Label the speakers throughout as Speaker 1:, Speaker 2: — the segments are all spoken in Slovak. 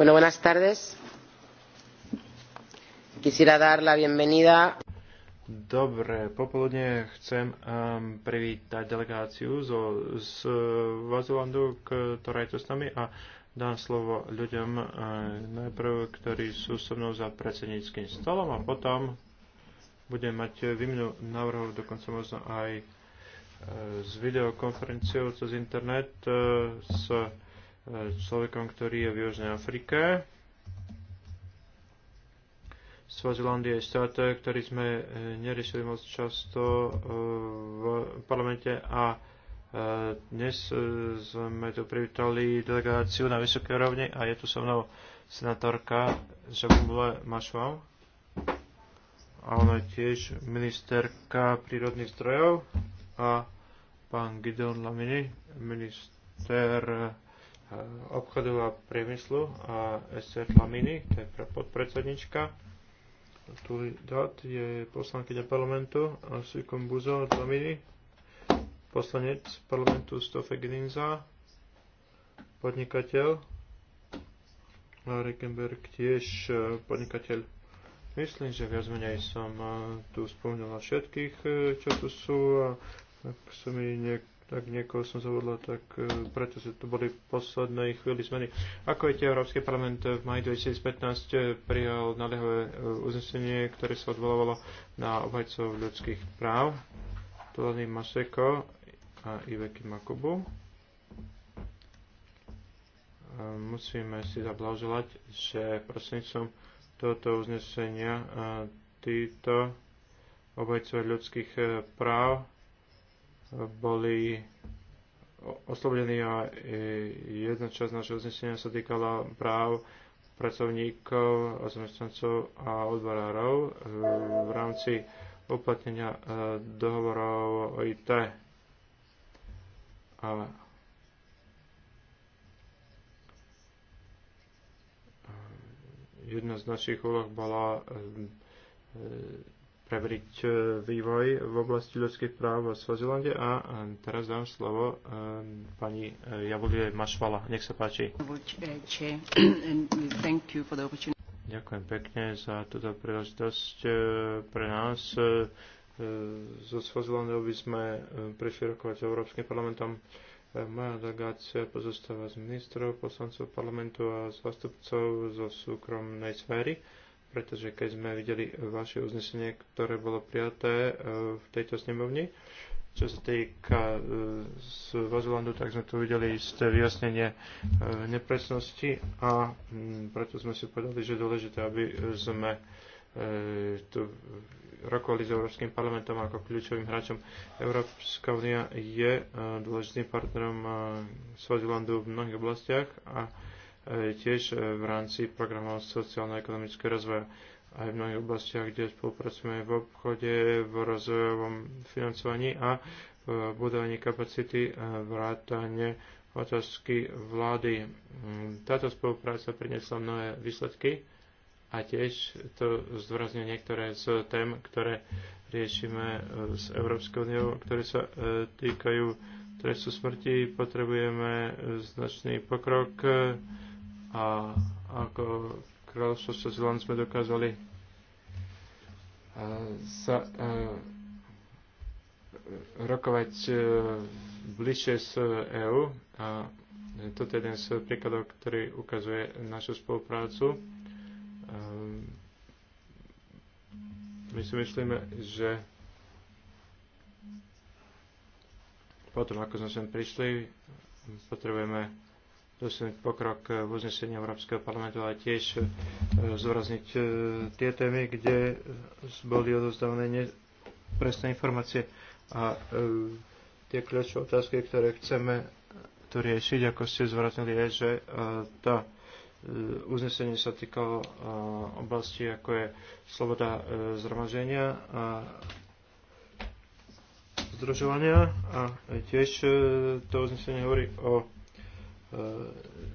Speaker 1: Bueno, buenas tardes. Quisiera dar la bienvenida. Dobre, popoludne chcem um, privítať delegáciu zo, z Vazilandu, ktorá je tu s nami a dám slovo ľuďom uh, najprv, ktorí sú so mnou za predsedníckým stolom a potom budem mať výmenu návrhov, dokonca možno aj uh, s videokonferenciou cez internet uh, s človekom, ktorý je v Južnej Afrike. Svazilandia je štát, ktorý sme e, neriešili moc často e, v parlamente a e, dnes sme tu privítali delegáciu na vysokej rovni a je tu so mnou senatorka Žabumule Mašval a ona je tiež ministerka prírodných zdrojov a pán Gideon Lamini, minister Eh, obchodu a priemyslu a SR Mini, to je podpredsednička. dát je poslankyňa parlamentu a Buzo Buzo Dlamini, poslanec parlamentu Stofe Gninza, podnikateľ a Rickenberg tiež eh, podnikateľ. Myslím, že viac menej som eh, tu spomínala všetkých, čo tu sú a ak som mi niekto tak niekoho som zavodla, tak e, pretože to boli posledné chvíli zmeny. Ako viete, Európsky parlament v maji 2015 e, prijal naliehavé e, uznesenie, ktoré sa odvolávalo na obhajcov ľudských práv, Tlany Maseko a Iveky Makubu. Musíme si zablahoželať, že prostredníctvom tohoto uznesenia títo obhajcov ľudských práv boli oslobodení a e, jedna časť našeho uznesenia sa týkala práv pracovníkov, zamestnancov a odborárov e, v rámci uplatnenia e, dohovorov o IT. A jedna z našich úloh bola preveriť e, vývoj v oblasti ľudských práv v Svazilande a e, teraz dám slovo e, pani Javolie Mašvala. Nech sa páči. Ďakujem pekne za túto príležitosť pre nás. Zo Svazilandou by sme prišli rokovať s Európskym parlamentom. Moja delegácia pozostáva z ministrov, poslancov parlamentu a zástupcov zo súkromnej sféry pretože keď sme videli vaše uznesenie, ktoré bolo prijaté e, v tejto snemovni, čo sa týka e, z Vazilandu, tak sme tu videli isté vyjasnenie e, nepresnosti a mm, preto sme si povedali, že je dôležité, aby sme tu rokovali s Európskym parlamentom ako kľúčovým hráčom. Európska únia je dôležitým partnerom Svazilandu v mnohých oblastiach a tiež e, v rámci programov sociálno-ekonomického rozvoja aj v mnohých oblastiach, kde spolupracujeme v obchode, v rozvojovom financovaní a v e, budovaní kapacity vrátane otázky vlády. Mm, táto spolupráca priniesla mnohé výsledky a tiež to zdôrazňuje niektoré z tém, ktoré riešime e, s Európskou úniou, ktoré sa týkajú trestu smrti. Potrebujeme značný pokrok a ako kráľovstvo sa zlom sme dokázali sa rokovať e, bližšie s EÚ. A toto je jeden z príkladov, ktorý ukazuje našu spoluprácu. My si myslíme, že potom, ako sme sem prišli, potrebujeme dosiahnuť pokrok v uznesení Európskeho parlamentu a tiež e, zdôrazniť e, tie témy, kde boli odozdávané presné informácie a e, tie kľúčové otázky, ktoré chceme tu riešiť, ako ste zvratili, je, že tá uznesenie sa týkalo oblasti, ako je sloboda zhromaženia a združovania a tiež to uznesenie hovorí o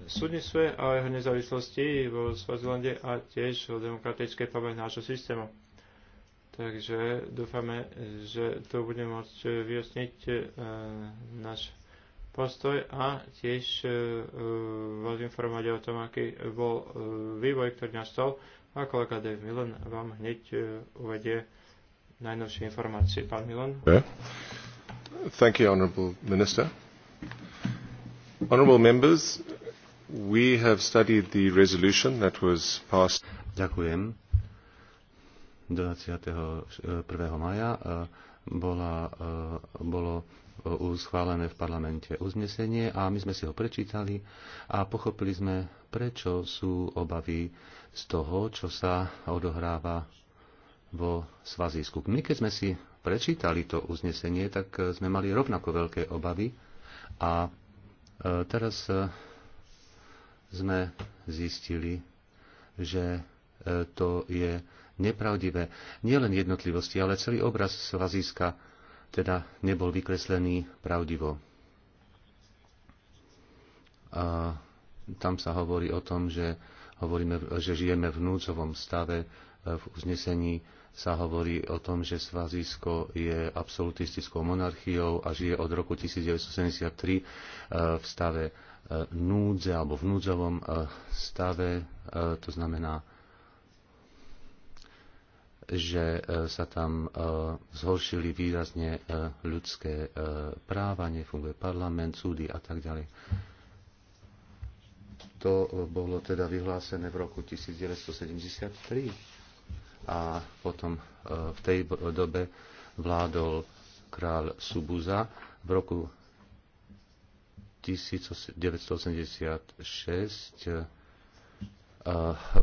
Speaker 1: súdnictve a jeho nezávislosti vo Svazilande a tiež o demokratickej pamäť nášho systému. Takže dúfame, že to bude môcť vyjasniť e, náš postoj a tiež e, vás informovať o tom, aký bol e, vývoj, ktorý nastal. A kolega Dave Milan vám hneď uvedie najnovšie informácie. Pán Milan.
Speaker 2: Thank you, Honorable Minister.
Speaker 3: Honourable members, we have studied the resolution that was passed. Ďakujem. 21. E, maja e, bola, e, bolo schválené v parlamente uznesenie a my sme si ho prečítali a pochopili sme, prečo sú obavy z toho, čo sa odohráva vo Svazísku. My keď sme si prečítali to uznesenie, tak sme mali rovnako veľké obavy a E, teraz e, sme zistili, že e, to je nepravdivé. Nielen jednotlivosti, ale celý obraz Svazíska teda nebol vykreslený pravdivo. A tam sa hovorí o tom, že, hovoríme, že žijeme v núdzovom stave v uznesení sa hovorí o tom, že svazisko je absolutistickou monarchiou a žije od roku 1973 e, v stave e, núdze alebo v núdzovom e, stave. To znamená, že sa tam zhoršili výrazne ľudské práva, nefunguje parlament, súdy a tak ďalej. To bolo teda vyhlásené v roku 1973 a potom e, v tej dobe vládol král Subuza. V roku 1986 e,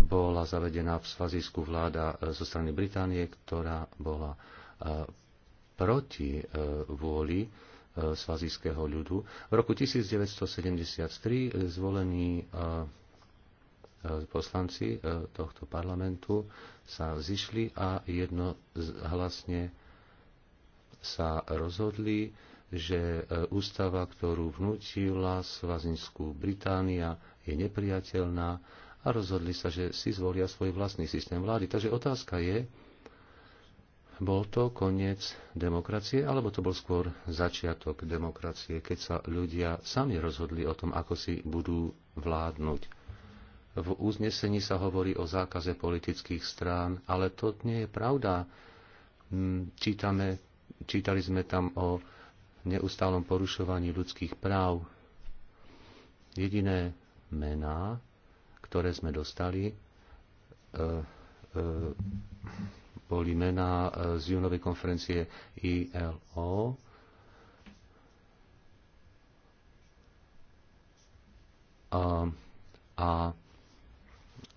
Speaker 3: bola zavedená v Svazísku vláda e, zo strany Británie, ktorá bola proti vôli svazijského ľudu. V roku 1973 zvolený E, poslanci e, tohto parlamentu sa zišli a jednohlasne sa rozhodli, že e, ústava, ktorú vnútila Svazinskú Británia, je nepriateľná a rozhodli sa, že si zvolia svoj vlastný systém vlády. Takže otázka je, bol to koniec demokracie, alebo to bol skôr začiatok demokracie, keď sa ľudia sami rozhodli o tom, ako si budú vládnuť. V uznesení sa hovorí o zákaze politických strán, ale to nie je pravda. Mm, čítame, čítali sme tam o neustálom porušovaní ľudských práv. Jediné mená, ktoré sme dostali, e, e, boli mená e, z júnovej konferencie ILO. A, a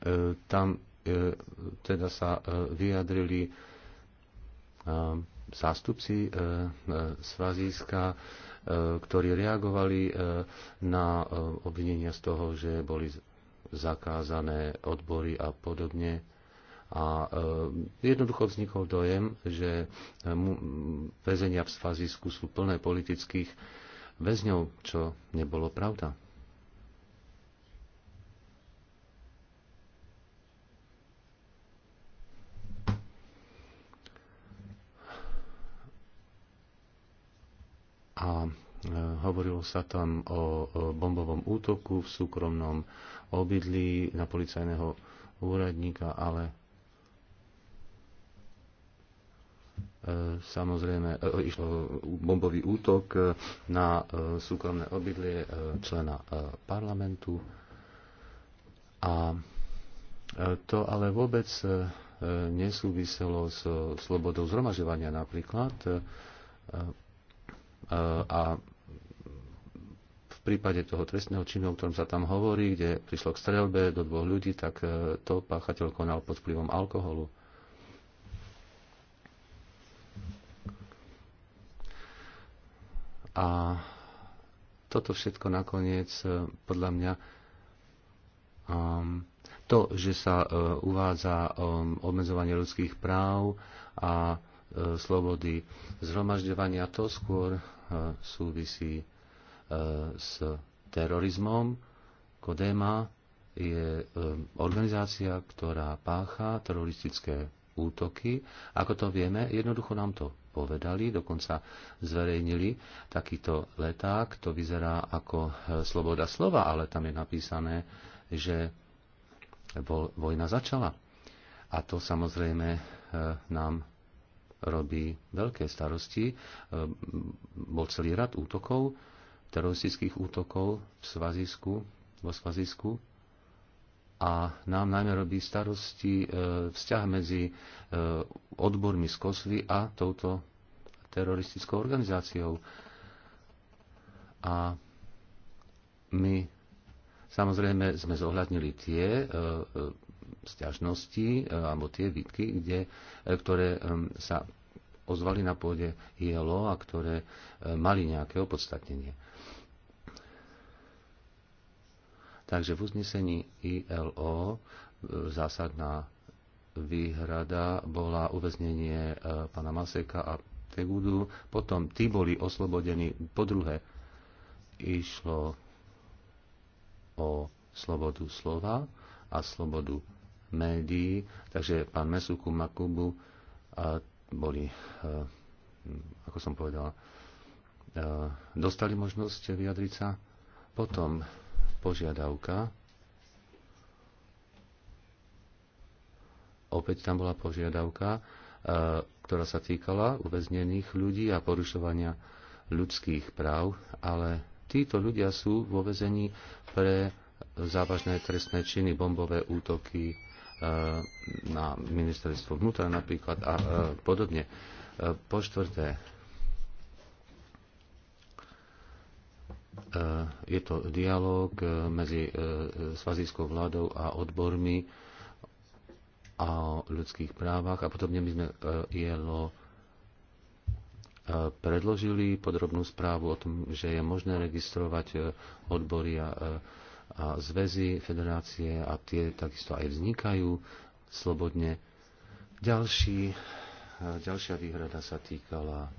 Speaker 3: E, tam e, teda sa e, vyjadrili zástupci svazíska, ktorí reagovali na obvinenia z toho, že boli zakázané odbory a podobne. A jednoducho vznikol dojem, že väzenia v svazisku sú plné politických väzňov, čo nebolo pravda. a e, Hovorilo sa tam o bombovom útoku v súkromnom obydlí na policajného úradníka, ale e, samozrejme e, išlo bombový útok na súkromné obydlie člena parlamentu. A to ale vôbec nesúviselo s slobodou zhromažovania napríklad a v prípade toho trestného činu, o ktorom sa tam hovorí, kde prišlo k strelbe do dvoch ľudí, tak e, to páchateľ konal pod vplyvom alkoholu. A toto všetko nakoniec, e, podľa mňa, um, to, že sa uh, uvádza um, obmedzovanie ľudských práv a uh, slobody zhromažďovania, to skôr Eh, súvisí eh, s terorizmom. Kodema je eh, organizácia, ktorá pácha teroristické útoky. Ako to vieme, jednoducho nám to povedali, dokonca zverejnili takýto leták. To vyzerá ako sloboda slova, ale tam je napísané, že vojna začala. A to samozrejme nám robí veľké starosti. E, bol celý rad útokov, teroristických útokov v Svazisku, vo Svazisku. A nám najmä robí starosti e, vzťah medzi e, odbormi z Kosvy a touto teroristickou organizáciou. A my Samozrejme sme zohľadnili tie stiažnosti e, alebo tie výtky, kde, e, ktoré e, sa ozvali na pôde ILO a ktoré mali nejaké opodstatnenie. Takže v uznesení ILO zásadná výhrada bola uväznenie pana Maseka a Tegudu. Potom tí boli oslobodení. Po druhé, išlo o slobodu slova a slobodu médií. Takže pán Mesuku Makubu a boli, e, ako som povedal, e, dostali možnosť vyjadriť sa. Potom požiadavka. Opäť tam bola požiadavka, e, ktorá sa týkala uväznených ľudí a porušovania ľudských práv, ale títo ľudia sú vo vezení pre závažné trestné činy, bombové útoky, Eh, na ministerstvo vnútra napríklad a eh, podobne. Eh, po štvrté, je to dialog medzi svazijskou vládou a odbormi a o ľudských právach a podobne my sme ILO predložili podrobnú správu o tom, že je možné registrovať odbory a a zväzy, federácie a tie takisto aj vznikajú slobodne. Ďalší, ďalšia výhrada sa týkala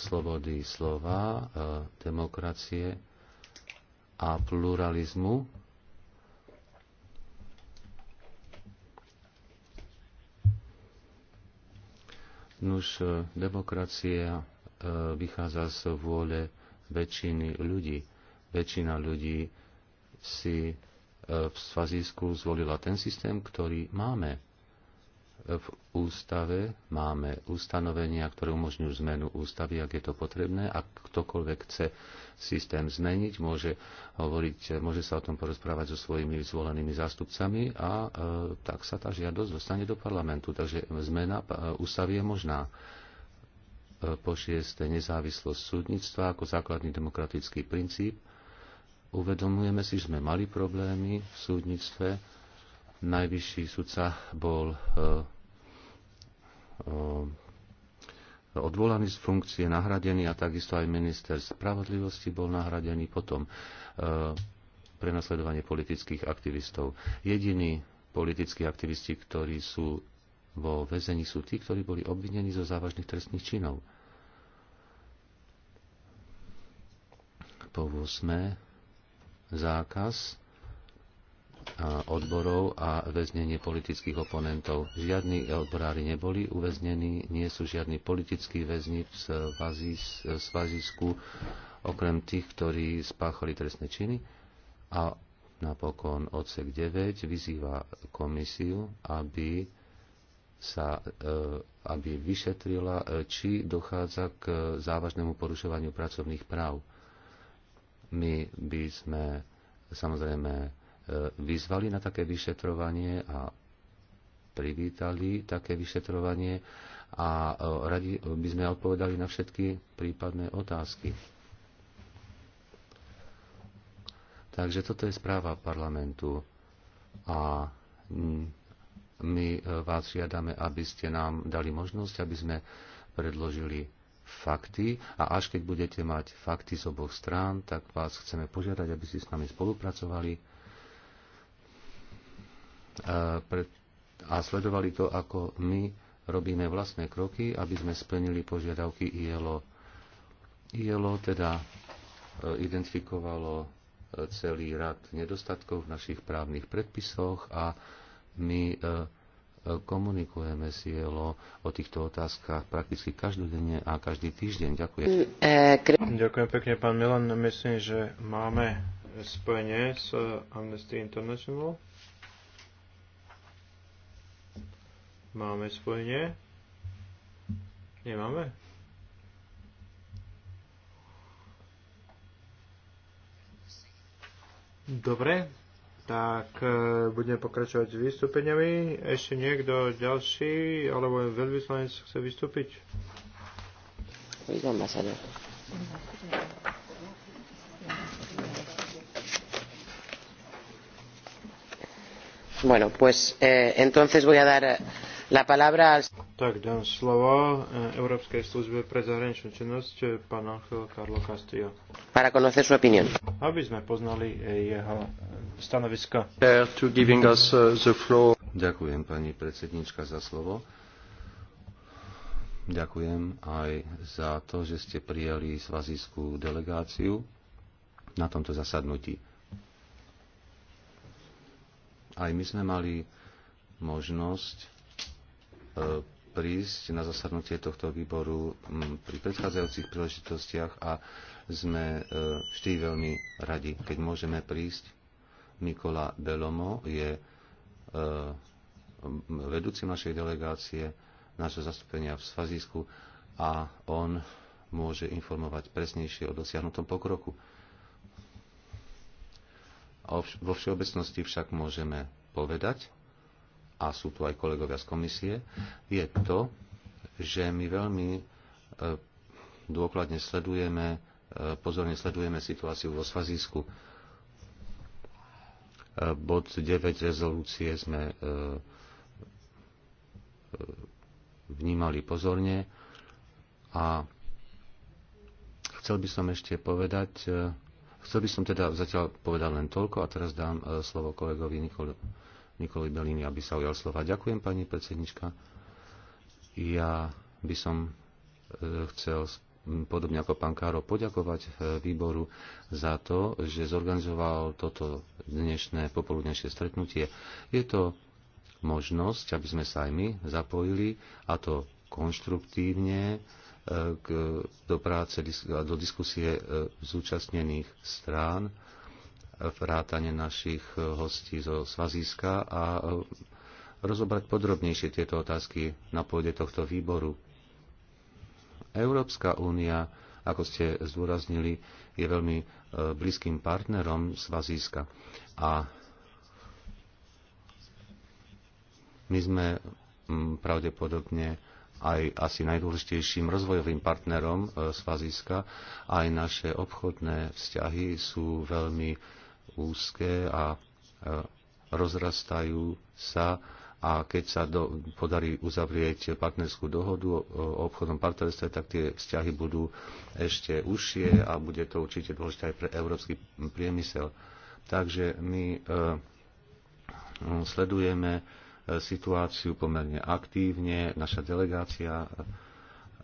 Speaker 3: slobody slova, demokracie a pluralizmu. Nuž e, demokracia e, vychádza z vôle väčšiny ľudí väčšina ľudí si e, v Svazísku zvolila ten systém, ktorý máme. E, v ústave máme ustanovenia, ktoré umožňujú zmenu ústavy, ak je to potrebné. Ak ktokoľvek chce systém zmeniť, môže, hovoriť, môže sa o tom porozprávať so svojimi zvolenými zástupcami a e, tak sa tá žiadosť dostane do parlamentu. Takže zmena e, ústavy je možná po šieste nezávislosť súdnictva ako základný demokratický princíp Uvedomujeme si, že sme mali problémy v súdnictve. Najvyšší sudca bol e, e, odvolaný z funkcie, nahradený a takisto aj minister spravodlivosti bol nahradený potom e, prenasledovanie politických aktivistov. Jediní politickí aktivisti, ktorí sú vo väzení, sú tí, ktorí boli obvinení zo závažných trestných činov. Po 8 zákaz odborov a väznenie politických oponentov. Žiadni odborári neboli uväznení, nie sú žiadni politickí väzni v Svazisku, okrem tých, ktorí spáchali trestné činy. A napokon odsek 9 vyzýva komisiu, aby sa, e, aby vyšetrila, e, či dochádza k e, závažnému porušovaniu pracovných práv my by sme samozrejme e, vyzvali na také vyšetrovanie a privítali také vyšetrovanie a e, radi by sme odpovedali na všetky prípadné otázky. Takže toto je správa parlamentu a mm, my e, vás žiadame, aby ste nám dali možnosť, aby sme predložili fakty a až keď budete mať fakty z oboch strán, tak vás chceme požiadať, aby ste s nami spolupracovali e, a sledovali to, ako my robíme vlastné kroky, aby sme splnili požiadavky ILO. ILO teda e, identifikovalo e, celý rad nedostatkov v našich právnych predpisoch a my komunikujeme si ILO o týchto otázkach prakticky každodenne a každý týždeň. Ďakujem. Mm,
Speaker 1: e, Ďakujem pekne, pán Milan. Myslím, že máme spojenie s e, Amnesty International. Máme spojenie? Nemáme? Dobre, tak e, budeme pokračovať s vystúpeniami. Ešte niekto ďalší, alebo veľvyslanec chce vystúpiť? Pojďme sa Bueno, pues eh, entonces voy a dar eh, la palabra al... Tak, dám slovo eh, Európskej službe pre zahraničnú činnosť, eh, pán Ángel Carlo Castillo. Para conocer su opinión. Aby sme poznali eh, jeho stanoviska. Uh,
Speaker 3: Ďakujem pani predsednička za slovo. Ďakujem aj za to, že ste prijali svazijskú delegáciu na tomto zasadnutí. Aj my sme mali možnosť e, prísť na zasadnutie tohto výboru pri predchádzajúcich príležitostiach a sme e, vždy veľmi radi, keď môžeme prísť Nikola Belomo je eh, vedúcim našej delegácie, naše zastúpenia v Svazísku a on môže informovať presnejšie o dosiahnutom pokroku. Vo všeobecnosti však môžeme povedať, a sú tu aj kolegovia z komisie, je to, že my veľmi eh, dôkladne sledujeme, eh, pozorne sledujeme situáciu vo Svazísku bod 9 rezolúcie sme e, e, vnímali pozorne a chcel by som ešte povedať, e, chcel by som teda zatiaľ povedať len toľko a teraz dám slovo kolegovi Nikol, Nikoli Belini, aby sa ujal slova. Ďakujem, pani predsednička. Ja by som chcel podobne ako pán Káro, poďakovať e, výboru za to, že zorganizoval toto dnešné popoludnejšie stretnutie. Je to možnosť, aby sme sa aj my zapojili, a to konštruktívne e, k, do práce, do diskusie e, zúčastnených strán, vrátane našich hostí zo Svazíska a rozobrať podrobnejšie tieto otázky na pôde tohto výboru. Európska únia, ako ste zdôraznili, je veľmi e, blízkym partnerom Svazíska. A my sme pravdepodobne aj asi najdôležitejším rozvojovým partnerom e, Svazíska. Aj naše obchodné vzťahy sú veľmi úzké a e, rozrastajú sa a keď sa do, podarí uzavrieť partnerskú dohodu o obchodnom partnerstve, tak tie vzťahy budú ešte užšie a bude to určite dôležité aj pre európsky priemysel. Takže my e, sledujeme e, situáciu pomerne aktívne. Naša delegácia e,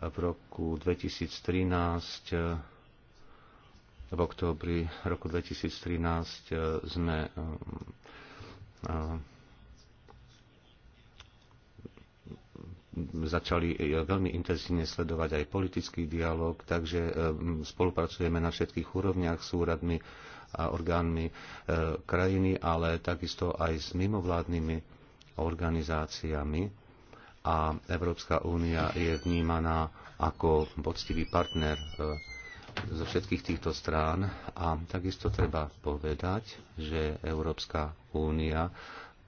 Speaker 3: v roku 2013 e, v oktobri roku 2013 sme začali e, veľmi intenzívne sledovať aj politický dialog, takže e, spolupracujeme na všetkých úrovniach s úradmi a orgánmi e, krajiny, ale takisto aj s mimovládnymi organizáciami. A Európska únia je vnímaná ako poctivý partner zo všetkých týchto strán a takisto treba povedať, že Európska únia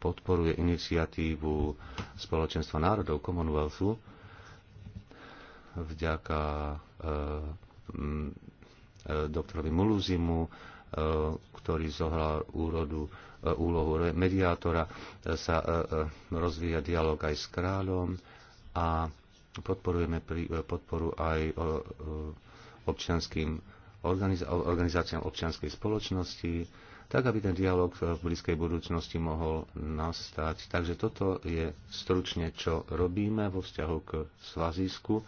Speaker 3: podporuje iniciatívu Spoločenstva národov Commonwealthu vďaka eh, eh, doktorovi Muluzimu, eh, ktorý zohral úrodu, úlohu mediátora, sa rozvíja dialog aj s kráľom a podporujeme podporu aj občianským organizáciám občianskej spoločnosti, tak aby ten dialog v blízkej budúcnosti mohol nastať. Takže toto je stručne, čo robíme vo vzťahu k Svazísku.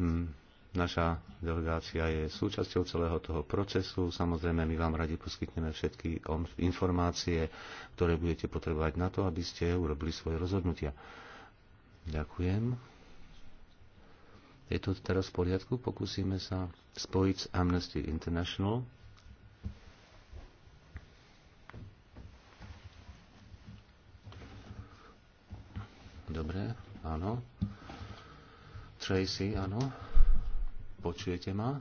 Speaker 3: Hm, naša delegácia je súčasťou celého toho procesu. Samozrejme, my vám radi poskytneme všetky informácie, ktoré budete potrebovať na to, aby ste urobili svoje rozhodnutia. Ďakujem. Je to teraz v poriadku? Pokúsime sa spojiť s Amnesty International. Dobre, áno. Tracy, áno. Počujete ma?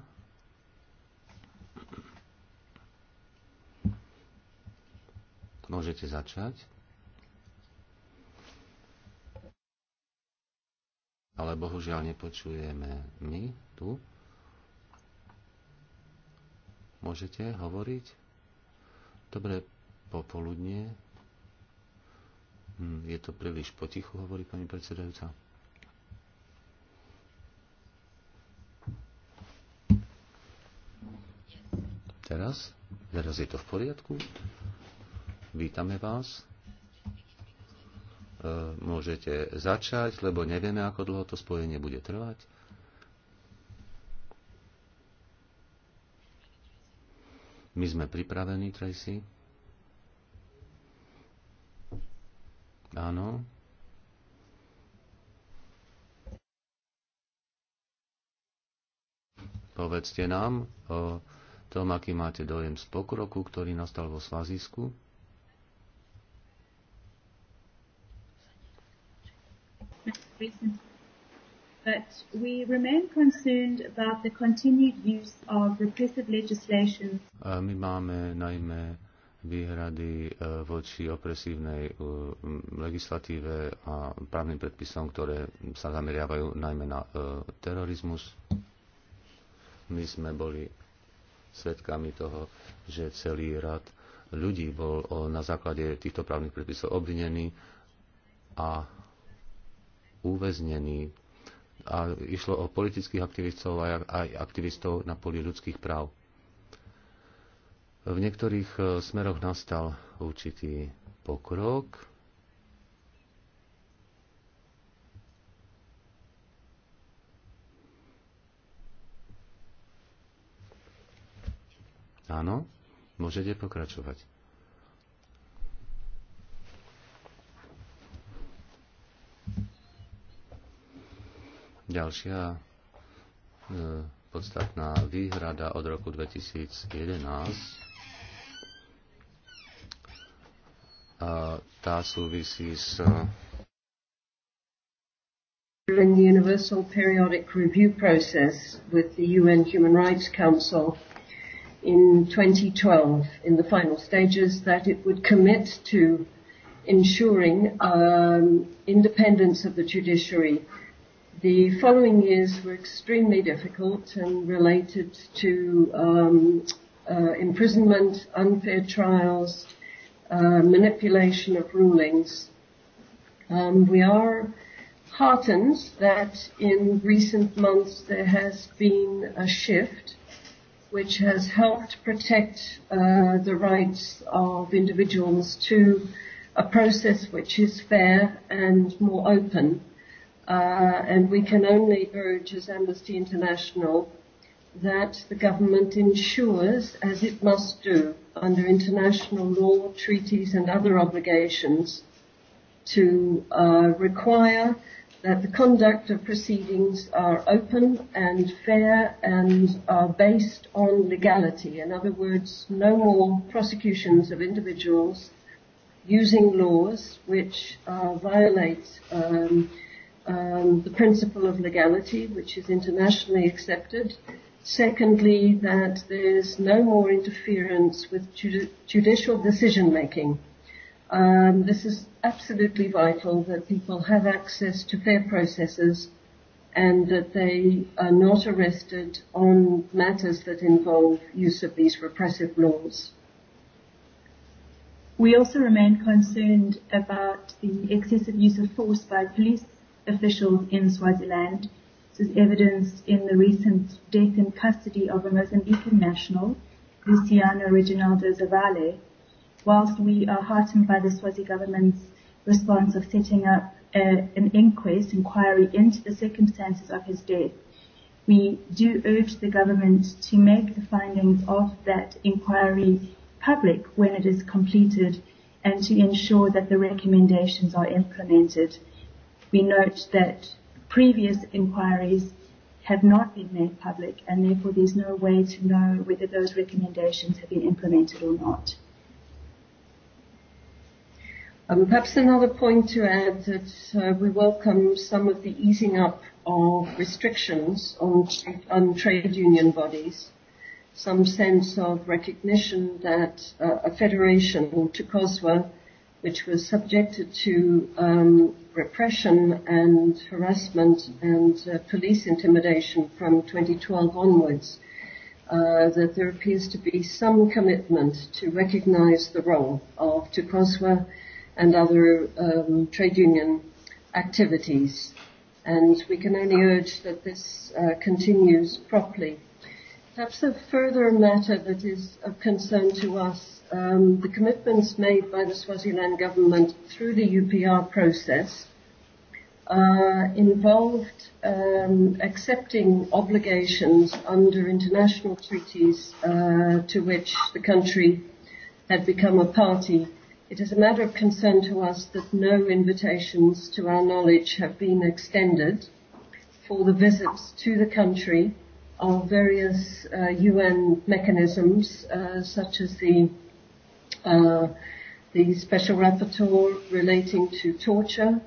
Speaker 3: Môžete začať. Ale bohužiaľ nepočujeme my tu. Môžete hovoriť? Dobre popoludnie. Hm, je to príliš potichu, hovorí pani predsedajúca. Teraz? Teraz je to v poriadku. Vítame vás. E, môžete začať, lebo nevieme, ako dlho to spojenie bude trvať. My sme pripravení, Tracy. Áno. Povedzte nám o tom, aký máte dojem z pokroku, ktorý nastal vo Svazisku.
Speaker 2: But we remain concerned about the continued use of repressive legislation.
Speaker 3: My máme najmä výhrady e, voči opresívnej e, legislatíve a právnym predpisom, ktoré sa zameriavajú najmä na e, terorizmus. My sme boli svedkami toho, že celý rad ľudí bol na základe týchto právnych predpisov obvinený a uväznený. A išlo o politických aktivistov a aktivistov na poli ľudských práv. V niektorých e, smeroch nastal určitý pokrok. Áno, môžete pokračovať. Ďalšia e, podstatná výhrada od roku 2011 tá súvisí s
Speaker 2: during the Universal Periodic Review process with the UN Human Rights Council in 2012, in the final stages, that it would commit to ensuring um, independence of the judiciary. The following years were extremely difficult and related to um, uh, imprisonment, unfair trials, uh, manipulation of rulings. Um, we are heartened that in recent months there has been a shift which has helped protect uh, the rights of individuals to a process which is fair and more open. Uh, and we can only urge as Amnesty International that the government ensures, as it must do under international law, treaties and other obligations, to uh, require that the conduct of proceedings are open and fair and are based on legality. In other words, no more prosecutions of individuals using laws which uh, violate um, um, the principle of legality, which is internationally accepted, Secondly, that there's no more interference with judi- judicial decision making. Um, this is absolutely vital that people have access to fair processes and that they are not arrested on matters that involve use of these repressive laws. We also remain concerned about the excessive use of force by police officials in Swaziland is evidenced in the recent death in custody of a Mozambican national, Luciano Reginaldo Zavale, whilst we are heartened by the Swazi government's response of setting up a, an inquest inquiry into the circumstances of his death, we do urge the government to make the findings of that inquiry public when it is completed and to ensure that the recommendations are implemented. We note that previous inquiries have not been made public and therefore there's no way to know whether those recommendations have been implemented or not. Um, perhaps another point to add that uh, we welcome some of the easing up of restrictions on, on trade union bodies, some sense of recognition that uh, a federation to COSWA which was subjected to um, repression and harassment and uh, police intimidation from 2012 onwards, uh, that there appears to be some commitment to recognize the role of Tukoswa and other um, trade union activities. And we can only urge that this uh, continues properly. Perhaps a further matter that is of concern to us um, the commitments made by the Swaziland government through the UPR process uh, involved um, accepting obligations under international treaties uh, to which the country had become a party. It is a matter of concern to us that no invitations to our knowledge have been extended for the visits to the country of various uh, UN mechanisms uh, such as the uh, the Special Rapporteur relating to torture,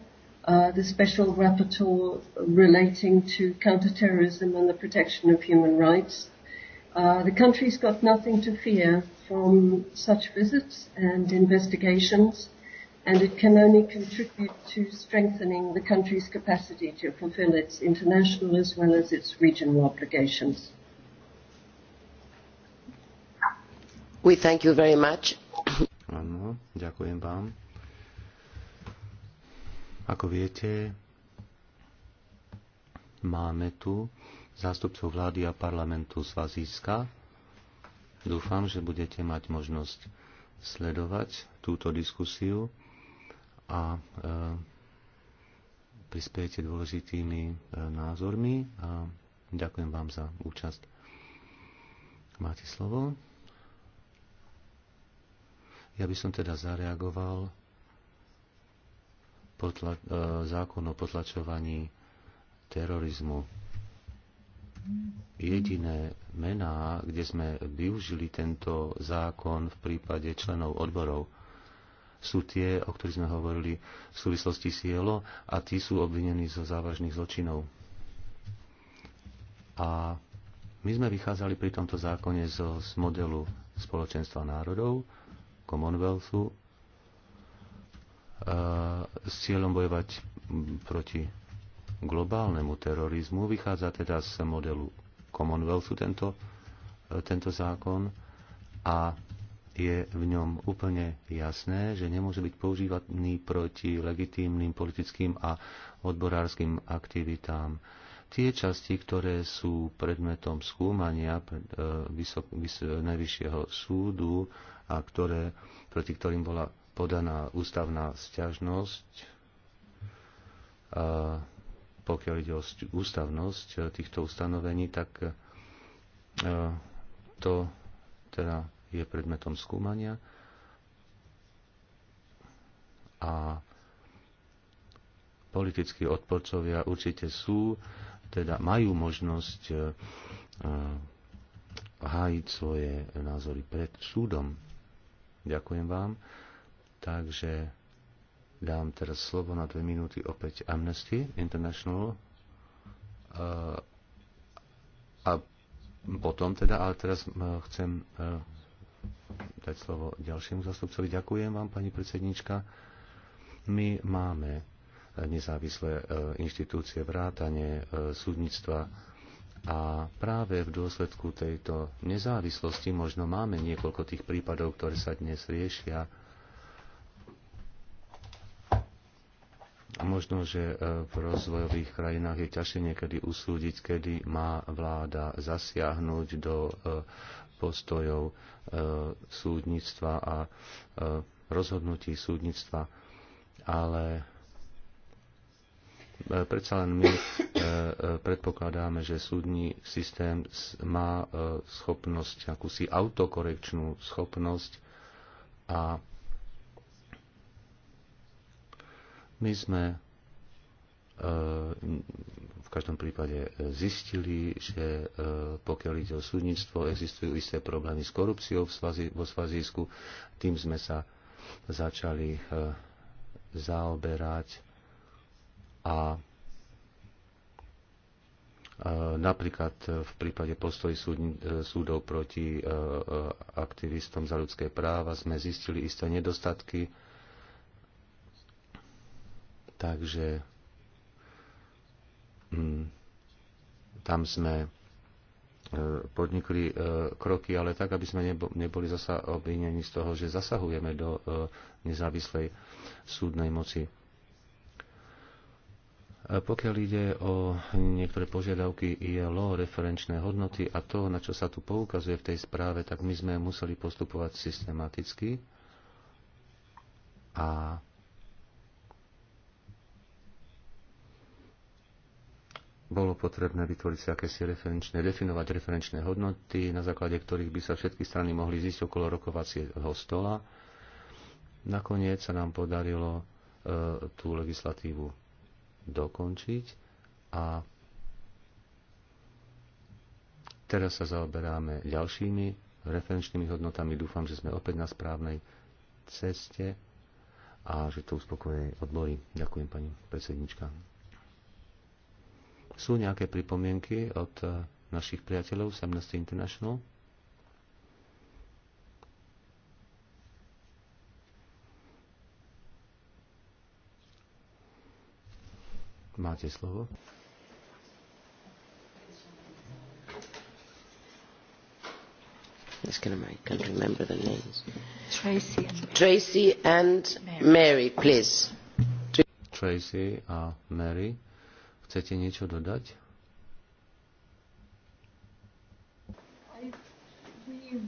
Speaker 2: uh, the Special Rapporteur relating to counterterrorism and the protection of human rights. Uh, the country's got nothing to fear from such visits and investigations, and it can only contribute to strengthening the country's capacity to fulfill its international as well as its regional obligations. We thank you very much
Speaker 3: Áno, ďakujem vám. Ako viete, máme tu zástupcov vlády a parlamentu z Vazíska. Dúfam, že budete mať možnosť sledovať túto diskusiu a e, prispiejete dôležitými e, názormi a ďakujem vám za účasť. Máte slovo. Ja by som teda zareagoval potla- e, zákon o potlačovaní terorizmu. Jediné mená, kde sme využili tento zákon v prípade členov odborov, sú tie, o ktorých sme hovorili v súvislosti s Jelo a tí sú obvinení zo závažných zločinov. A my sme vychádzali pri tomto zákone zo, z modelu spoločenstva národov, Commonwealthu e, s cieľom bojovať proti globálnemu terorizmu. Vychádza teda z modelu Commonwealthu tento, e, tento zákon a je v ňom úplne jasné, že nemôže byť používaný proti legitímnym politickým a odborárskym aktivitám. Tie časti, ktoré sú predmetom skúmania e, Najvyššieho súdu, a ktoré, proti ktorým bola podaná ústavná sťažnosť. A pokiaľ ide o ústavnosť e, týchto ustanovení, tak e, to teda je predmetom skúmania. A politickí odporcovia určite sú, teda majú možnosť e, hájiť svoje názory pred súdom. Ďakujem vám. Takže dám teraz slovo na dve minúty opäť Amnesty International. A potom teda, ale teraz e, chcem e, dať slovo ďalšiemu zastupcovi. Ďakujem vám, pani predsednička. My máme nezávislé e, inštitúcie vrátane súdnictva a práve v dôsledku tejto nezávislosti možno máme niekoľko tých prípadov, ktoré sa dnes riešia. A možno, že e, v rozvojových krajinách je ťažšie niekedy usúdiť, kedy má vláda zasiahnuť do e, postojov e, súdnictva a rozhodnutí súdnictva. Ale E, predsa len my e, e, predpokladáme, že súdny systém má schopnosť, akúsi autokorekčnú schopnosť a my sme v každom prípade zistili, že pokiaľ ide o súdnictvo, existujú isté problémy s korupciou vo Svazísku. Tým sme sa začali zaoberať a napríklad v prípade postoj súdov proti e, e, aktivistom za ľudské práva sme zistili isté nedostatky. Takže mm, tam sme e, podnikli kroky, ale tak, aby sme neboli zasa obvinení z toho, že zasahujeme do nezávislej súdnej moci pokiaľ ide o niektoré požiadavky ILO, referenčné hodnoty a to, na čo sa tu poukazuje v tej správe, tak my sme museli postupovať systematicky a bolo potrebné vytvoriť si akési referenčné, definovať referenčné hodnoty, na základe ktorých by sa všetky strany mohli zísť okolo rokovacieho stola. Nakoniec sa nám podarilo e, tú legislatívu dokončiť a teraz sa zaoberáme ďalšími referenčnými hodnotami. Dúfam, že sme opäť na správnej ceste a že to uspokojí odbory. Ďakujem, pani predsednička. Sú nejaké pripomienky od našich priateľov z Amnesty International? Máte slovo.
Speaker 1: It's gonna, I can't remember the names.
Speaker 2: Tracy and, Tracy and Mary, please.
Speaker 3: Tracy a Mary, chcete niečo dodať?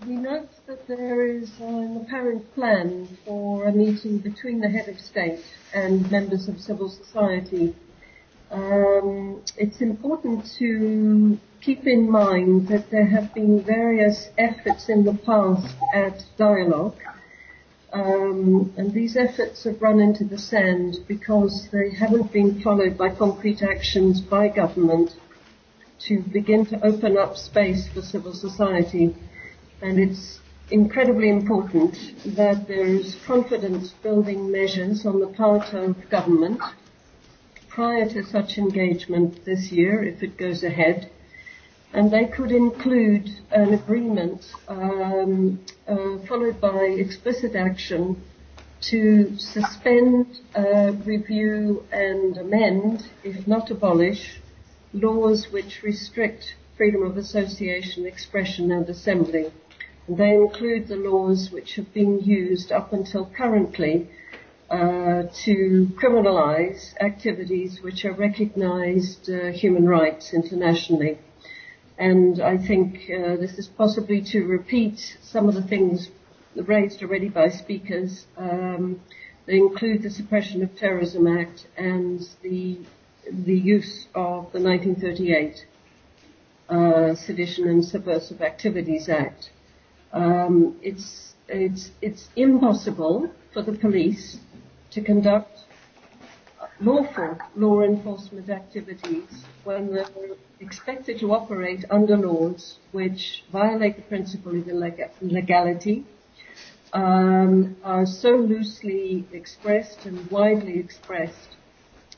Speaker 2: we note that there is an apparent plan for a meeting between the head of state and members of civil society um, it's important to keep in mind that there have been various efforts in the past at dialogue, um, and these efforts have run into the sand because they haven't been followed by concrete actions by government to begin to open up space for civil society. And it's incredibly important that there is confidence building measures on the part of government prior to such engagement this year, if it goes ahead, and they could include an agreement um, uh, followed by explicit action to suspend, uh, review and amend, if not abolish, laws which restrict freedom of association, expression and assembly. And they include the laws which have been used up until currently uh, to criminalize activities which are recognized uh, human rights internationally. And I think uh, this is possibly to repeat some of the things raised already by speakers. Um, they include the Suppression of Terrorism Act and the, the use of the 1938 uh, Sedition and Subversive Activities Act. Um, it's, it's, it's impossible for the police to conduct lawful law enforcement activities when they're expected to operate under laws which violate the principle of legality, um, are so loosely expressed and widely expressed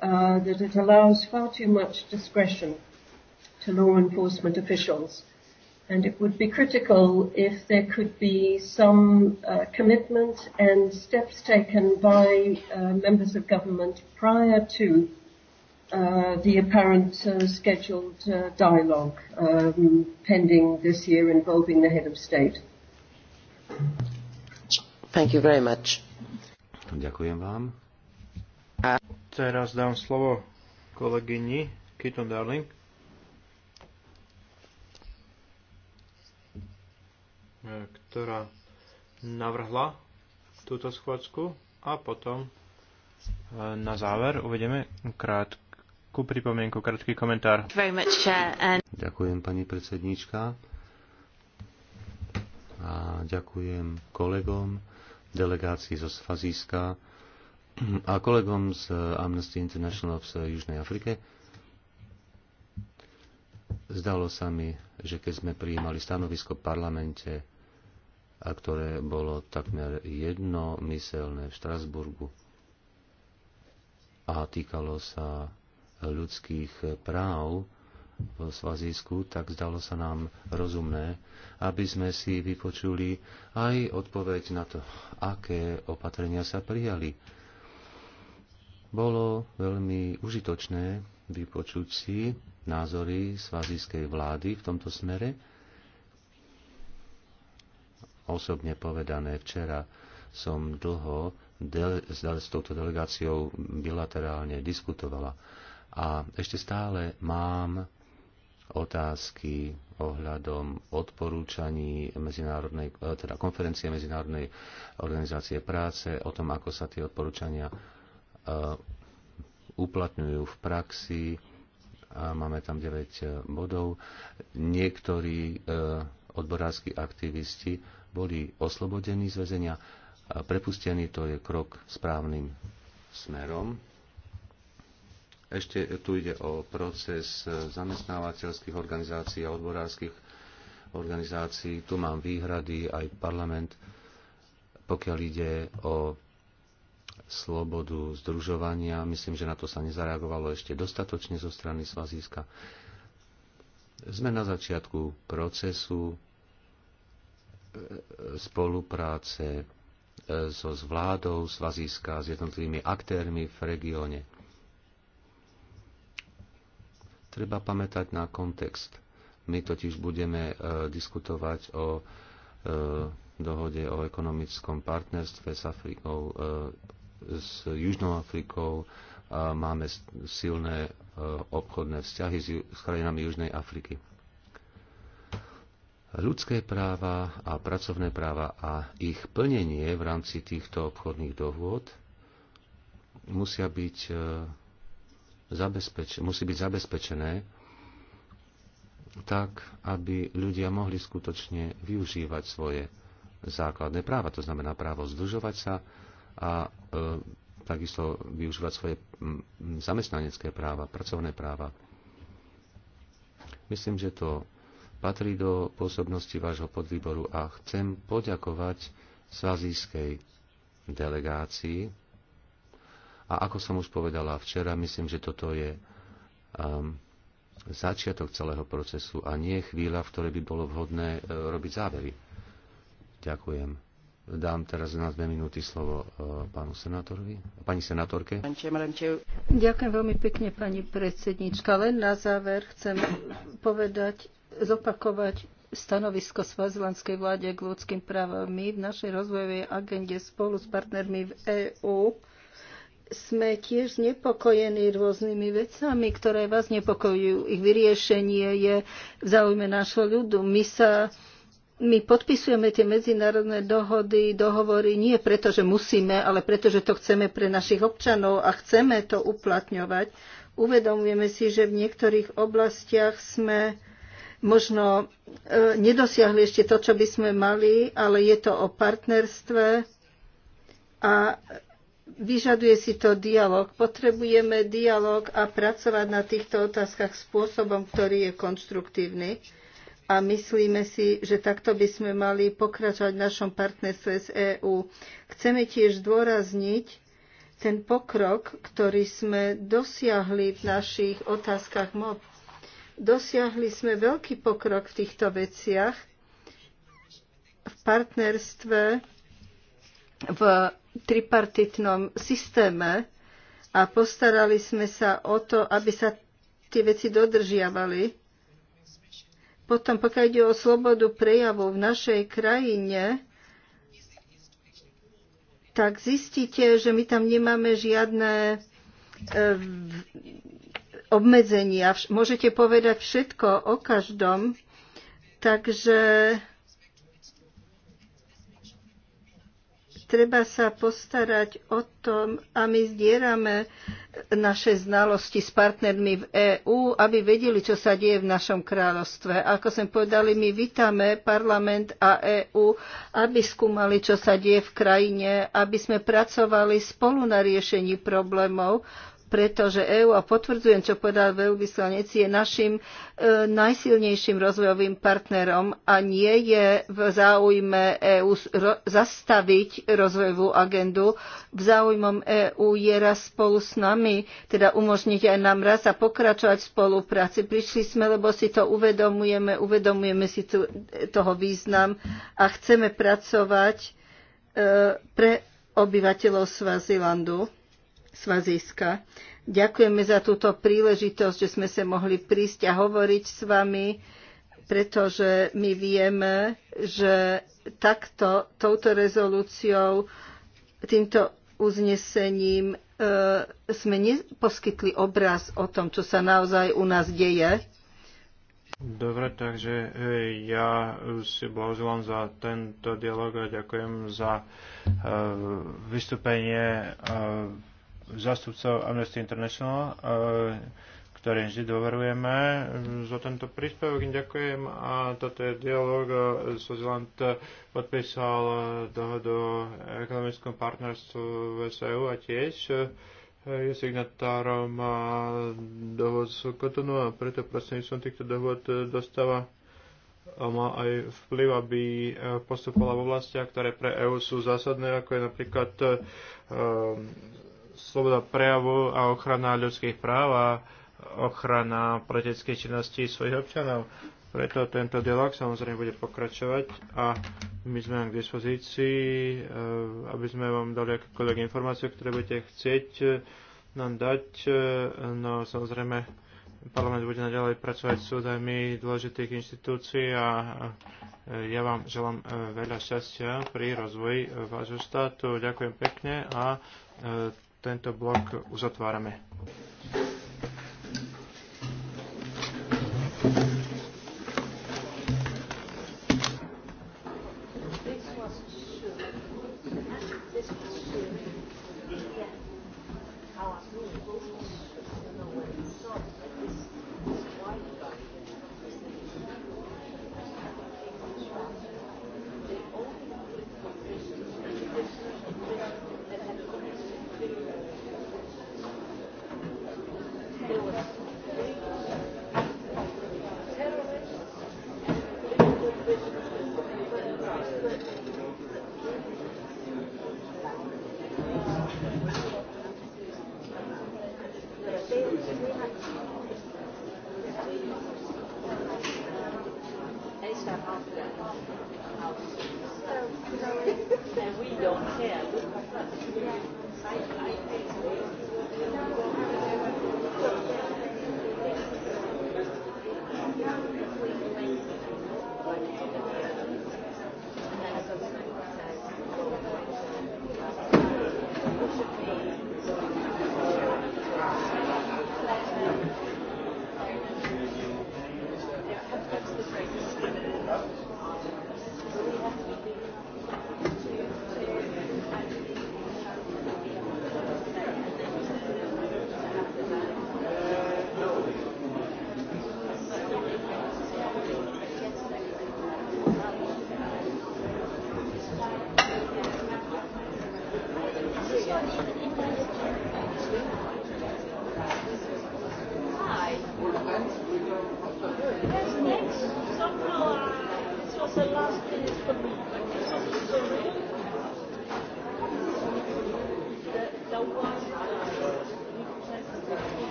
Speaker 2: uh, that it allows far too much discretion to law enforcement officials and it would be critical if there could be some uh, commitment and steps taken by uh, members of government prior to uh, the apparent uh, scheduled uh, dialogue um, pending this year involving the head of state. Thank you very
Speaker 1: much. Ďakujem vám. A teraz dám slovo kolegyni Kiton Darling E, ktorá navrhla túto schôdzku a potom e, na záver uvedeme krátku pripomienku, krátky komentár. Ďakujem pani predsednička
Speaker 3: a ďakujem kolegom delegácii zo Sfazíska a kolegom z Amnesty International v Južnej Afrike. Zdalo sa mi, že keď sme prijímali stanovisko v parlamente a ktoré bolo takmer jednomyselné v Štrasburgu a týkalo sa ľudských práv v Svazísku, tak zdalo sa nám rozumné, aby sme si vypočuli aj odpoveď na to, aké opatrenia sa prijali. Bolo veľmi užitočné vypočuť si názory svazískej vlády v tomto smere, osobne povedané, včera som dlho dele, s, s touto delegáciou bilaterálne diskutovala a ešte stále mám otázky ohľadom odporúčaní medzinárodnej, e, teda konferencie Medzinárodnej organizácie práce, o tom, ako sa tie odporúčania e, uplatňujú v praxi. A máme tam 9 bodov. Niektorí e, odborársky aktivisti boli oslobodení z väzenia a prepustení. To je krok správnym smerom. Ešte tu ide o proces zamestnávateľských organizácií a odborárskych organizácií. Tu mám výhrady aj parlament, pokiaľ ide o slobodu združovania. Myslím, že na to sa nezareagovalo ešte dostatočne zo strany Svazíska. Sme na začiatku procesu, spolupráce e, so s vládou Svazíska, s jednotlivými aktérmi v regióne. Treba pamätať na kontext. My totiž budeme e, diskutovať o e, dohode o ekonomickom partnerstve s Afrikou, s Južnou Afrikou. Máme silné obchodné vzťahy s krajinami Južnej Afriky ľudské práva a pracovné práva a ich plnenie v rámci týchto obchodných dohôd musia byť, e, zabezpeč- musí byť zabezpečené tak, aby ľudia mohli skutočne využívať svoje základné práva, to znamená právo združovať sa a e, takisto využívať svoje zamestnanecké práva, pracovné práva. Myslím, že to patrí do pôsobnosti vášho podvýboru a chcem poďakovať svazískej delegácii. A ako som už povedala včera, myslím, že toto je um, začiatok celého procesu a nie chvíľa, v ktorej by bolo vhodné uh, robiť závery. Ďakujem. Dám teraz na dve minúty slovo e, pánu senátorovi, pani senátorke.
Speaker 4: Ďakujem veľmi pekne, pani predsednička. Len na záver chcem povedať, zopakovať stanovisko svazilandskej vláde k ľudským právam. My v našej rozvojovej agende spolu s partnermi v EÚ sme tiež znepokojení rôznymi vecami, ktoré vás nepokojujú. Ich vyriešenie je v záujme nášho ľudu. My sa my podpisujeme tie medzinárodné dohody, dohovory nie preto, že musíme, ale preto, že to chceme pre našich občanov a chceme to uplatňovať. Uvedomujeme si, že v niektorých oblastiach sme možno e, nedosiahli ešte to, čo by sme mali, ale je to o partnerstve a vyžaduje si to dialog. Potrebujeme dialog a pracovať na týchto otázkach spôsobom, ktorý je konštruktívny. A myslíme si, že takto by sme mali pokračovať v našom partnerstve s EÚ. Chceme tiež zdôrazniť ten pokrok, ktorý sme dosiahli v našich otázkach MOB. Dosiahli sme veľký pokrok v týchto veciach v partnerstve v tripartitnom systéme a postarali sme sa o to, aby sa tie veci dodržiavali. Potom, pokiaľ ide o slobodu prejavu v našej krajine, tak zistíte, že my tam nemáme žiadne e, obmedzenia. Môžete povedať všetko o každom. Takže treba sa postarať o tom, a my zdierame naše znalosti s partnermi v EÚ, aby vedeli, čo sa deje v našom kráľovstve. Ako sme povedali, my vítame parlament a EÚ, aby skúmali, čo sa deje v krajine, aby sme pracovali spolu na riešení problémov, pretože EÚ, a potvrdzujem, čo povedal veľvyslanec, je našim e, najsilnejším rozvojovým partnerom a nie je v záujme EÚ ro- zastaviť rozvojovú agendu. V záujmom EÚ je raz spolu s nami, teda umožniť aj nám raz a pokračovať v spolupráci. Prišli sme, lebo si to uvedomujeme, uvedomujeme si tu, e, toho význam a chceme pracovať e, pre obyvateľov Svazilandu. Svaziska. Ďakujeme za túto príležitosť, že sme sa mohli prísť a hovoriť s vami, pretože my vieme, že takto, touto rezolúciou, týmto uznesením e, sme neposkytli obraz o tom, čo sa naozaj u nás deje.
Speaker 1: Dobre, takže e, ja si blahoželám za tento dialog a ďakujem za e, vystúpenie. E, zástupcov Amnesty International, e, ktorým vždy dôverujeme. E, za tento príspevok im ďakujem a toto je dialog. E, Swaziland podpísal dohodu o ekonomickom partnerstvu v SEU a tiež je signatárom dohod z Kotonu a preto prostredníctvom týchto dohod dostáva a má aj vplyv, aby postupovala v oblastiach, ktoré pre EÚ sú zásadné, ako je napríklad sloboda prejavu a ochrana ľudských práv a ochrana proteckej činnosti svojich občanov. Preto tento dialog samozrejme bude pokračovať a my sme vám k dispozícii, eh, aby sme vám dali akékoľvek informácie, ktoré budete chcieť eh, nám dať. Eh, no samozrejme, parlament bude naďalej pracovať s súdami dôležitých inštitúcií a ja vám želám veľa šťastia pri rozvoji vášho štátu. Ďakujem pekne a tento blok uzatvárame.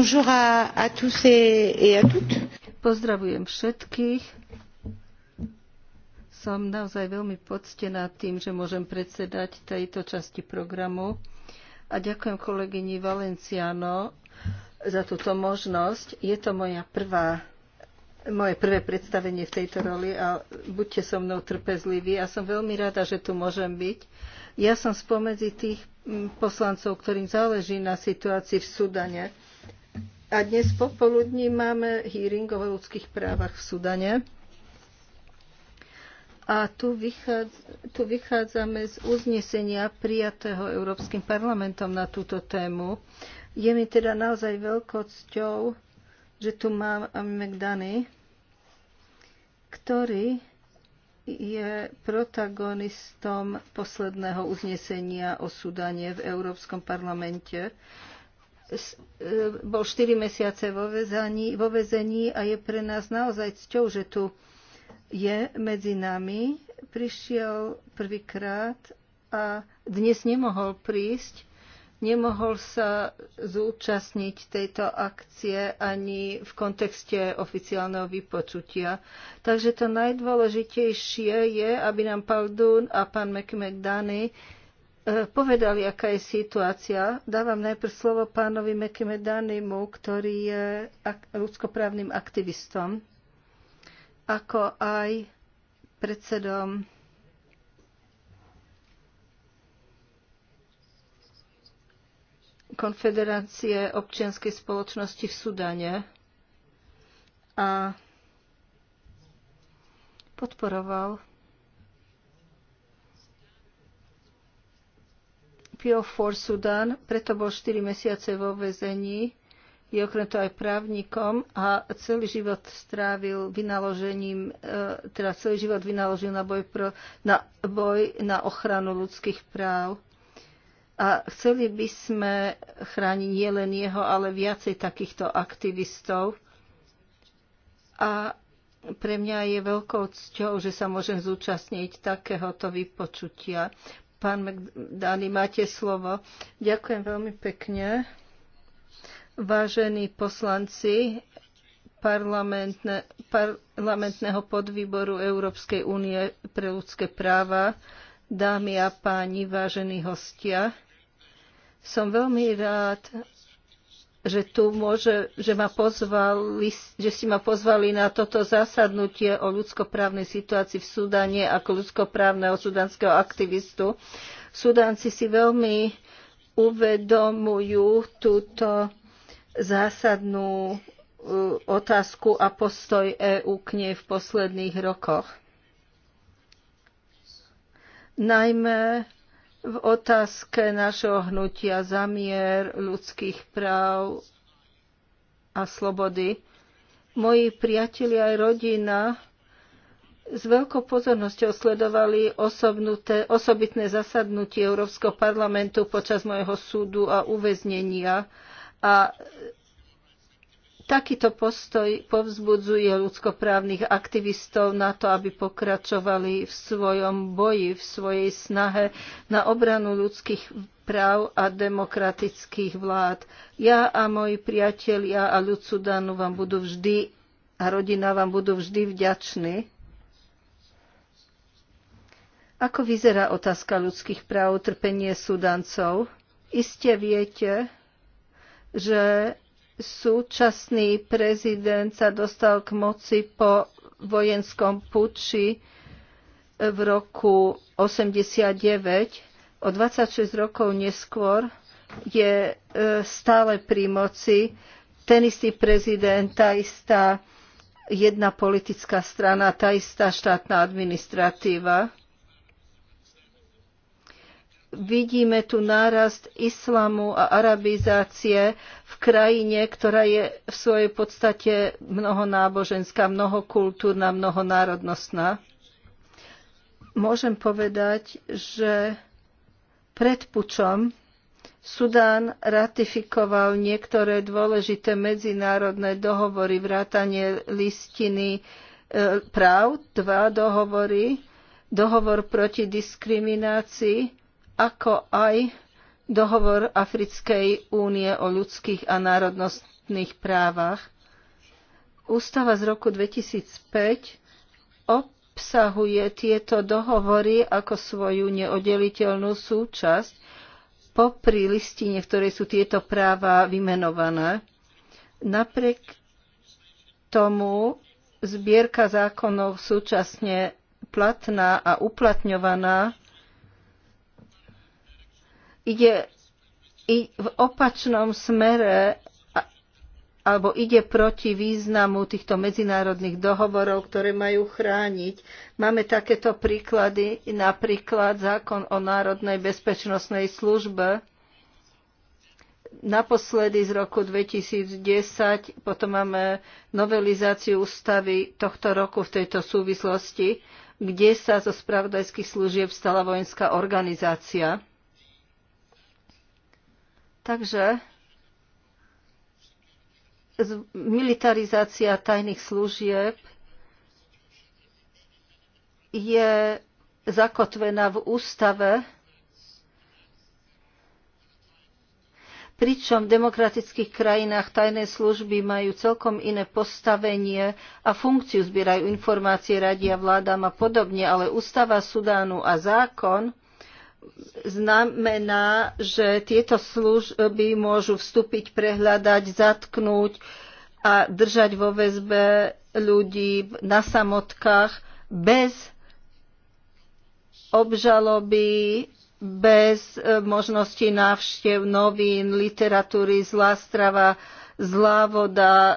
Speaker 4: Bonjour à, à tous et, et à toutes. Pozdravujem všetkých. Som naozaj veľmi poctená tým, že môžem predsedať tejto časti programu. A ďakujem kolegyni Valenciano za túto možnosť. Je to moja prvá moje prvé predstavenie v tejto roli a buďte so mnou trpezliví a som veľmi rada, že tu môžem byť. Ja som spomedzi tých mm, poslancov, ktorým záleží na situácii v Sudane. A dnes popoludní máme hearing o ľudských právach v Sudane. A tu, vychádz, tu vychádzame z uznesenia prijatého Európskym parlamentom na túto tému. Je mi teda naozaj veľkosťou, že tu mám Ami ktorý je protagonistom posledného uznesenia o Sudane v Európskom parlamente. E, bol 4 mesiace vo, väzaní, vo väzení a je pre nás naozaj cťou, že tu je medzi nami. Prišiel prvýkrát a dnes nemohol prísť, nemohol sa zúčastniť tejto akcie ani v kontexte oficiálneho vypočutia. Takže to najdôležitejšie je, aby nám pán Dún a pán McMcDany E, povedali, aká je situácia. Dávam najprv slovo pánovi Mekimedanimu, ktorý je ľudskoprávnym aktivistom, ako aj predsedom Konfederácie občianskej spoločnosti v Sudane a podporoval for Sudan, preto bol 4 mesiace vo vezení, Je okrem toho aj právnikom a celý život strávil vynaložením, e, teda celý život vynaložil na boj, pro, na, boj na ochranu ľudských práv. A chceli by sme chrániť nielen jeho, ale viacej takýchto aktivistov. A pre mňa je veľkou cťou, že sa môžem zúčastniť takéhoto vypočutia. Pán McDani, máte slovo. Ďakujem veľmi pekne. Vážení poslanci parlamentne, parlamentného podvýboru Európskej únie pre ľudské práva, dámy a páni, vážení hostia, som veľmi rád, že, tu môže, že, ma pozvali, že si ma pozvali na toto zasadnutie o ľudskoprávnej situácii v Sudáne ako ľudskoprávneho sudánskeho aktivistu. Sudánci si veľmi uvedomujú túto zásadnú uh, otázku a postoj EÚ k nej v posledných rokoch. Najmä v otázke našeho hnutia zamier ľudských práv a slobody. Moji priatelia aj rodina s veľkou pozornosťou sledovali te, osobitné zasadnutie Európskeho parlamentu počas môjho súdu a uväznenia a Takýto postoj povzbudzuje ľudskoprávnych aktivistov na to, aby pokračovali v svojom boji, v svojej snahe na obranu ľudských práv a demokratických vlád. Ja a moji priatelia a ľud Sudánu vám budú vždy a rodina vám budú vždy vďační. Ako vyzerá otázka ľudských práv, trpenie Sudáncov? Iste viete, že Súčasný prezident sa dostal k moci po vojenskom puči v roku 89. O 26 rokov neskôr je e, stále pri moci ten istý prezident, tá istá jedna politická strana, tá istá štátna administratíva vidíme tu nárast islamu a arabizácie v krajine, ktorá je v svojej podstate mnohonáboženská, mnohokultúrna, mnohonárodnostná. Môžem povedať, že pred pučom Sudán ratifikoval niektoré dôležité medzinárodné dohovory, vrátanie listiny e, práv, dva dohovory, dohovor proti diskriminácii, ako aj dohovor Africkej únie o ľudských a národnostných právach. Ústava z roku 2005 obsahuje tieto dohovory ako svoju neoddeliteľnú súčasť popri listine, v ktorej sú tieto práva vymenované. Napriek tomu zbierka zákonov súčasne platná a uplatňovaná ide v opačnom smere alebo ide proti významu týchto medzinárodných dohovorov, ktoré majú chrániť. Máme takéto príklady, napríklad zákon o Národnej bezpečnostnej službe, naposledy z roku 2010, potom máme novelizáciu ústavy tohto roku v tejto súvislosti, kde sa zo spravodajských služieb stala vojenská organizácia. Takže militarizácia tajných služieb je zakotvená v ústave, pričom v demokratických krajinách tajné služby majú celkom iné postavenie a funkciu, zbierajú informácie, radia vládam a podobne, ale ústava Sudánu a zákon znamená, že tieto služby môžu vstúpiť, prehľadať, zatknúť a držať vo väzbe ľudí na samotkách bez obžaloby, bez možnosti návštev novín, literatúry, zlá strava, zlá voda, e,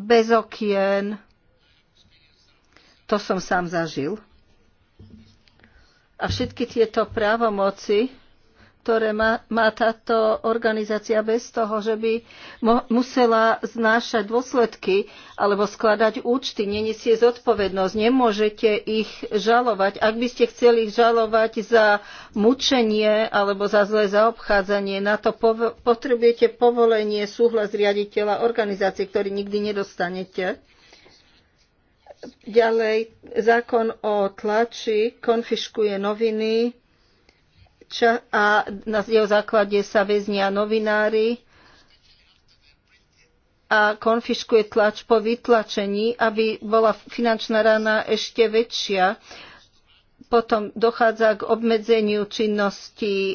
Speaker 4: bez okien. To som sám zažil. A všetky tieto právomoci, ktoré má, má táto organizácia bez toho, že by mo- musela znášať dôsledky alebo skladať účty, nenesie zodpovednosť. Nemôžete ich žalovať. Ak by ste chceli ich žalovať za mučenie alebo za zlé zaobchádzanie, na to pov- potrebujete povolenie, súhlas riaditeľa organizácie, ktorý nikdy nedostanete. Ďalej, zákon o tlači konfiškuje noviny a na jeho základe sa väznia novinári a konfiškuje tlač po vytlačení, aby bola finančná rana ešte väčšia potom dochádza k obmedzeniu činnosti e,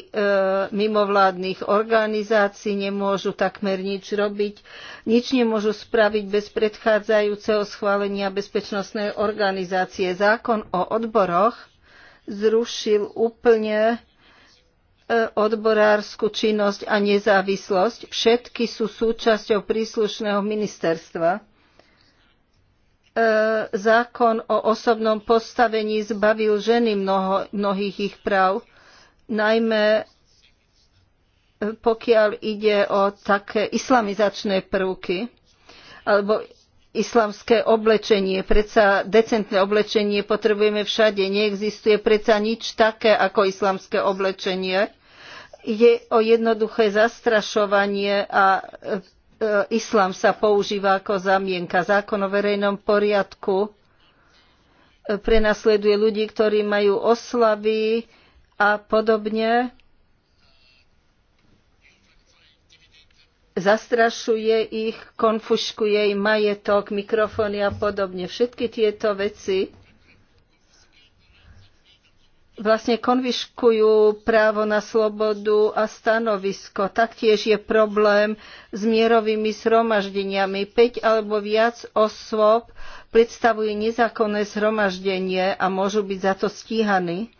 Speaker 4: mimovládnych organizácií, nemôžu takmer nič robiť, nič nemôžu spraviť bez predchádzajúceho schválenia bezpečnostnej organizácie. Zákon o odboroch zrušil úplne e, odborárskú činnosť a nezávislosť. Všetky sú súčasťou príslušného ministerstva E, zákon o osobnom postavení zbavil ženy mnoho, mnohých ich práv, najmä e, pokiaľ ide o také islamizačné prvky alebo islamské oblečenie. Predsa decentné oblečenie potrebujeme všade. Neexistuje predsa nič také ako islamské oblečenie. Ide o jednoduché zastrašovanie a e, E, islám sa používa ako zamienka. Zákon o verejnom poriadku e, prenasleduje ľudí, ktorí majú oslavy a podobne. Zastrašuje ich, konfuškuje im majetok, mikrofóny a podobne. Všetky tieto veci vlastne konviškujú právo na slobodu a stanovisko. Taktiež je problém s mierovými zhromaždeniami. Peť alebo viac osôb predstavuje nezákonné zhromaždenie a môžu byť za to stíhaní.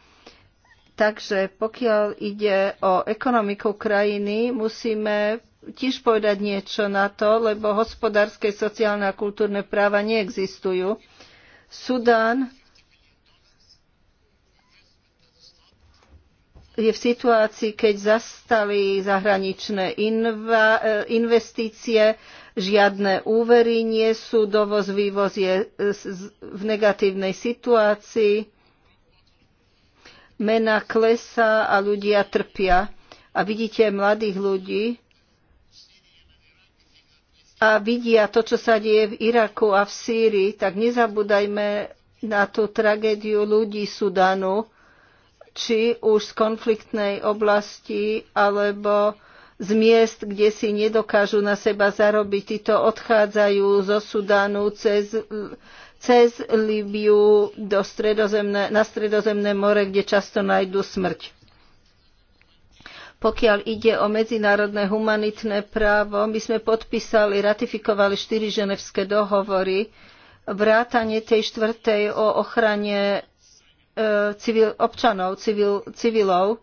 Speaker 4: Takže pokiaľ ide o ekonomiku krajiny, musíme tiež povedať niečo na to, lebo hospodárske, sociálne a kultúrne práva neexistujú. Sudán je v situácii, keď zastali zahraničné eh, investície, žiadne úvery nie sú, dovoz, vývoz je eh, v negatívnej situácii, mena klesá a ľudia trpia. A vidíte mladých ľudí a vidia to, čo sa deje v Iraku a v Sýrii, tak nezabúdajme na tú tragédiu ľudí Sudanu, či už z konfliktnej oblasti alebo z miest, kde si nedokážu na seba zarobiť. Títo odchádzajú zo Sudánu cez, cez Libiu do stredozemné, na stredozemné more, kde často nájdú smrť. Pokiaľ ide o medzinárodné humanitné právo, my sme podpísali, ratifikovali štyri ženevské dohovory, vrátanie tej štvrtej o ochrane E, civil, občanov, civil, civilov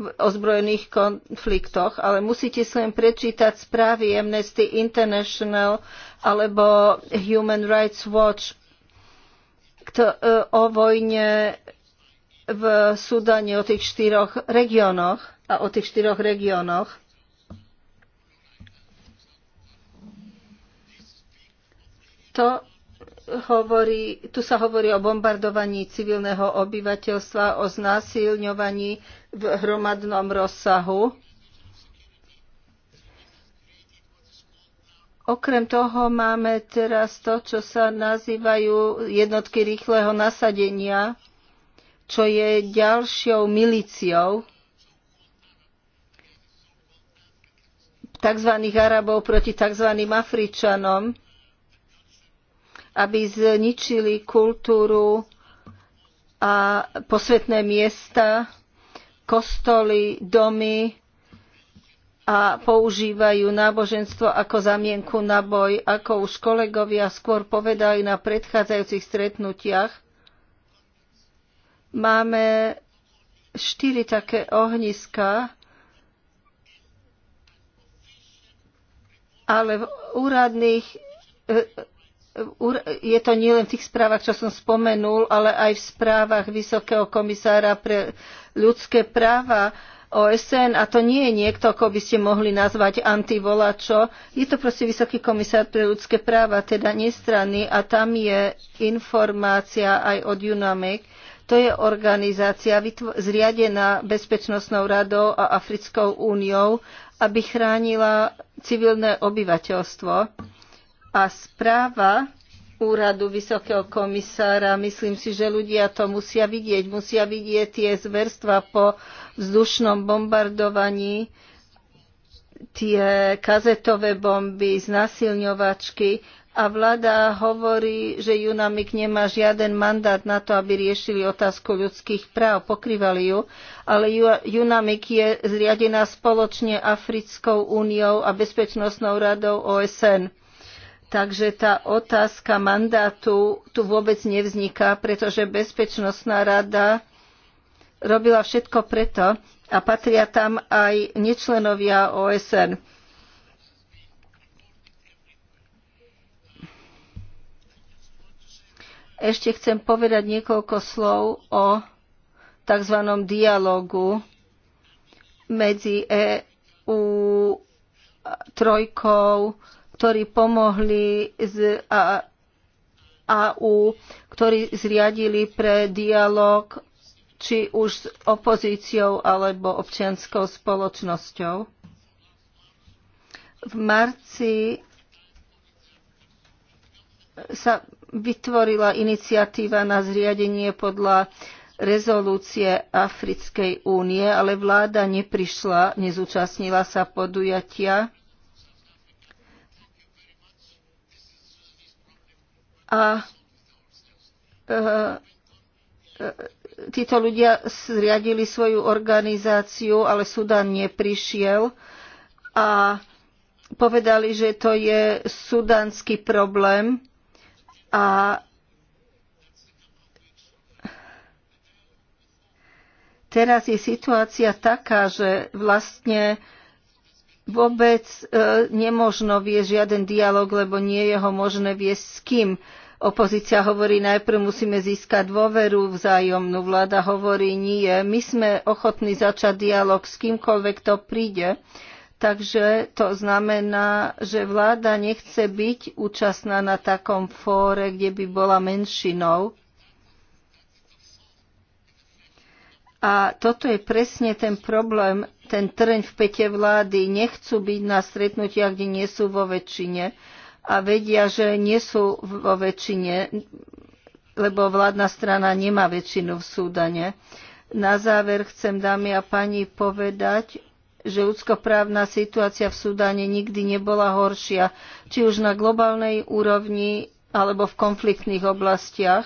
Speaker 4: v ozbrojených konfliktoch, ale musíte si len prečítať správy Amnesty International alebo Human Rights Watch kto, e, o vojne v Sudane, o tých štyroch regiónoch a o tých štyroch regiónoch. To hovorí, tu sa hovorí o bombardovaní civilného obyvateľstva, o znásilňovaní v hromadnom rozsahu. Okrem toho máme teraz to, čo sa nazývajú jednotky rýchleho nasadenia, čo je ďalšou milíciou tzv. Arabov proti tzv. Afričanom aby zničili kultúru a posvetné miesta, kostoly, domy a používajú náboženstvo ako zamienku na boj, ako už kolegovia skôr povedali na predchádzajúcich stretnutiach. Máme štyri také ohniska, ale v úradných je to nielen v tých správach, čo som spomenul, ale aj v správach Vysokého komisára pre ľudské práva OSN a to nie je niekto, koho by ste mohli nazvať antivolačo. Je to proste Vysoký komisár pre ľudské práva, teda nestranný a tam je informácia aj od UNAMEC. To je organizácia zriadená Bezpečnostnou radou a Africkou úniou, aby chránila civilné obyvateľstvo a správa úradu vysokého komisára, myslím si, že ľudia to musia vidieť. Musia vidieť tie zverstva po vzdušnom bombardovaní, tie kazetové bomby, znasilňovačky a vláda hovorí, že Junamik nemá žiaden mandát na to, aby riešili otázku ľudských práv, pokrývali ju, ale Junamik je zriadená spoločne Africkou úniou a Bezpečnostnou radou OSN. Takže tá otázka mandátu tu vôbec nevzniká, pretože Bezpečnostná rada robila všetko preto a patria tam aj nečlenovia OSN. Ešte chcem povedať niekoľko slov o tzv. dialogu medzi EU trojkou, ktorí pomohli z AU, ktorí zriadili pre dialog či už s opozíciou alebo občianskou spoločnosťou. V marci sa vytvorila iniciatíva na zriadenie podľa rezolúcie Africkej únie, ale vláda neprišla, nezúčastnila sa podujatia. a e, e, títo ľudia zriadili svoju organizáciu, ale Sudan neprišiel a povedali, že to je sudanský problém a teraz je situácia taká, že vlastne vôbec e, nemožno viesť žiaden dialog, lebo nie je ho možné viesť s kým. Opozícia hovorí, najprv musíme získať dôveru vzájomnú. Vláda hovorí, nie. My sme ochotní začať dialog s kýmkoľvek to príde. Takže to znamená, že vláda nechce byť účastná na takom fóre, kde by bola menšinou. A toto je presne ten problém, ten trň v pete vlády. Nechcú byť na stretnutiach, kde nie sú vo väčšine a vedia, že nie sú vo väčšine, lebo vládna strana nemá väčšinu v Súdane. Na záver chcem, dámy a pani, povedať, že ľudskoprávna situácia v Sudáne nikdy nebola horšia, či už na globálnej úrovni alebo v konfliktných oblastiach.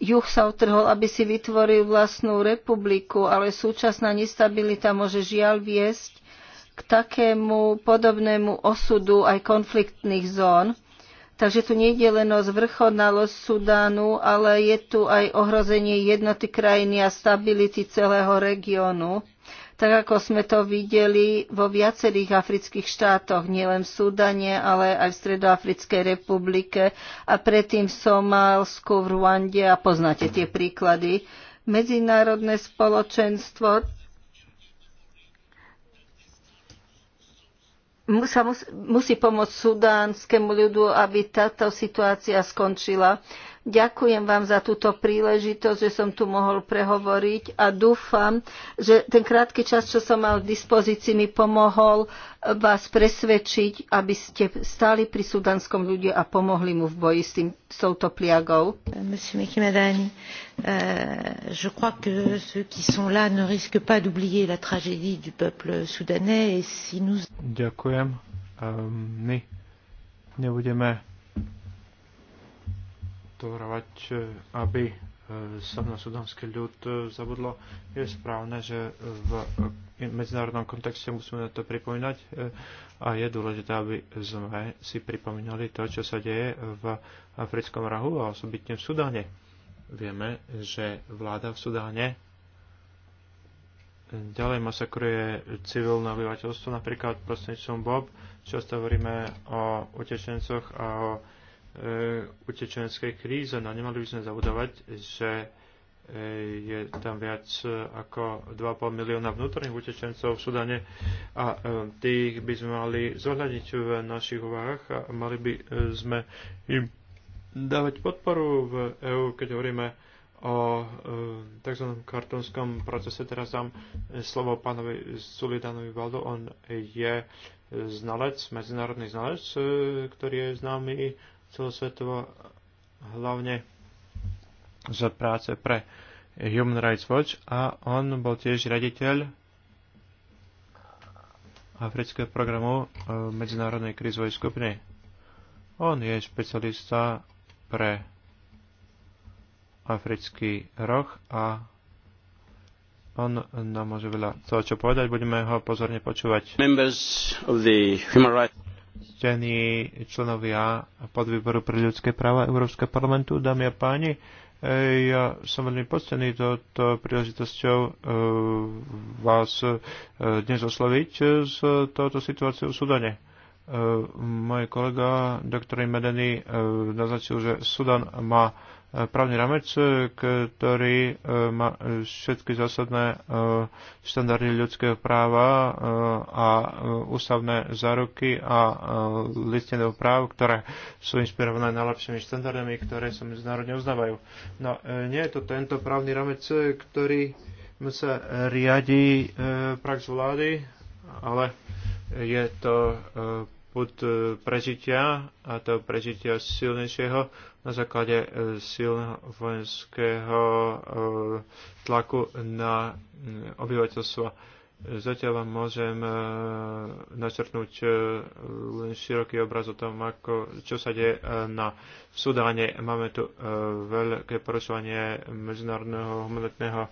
Speaker 4: juh sa utrhol, aby si vytvoril vlastnú republiku, ale súčasná nestabilita môže žiaľ viesť k takému podobnému osudu aj konfliktných zón. Takže tu je len o Sudánu, ale je tu aj ohrozenie jednoty krajiny a stability celého regiónu tak ako sme to videli vo viacerých afrických štátoch, nielen v Súdane, ale aj v Stredoafrickej republike a predtým v Somálsku, v Ruande a poznáte tie príklady. Medzinárodné spoločenstvo sa musí pomôcť sudánskemu ľudu, aby táto situácia skončila. Ďakujem vám za túto príležitosť, že som tu mohol prehovoriť a dúfam, že ten krátky čas, čo som mal v dispozícii, mi pomohol vás presvedčiť, aby ste stáli pri sudanskom ľude a pomohli mu v boji s, tým, s touto pliagou. Monsieur Mekimadani, euh, je crois que ceux qui sont là ne risquent
Speaker 5: pas d'oublier la tragédie du peuple soudanais et si nous...
Speaker 1: Ďakujem. Um, my nebudeme monitorovať, e, aby e, sa na sudanský ľud e, zabudlo. Je správne, že v medzinárodnom kontexte musíme to pripomínať a je dôležité, aby sme si pripomínali to, čo sa deje v africkom rahu a osobitne v Sudáne. Vieme, že vláda v Sudáne ďalej masakruje civilné obyvateľstvo, napríklad prostredníctvom Bob. Často hovoríme o utečencoch a o E, utečeneckej kríze. No nemali by sme zabudovať, že e, je tam viac ako 2,5 milióna vnútorných utečencov v Sudane a e, tých by sme mali zohľadiť v našich úvahách a mali by sme im dávať podporu v EÚ, keď hovoríme o tzv. kartonskom procese. Teraz dám slovo pánovi Sulidanovi Valdo. On je znalec, medzinárodný znalec, ktorý je známy celosvetovo hlavne za práce pre Human Rights Watch a on bol tiež raditeľ afrického programu e, medzinárodnej krizovej skupiny. On je špecialista pre africký roh a on nám môže veľa toho, čo povedať. Budeme ho pozorne počúvať. Members of the human rights ctení členovia podvýboru pre ľudské práva Európskeho parlamentu, dámy a páni. E, ja som veľmi poctený touto príležitosťou e, vás e, dnes osloviť z touto situácie v Sudane. Môj kolega, doktor Medeny, naznačil, že Sudan má E, právny ramec, e, ktorý e, má všetky zásadné štandardy ľudského práva a ústavné záruky a listené práv, ktoré sú inspirované najlepšími štandardami, ktoré sa medzinárodne uznávajú. No, nie je to tento právny ramec, ktorý sa riadi prax vlády, ale je to pod prežitia a to prežitia silnejšieho na základe e, silného vojenského e, tlaku na mm, obyvateľstvo. Zatiaľ vám môžem e, načrtnúť len široký obraz o tom, ako, čo sa deje na Sudáne. Máme tu veľké porušovanie medzinárodného humanitného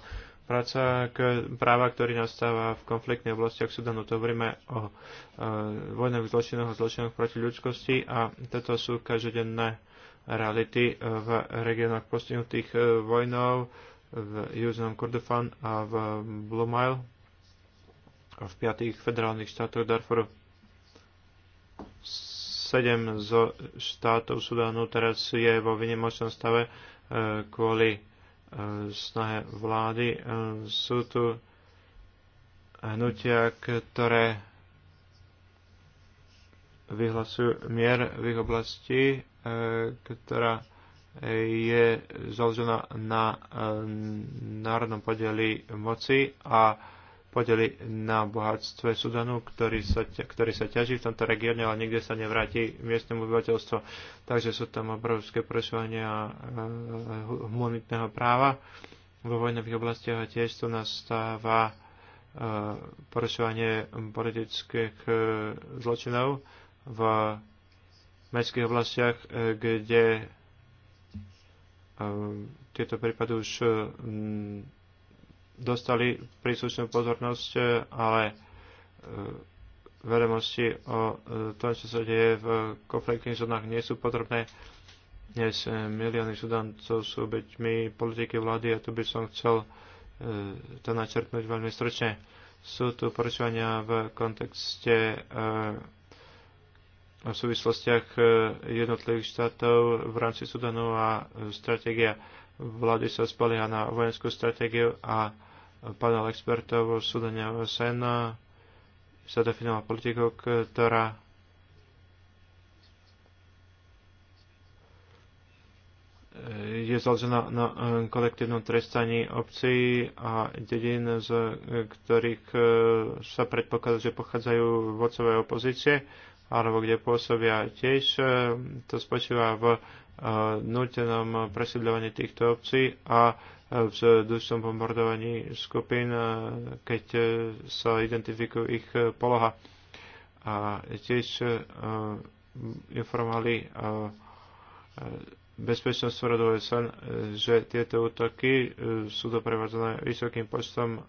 Speaker 1: práca, k, práva, ktorý nastáva v konfliktnej oblasti ak Sudanu. To hovoríme o vojnových zločinoch a zločinoch proti ľudskosti a toto sú každodenné reality e, v regiónoch postihnutých e, vojnov v južnom Kurdofan a v Blue Mile a v piatých federálnych štátoch Darfuru. Sedem zo štátov Sudánu teraz je vo vynimočnom stave e, kvôli snahe vlády. Sú tu hnutia, ktoré vyhlasujú mier v ich oblasti E, ktorá e, je založená na e, národnom podeli moci a podeli na bohatstve Sudanu, ktorý sa, ktorý sa ťaží v tomto regióne, ale nikde sa nevráti miestnemu obyvateľstvu. Takže sú tam obrovské porušovania humanitného práva vo vojnových oblastiach a tiež tu nastáva porušovanie politických zločinov v mestských oblastiach, e, kde ehm, tieto prípady už e, dostali príslušnú pozornosť, e, ale vedomosti o tom, čo sa deje v konfliktných zónach, nie sú potrebné. Dnes milióny Sudancov sú beťmi politiky vlády a tu by som chcel to načrtnúť veľmi stručne. Sú tu porušovania v kontexte v súvislostiach e, jednotlivých štátov v rámci Sudanu a e, stratégia vlády sa spolieha na vojenskú stratégiu a panel expertov v Sudane OSN e, sa definovala politikou, ktorá je založená na kolektívnom trestaní obcí a dedín, z ktorých sa predpokladá, že pochádzajú vodcové opozície alebo kde pôsobia. Tiež e, to spočíva v e, nutenom presídľovaní týchto obcí a e, v dušnom bombardovaní skupín, keď sa identifikujú ich poloha. A tiež informovali bezpečnosť rodové sen, že tieto útoky sú doprevádzané vysokým počtom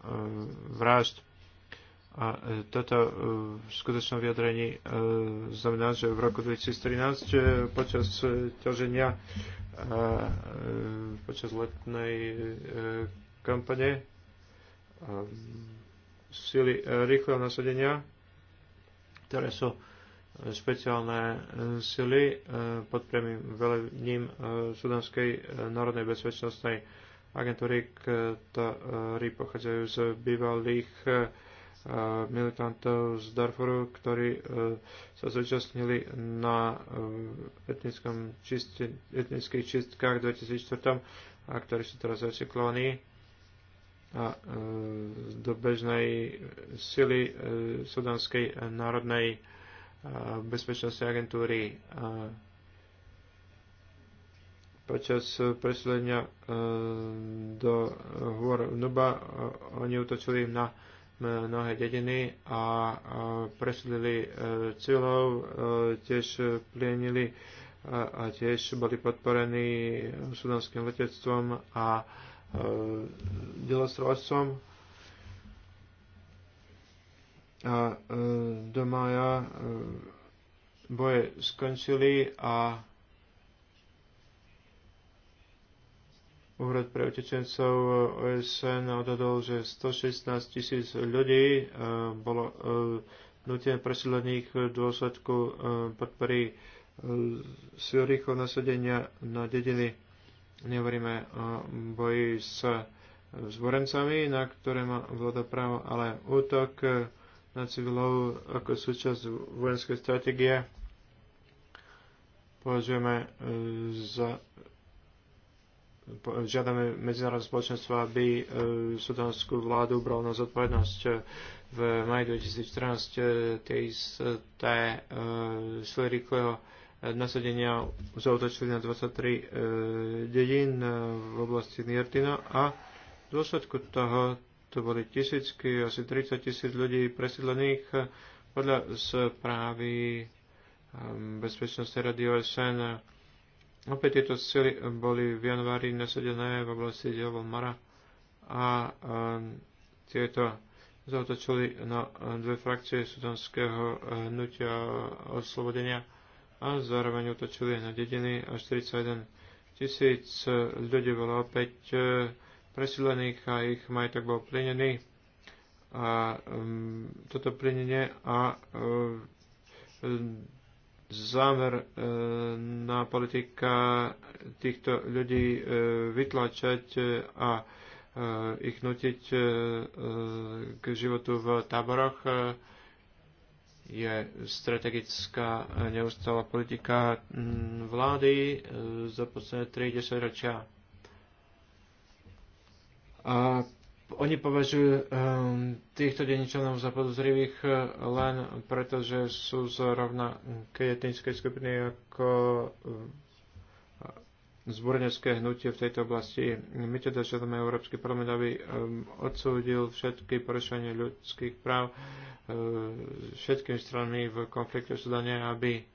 Speaker 1: vražd a e, toto e, v skutočnom vyjadrení e, znamená, že v roku 2013 počas ťaženia počas letnej kampane sily rýchleho nasadenia, ktoré sú špeciálne sily pod priamým velením Sudanskej národnej bezpečnostnej agentúry, ktorí pochádzajú z bývalých militantov z Darfuru, ktorí e, sa zúčastnili na e, etnických čistkách v 2004 a ktorí sú teraz recyklovaní a e, do bežnej sily Sudanskej národnej bezpečnostnej agentúry počas presilenia do hôr Nuba oni utočili na mnohé dediny a presilili e, cieľov, e, tiež plienili e, a tiež boli podporení sudanským letectvom a delostrovactvom. A do mája boje skončili a Úrad pre utečencov OSN odhadol, že 116 tisíc ľudí eh, bolo eh, nutené presídlených v dôsledku eh, podpory Syrýchov nasadenia na dediny. Nehovoríme o boji s zborencami, na ktoré má vláda právo, ale útok na civilov ako súčasť vojenskej stratégie považujeme za žiadame medzinárodné spoločenstvo, aby e, sudanskú vládu bralo na zodpovednosť. E, v maji 2014 tie isté sily rýchleho e, nasadenia zautočili na 23 dedín v oblasti Niertina a v dôsledku toho to boli tisícky, asi 30 tisíc ľudí presídlených podľa správy bezpečnosti radio SN. Opäť tieto sily boli v januári nasadené v oblasti Diabol Mara a tieto zautočili na dve frakcie sudanského e, hnutia oslobodenia a zároveň utočili na dediny a 41 tisíc ľudí bolo opäť e, presilených a ich majetok bol plenený. A um, toto plenenie a um, zámer e, na politika týchto ľudí e, vytlačať e, a ich nutiť k životu v táboroch je strategická neustála politika vlády za posledné 30 ročia. A oni považujú um, ehm, týchto deničanov za podozrivých eh, len preto, že sú zrovna k etnickej skupiny ako eh, zbornecké hnutie v tejto oblasti. My teda žiadame Európsky parlament, aby um, odsúdil všetky porušenie ľudských práv um, všetkými stranami v konflikte v Sudane, aby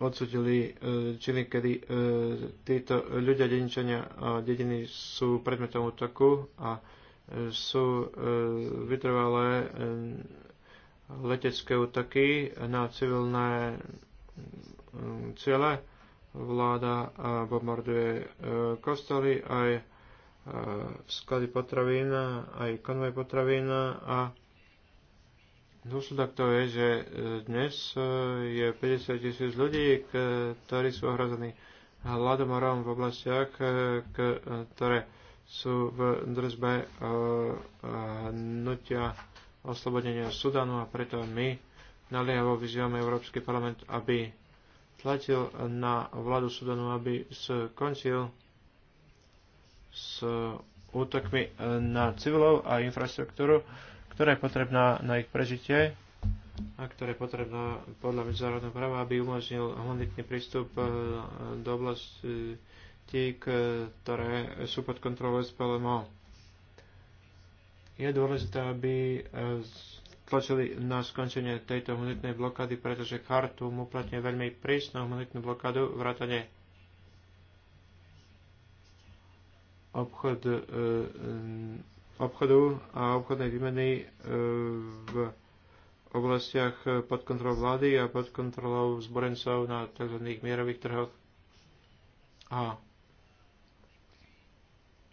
Speaker 1: odsudili e, činy, kedy e, títo ľudia, dedinčania a dediny sú predmetom útoku a e, sú vytrvalé letecké útoky na civilné mm, ciele. Vláda bombarduje kostoly, aj sklady potravín, aj konvoj potravín a Dôsledok to je, že e, dnes e, je 50 tisíc ľudí, ktorí sú ohrození hladomorom v oblastiach, e, ktoré sú v držbe hnutia oslobodenia Sudanu a preto my naliehavo vyzývame Európsky parlament, aby tlačil na vládu Sudanu, aby skončil s útokmi na civilov a infraštruktúru ktorá je potrebná na ich prežitie a ktorá je potrebná podľa medzinárodného práva, aby umožnil humanitný prístup eh, do oblasti, ktoré sú pod kontrolou SPLMO. Je dôležité, aby eh, tlačili na skončenie tejto humanitnej blokády, pretože kartu uplatňuje veľmi prísnu humanitnú blokádu, vrátane obchod eh, obchodu a obchodnej výmeny e, v oblastiach pod kontrolou vlády a pod kontrolou zborencov na tzv. mierových trhoch. A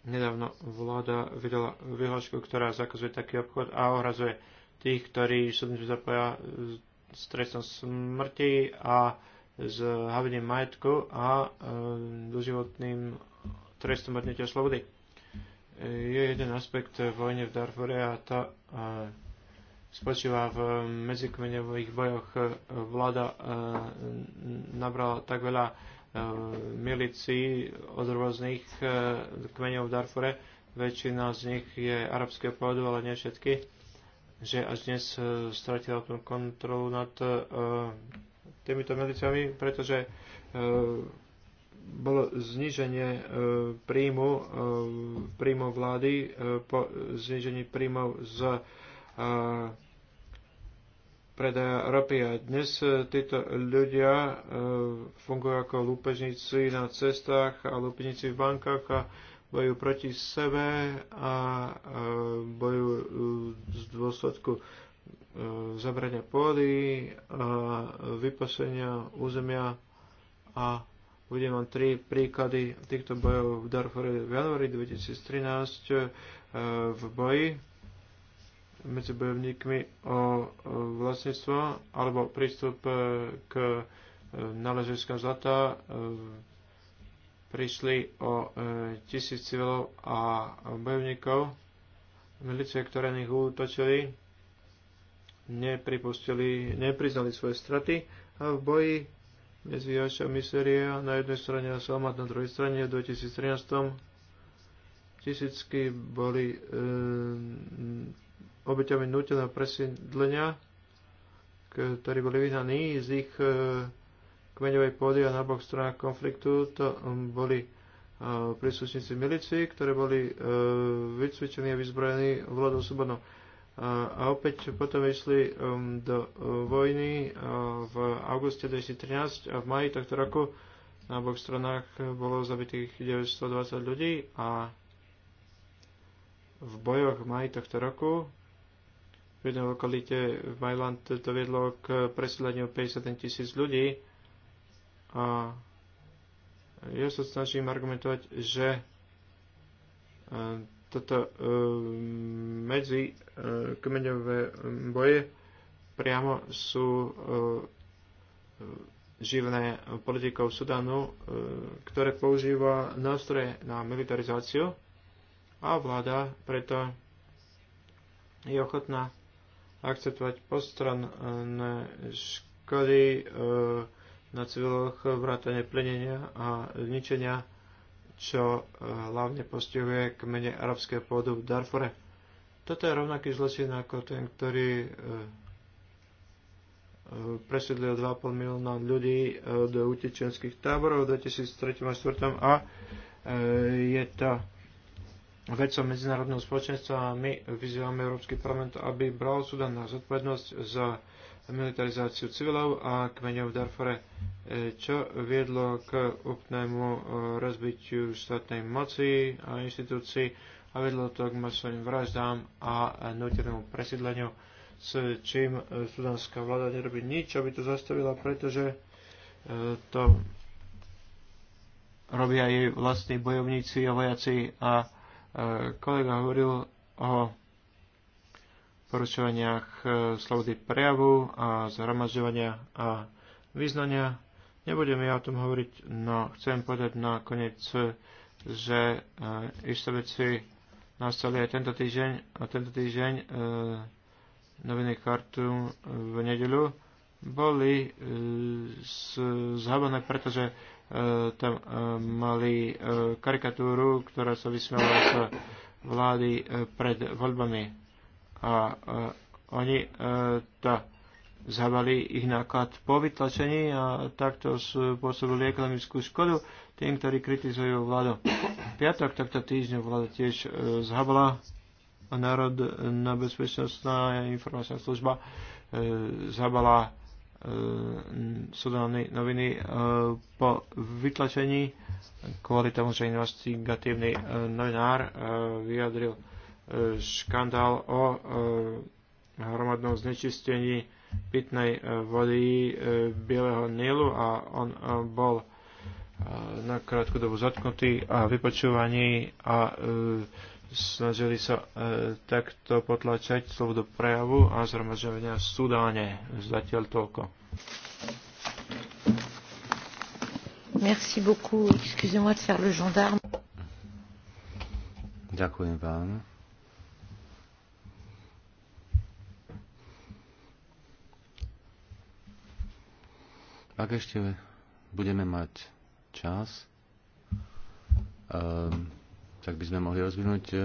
Speaker 1: nedávno vláda vydala vyhlášku, ktorá zakazuje taký obchod a ohrazuje tých, ktorí dnes zapoja s trestom smrti a s havením majetku a e, doživotným trestom odnetia slobody je jeden aspekt vojne v Darfure a to e, spočíva v medzikmeňových bojoch. Vláda e, nabrala tak veľa e, milícií od rôznych kmeňov v Darfure, väčšina z nich je arabského pôvodu, ale nie všetky, že až dnes stratila tú kontrolu nad týmito miliciami, pretože bolo zniženie e, príjmu, e, príjmu vlády e, po znižení príjmov z predaja ropy. A dnes títo ľudia fungujú ako lúpežníci na cestách a lúpežníci v bankách a bojujú proti sebe a bojujú z dôsledku zabrania pôdy, vypasenia územia a budem vám tri príklady týchto bojov v Darfore. v januári 2013 e, v boji medzi bojovníkmi o vlastníctvo alebo prístup e, k e, náležiskám zlata prišli o tisíc civilov a bojovníkov. Milície, ktoré nich útočili, nepripustili, nepriznali svoje straty a v boji medzi Jošom Miseria na jednej strane a Salmat na druhej strane v 2013 tisícky boli e, obeťami nuteného presídlenia, ktorí boli vyhnaní z ich e, kmeňovej pôdy a na oboch stranách konfliktu. To ehm, boli e, príslušníci milícií, ktorí boli e, vycvičení a vyzbrojení vládou Subanou a opäť potom išli um, do uh, vojny uh, v auguste 2013 a v maji tohto roku na oboch stranách bolo zabitých 920 ľudí a v bojoch v maji tohto roku v jednej lokalite v Majland to viedlo k presídleniu 50 tisíc ľudí a ja sa snažím argumentovať, že uh, toto e, medzi e, kmeňové boje priamo sú e, živné politikov Sudanu, ktoré používa nástroje na militarizáciu a vláda preto je ochotná akceptovať postranné škody na civiloch, vrátane plenenia a zničenia čo e, hlavne postihuje kmene arabské pôdu v Darfore. Toto je rovnaký zločin ako ten, ktorý e, e, presídlil 2,5 milióna ľudí do utečenských táborov v 2003 a 2004 a je to vecou medzinárodného spoločenstva a my vyzývame Európsky parlament, aby bral Sudan na zodpovednosť za militarizáciu civilov a kmeňov v Darfore, e, čo viedlo k úplnému e, rozbitiu štátnej moci a inštitúcií a vedlo to k masovým vraždám a nutenému presídleniu, s čím e, sudanská vláda nerobí nič, aby to zastavila, pretože to robia jej vlastní bojovníci a vojaci a kolega hovoril o porušovaniach e, slobody prejavu a zhromažďovania a význania. Nebudem ja o tom hovoriť, no chcem povedať na koniec, že e, isté veci nastali aj tento týždeň a tento týždeň e, noviny Khartoum v nedeľu boli e, zhabané, pretože e, tam e, mali e, karikatúru, ktorá sa vysmiala z vlády e, pred voľbami a e, oni e, to zavali ich náklad po vytlačení a takto spôsobili ekonomickú škodu tým, ktorí kritizujú vládu. Piatok takto týždňa vláda tiež e, zhabala a Národná bezpečnostná informačná služba zabala sudálne noviny po vytlačení kvôli tomu, že investigatívny novinár vyjadril škandál o e, hromadnom znečistení pitnej e, vody e, Bieleho Nilu a on bol na krátku dobu zatknutý a vypočúvaný a snažili sa takto potlačať slobodu prejavu a zhromažďovania v Sudáne. Zatiaľ toľko.
Speaker 5: Merci beaucoup. Excusez-moi de faire le gendarme.
Speaker 3: Ďakujem vám. Ak ešte budeme mať čas, ehm, tak by sme mohli rozvinúť e,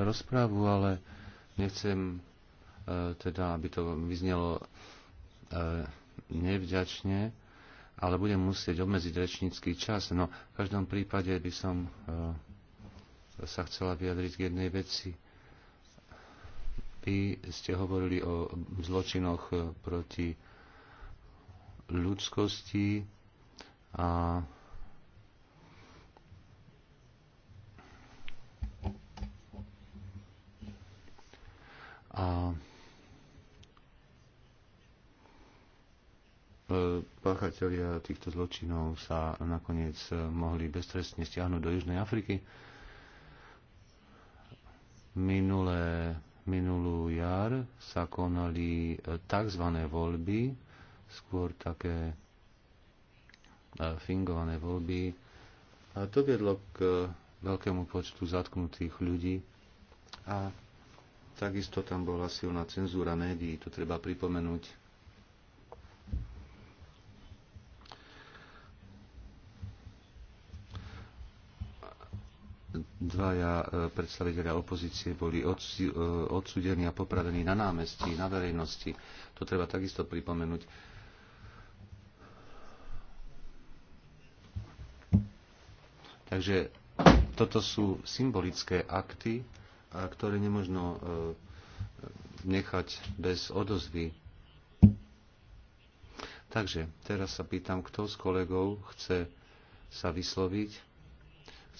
Speaker 3: rozprávu, ale nechcem e, teda, aby to vyznelo e, nevďačne, ale budem musieť obmedziť rečnícky čas. No, v každom prípade by som sa chcela vyjadriť k jednej veci. Vy ste hovorili o zločinoch proti ľudskosti a a e, páchatelia týchto zločinov sa nakoniec mohli beztrestne stiahnuť do Južnej Afriky. Minulé, minulú jar sa konali e, tzv. voľby skôr také e, fingované voľby. A to viedlo k e, veľkému počtu zatknutých ľudí a takisto tam bola silná cenzúra médií, to treba pripomenúť. dvaja e, predstaviteľa opozície boli odsudení a popravení na námestí, na verejnosti. To treba takisto pripomenúť. Takže toto sú symbolické akty, ktoré nemožno e, nechať bez odozvy. Takže teraz sa pýtam, kto z kolegov chce sa vysloviť.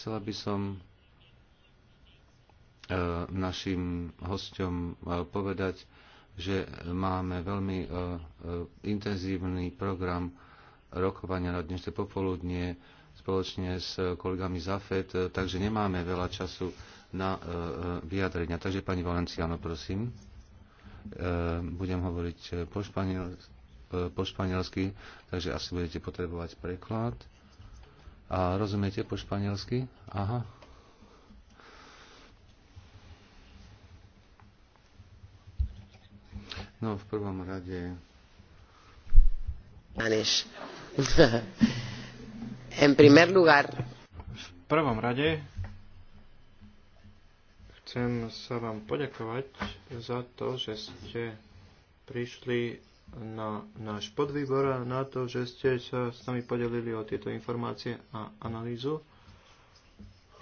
Speaker 3: Chcela by som e, našim hostom e, povedať, že máme veľmi intenzívny program rokovania na dnešné popoludnie spoločne s kolegami Zafet, e, takže nemáme veľa času na e, e, vyjadrenia. Takže pani Valenciano, prosím. Budem hovoriť po, španiel, po španielsky, takže asi budete potrebovať preklad. A rozumiete po španielsky? Aha. No, v prvom rade... En primer
Speaker 1: lugar. V prvom rade chcem sa vám poďakovať za to, že ste prišli na náš podvýbor a na to, že ste sa s nami podelili o tieto informácie a analýzu.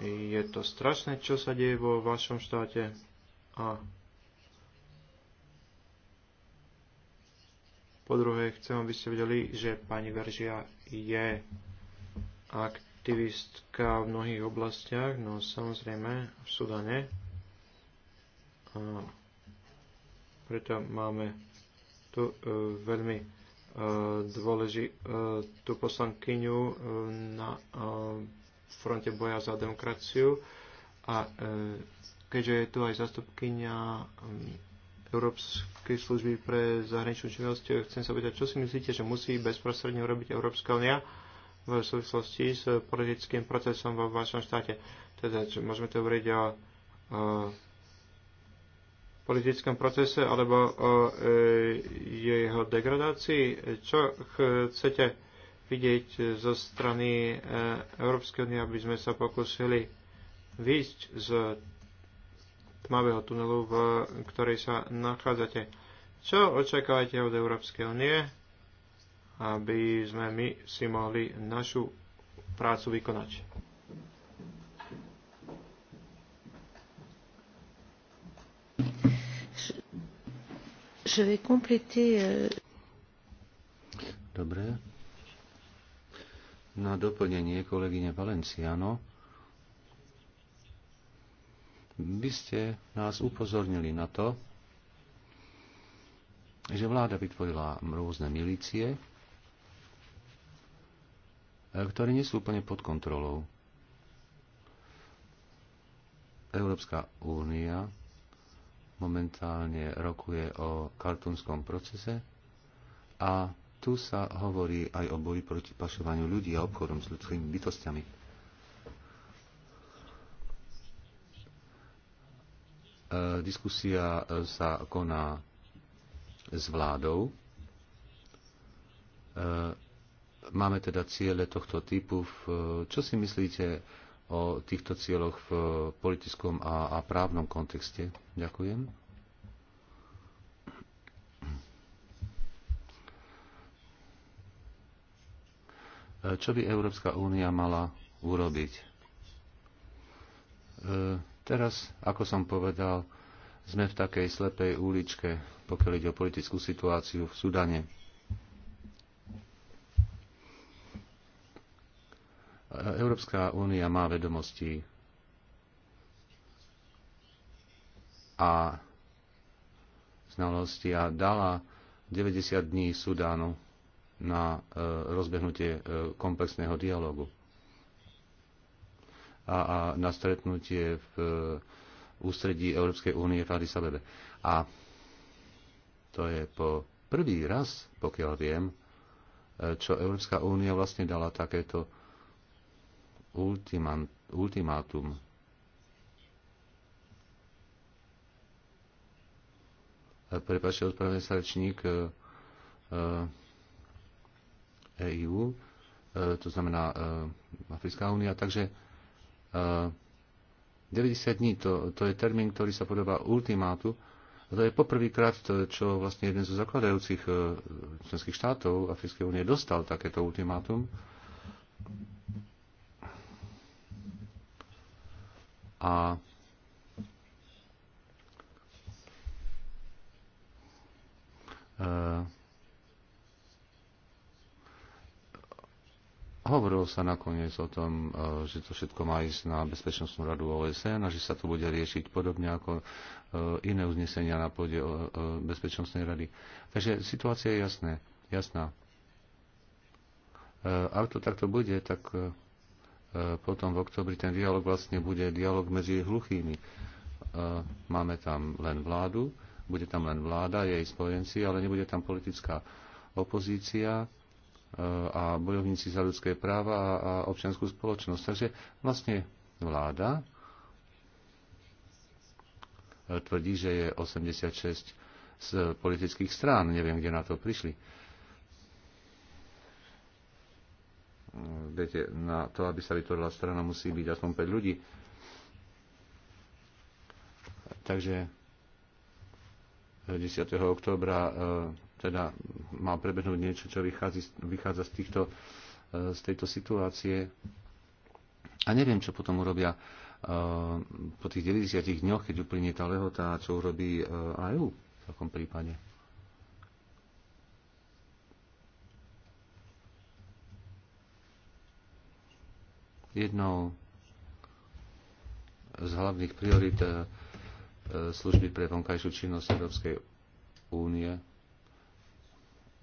Speaker 1: Je to strašné, čo sa deje vo vašom štáte a po druhé, chcem, aby ste vedeli, že pani Veržia je aktivistka v mnohých oblastiach, no samozrejme v Sudane. A preto máme tu e, veľmi e, dôležitú e, poslankyňu e, na e, fronte boja za demokraciu a e, keďže je tu aj zastupkynia e, Európskej služby pre zahraničnú činnosť, chcem sa pýtať, čo si myslíte, že musí bezprostredne urobiť Európska únia? E, v súvislosti s politickým procesom vo vašom štáte. Teda, či môžeme to hovoriť o, o politickom procese alebo o e, jeho degradácii. Čo chcete vidieť zo strany e, Európskej únie, aby sme sa pokúsili výjsť z tmavého tunelu, v ktorej sa nachádzate? Čo očakávate od Európskej únie? aby sme my si mohli našu prácu vykonať.
Speaker 2: Je vais compléter... Euh,
Speaker 3: Dobre. Na doplnenie kolegyne Valenciano. Vy ste nás upozornili na to, že vláda vytvorila rôzne milície, ktoré nie sú úplne pod kontrolou. Európska únia momentálne rokuje o kartúnskom procese a tu sa hovorí aj o boji proti pašovaniu ľudí a obchodom s ľudskými bytostiami. E, diskusia sa koná s vládou e, máme teda ciele tohto typu. Čo si myslíte o týchto cieľoch v politickom a, a právnom kontexte? Ďakujem. E, čo by Európska únia mala urobiť? E, teraz, ako som povedal, sme v takej slepej uličke, pokiaľ ide o politickú situáciu v Sudane Európska únia má vedomosti a znalosti a dala 90 dní Sudánu na e, rozbehnutie e, komplexného dialogu a, a na stretnutie v e, ústredí Európskej únie v Addis Abebe. A to je po prvý raz, pokiaľ viem, čo Európska únia vlastne dala takéto ultimátum. E, Prepačte, odpravuje sa EU, e, e, to znamená Africká únia, takže 90 dní, to, to je termín, ktorý sa podobá ultimátu. To je poprvýkrát, čo vlastne jeden zo zakladajúcich členských štátov Africkej únie dostal takéto ultimátum. A Uh, Hovorilo sa nakoniec o tom, e, že to všetko má ísť na Bezpečnostnú radu OSN a že sa to bude riešiť podobne ako e, iné uznesenia na pôde Bezpečnostnej rady. Takže situácia je jasné, jasná. Ak to takto bude, tak E, potom v oktobri ten dialog vlastne bude dialog medzi hluchými. E, máme tam len vládu, bude tam len vláda, jej spojenci, ale nebude tam politická opozícia e, a bojovníci za ľudské práva a občianskú spoločnosť. Takže vlastne vláda tvrdí, že je 86 z politických strán. Neviem, kde na to prišli Viete, na to, aby sa vytvorila strana, musí byť aspoň 5 ľudí. Takže 10. Eh, oktobra eh, teda má prebehnúť niečo, čo vychádza, vychádza z, týchto, eh, z tejto situácie. A neviem, čo potom urobia po tých 90 dňoch, keď uplynie tá lehota, čo urobí EU v takom prípade. Jednou z hlavných priorit e, služby pre vonkajšiu činnosť Európskej únie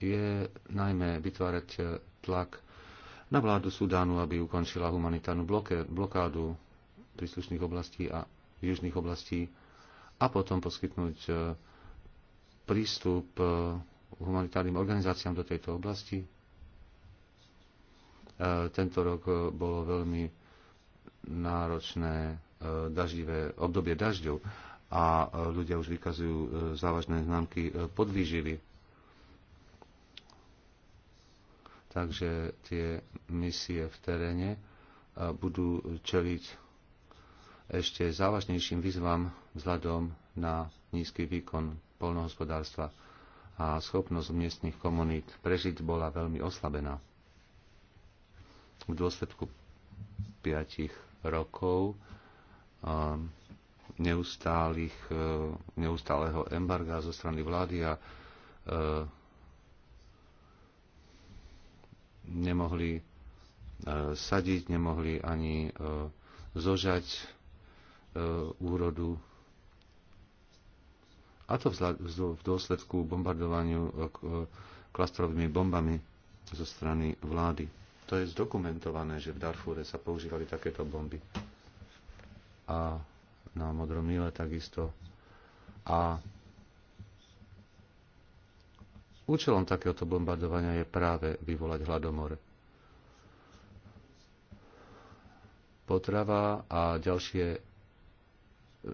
Speaker 3: je najmä vytvárať e, tlak na vládu Sudánu, aby ukončila humanitárnu bloke, blokádu príslušných oblastí a južných oblastí a potom poskytnúť e, prístup humanitárnym organizáciám do tejto oblasti E, tento rok e, bolo veľmi náročné e, daždivé obdobie dažďov a ľudia už vykazujú závažné známky podvýživy. Takže tie misie v teréne budú čeliť ešte závažnejším výzvam vzhľadom na nízky výkon polnohospodárstva a schopnosť miestnych komunít prežiť bola veľmi oslabená v dôsledku 5 rokov e, neustáleho embarga zo strany vlády a e, nemohli e, sadiť, nemohli ani zožať úrodu. A to v dôsledku bombardovaniu klastrovými bombami zo strany vlády. To je zdokumentované, že v Darfúre sa používali takéto bomby. A na Modromile takisto. A účelom takéhoto bombardovania je práve vyvolať hladomor. Potrava a ďalšie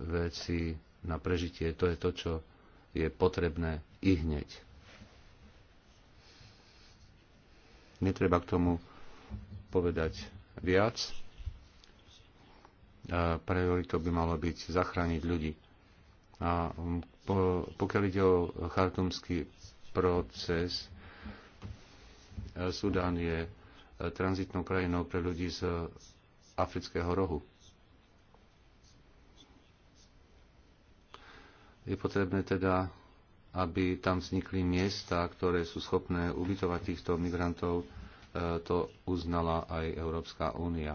Speaker 3: veci na prežitie, to je to, čo je potrebné i hneď. Netreba k tomu povedať viac. Prioritou by malo byť zachrániť ľudí. A um, pokiaľ ide o chartumský proces, e, Sudán je e, tranzitnou krajinou pre ľudí z afrického rohu. Je potrebné teda, aby tam vznikli miesta, ktoré sú schopné ubytovať týchto migrantov to uznala aj Európska únia,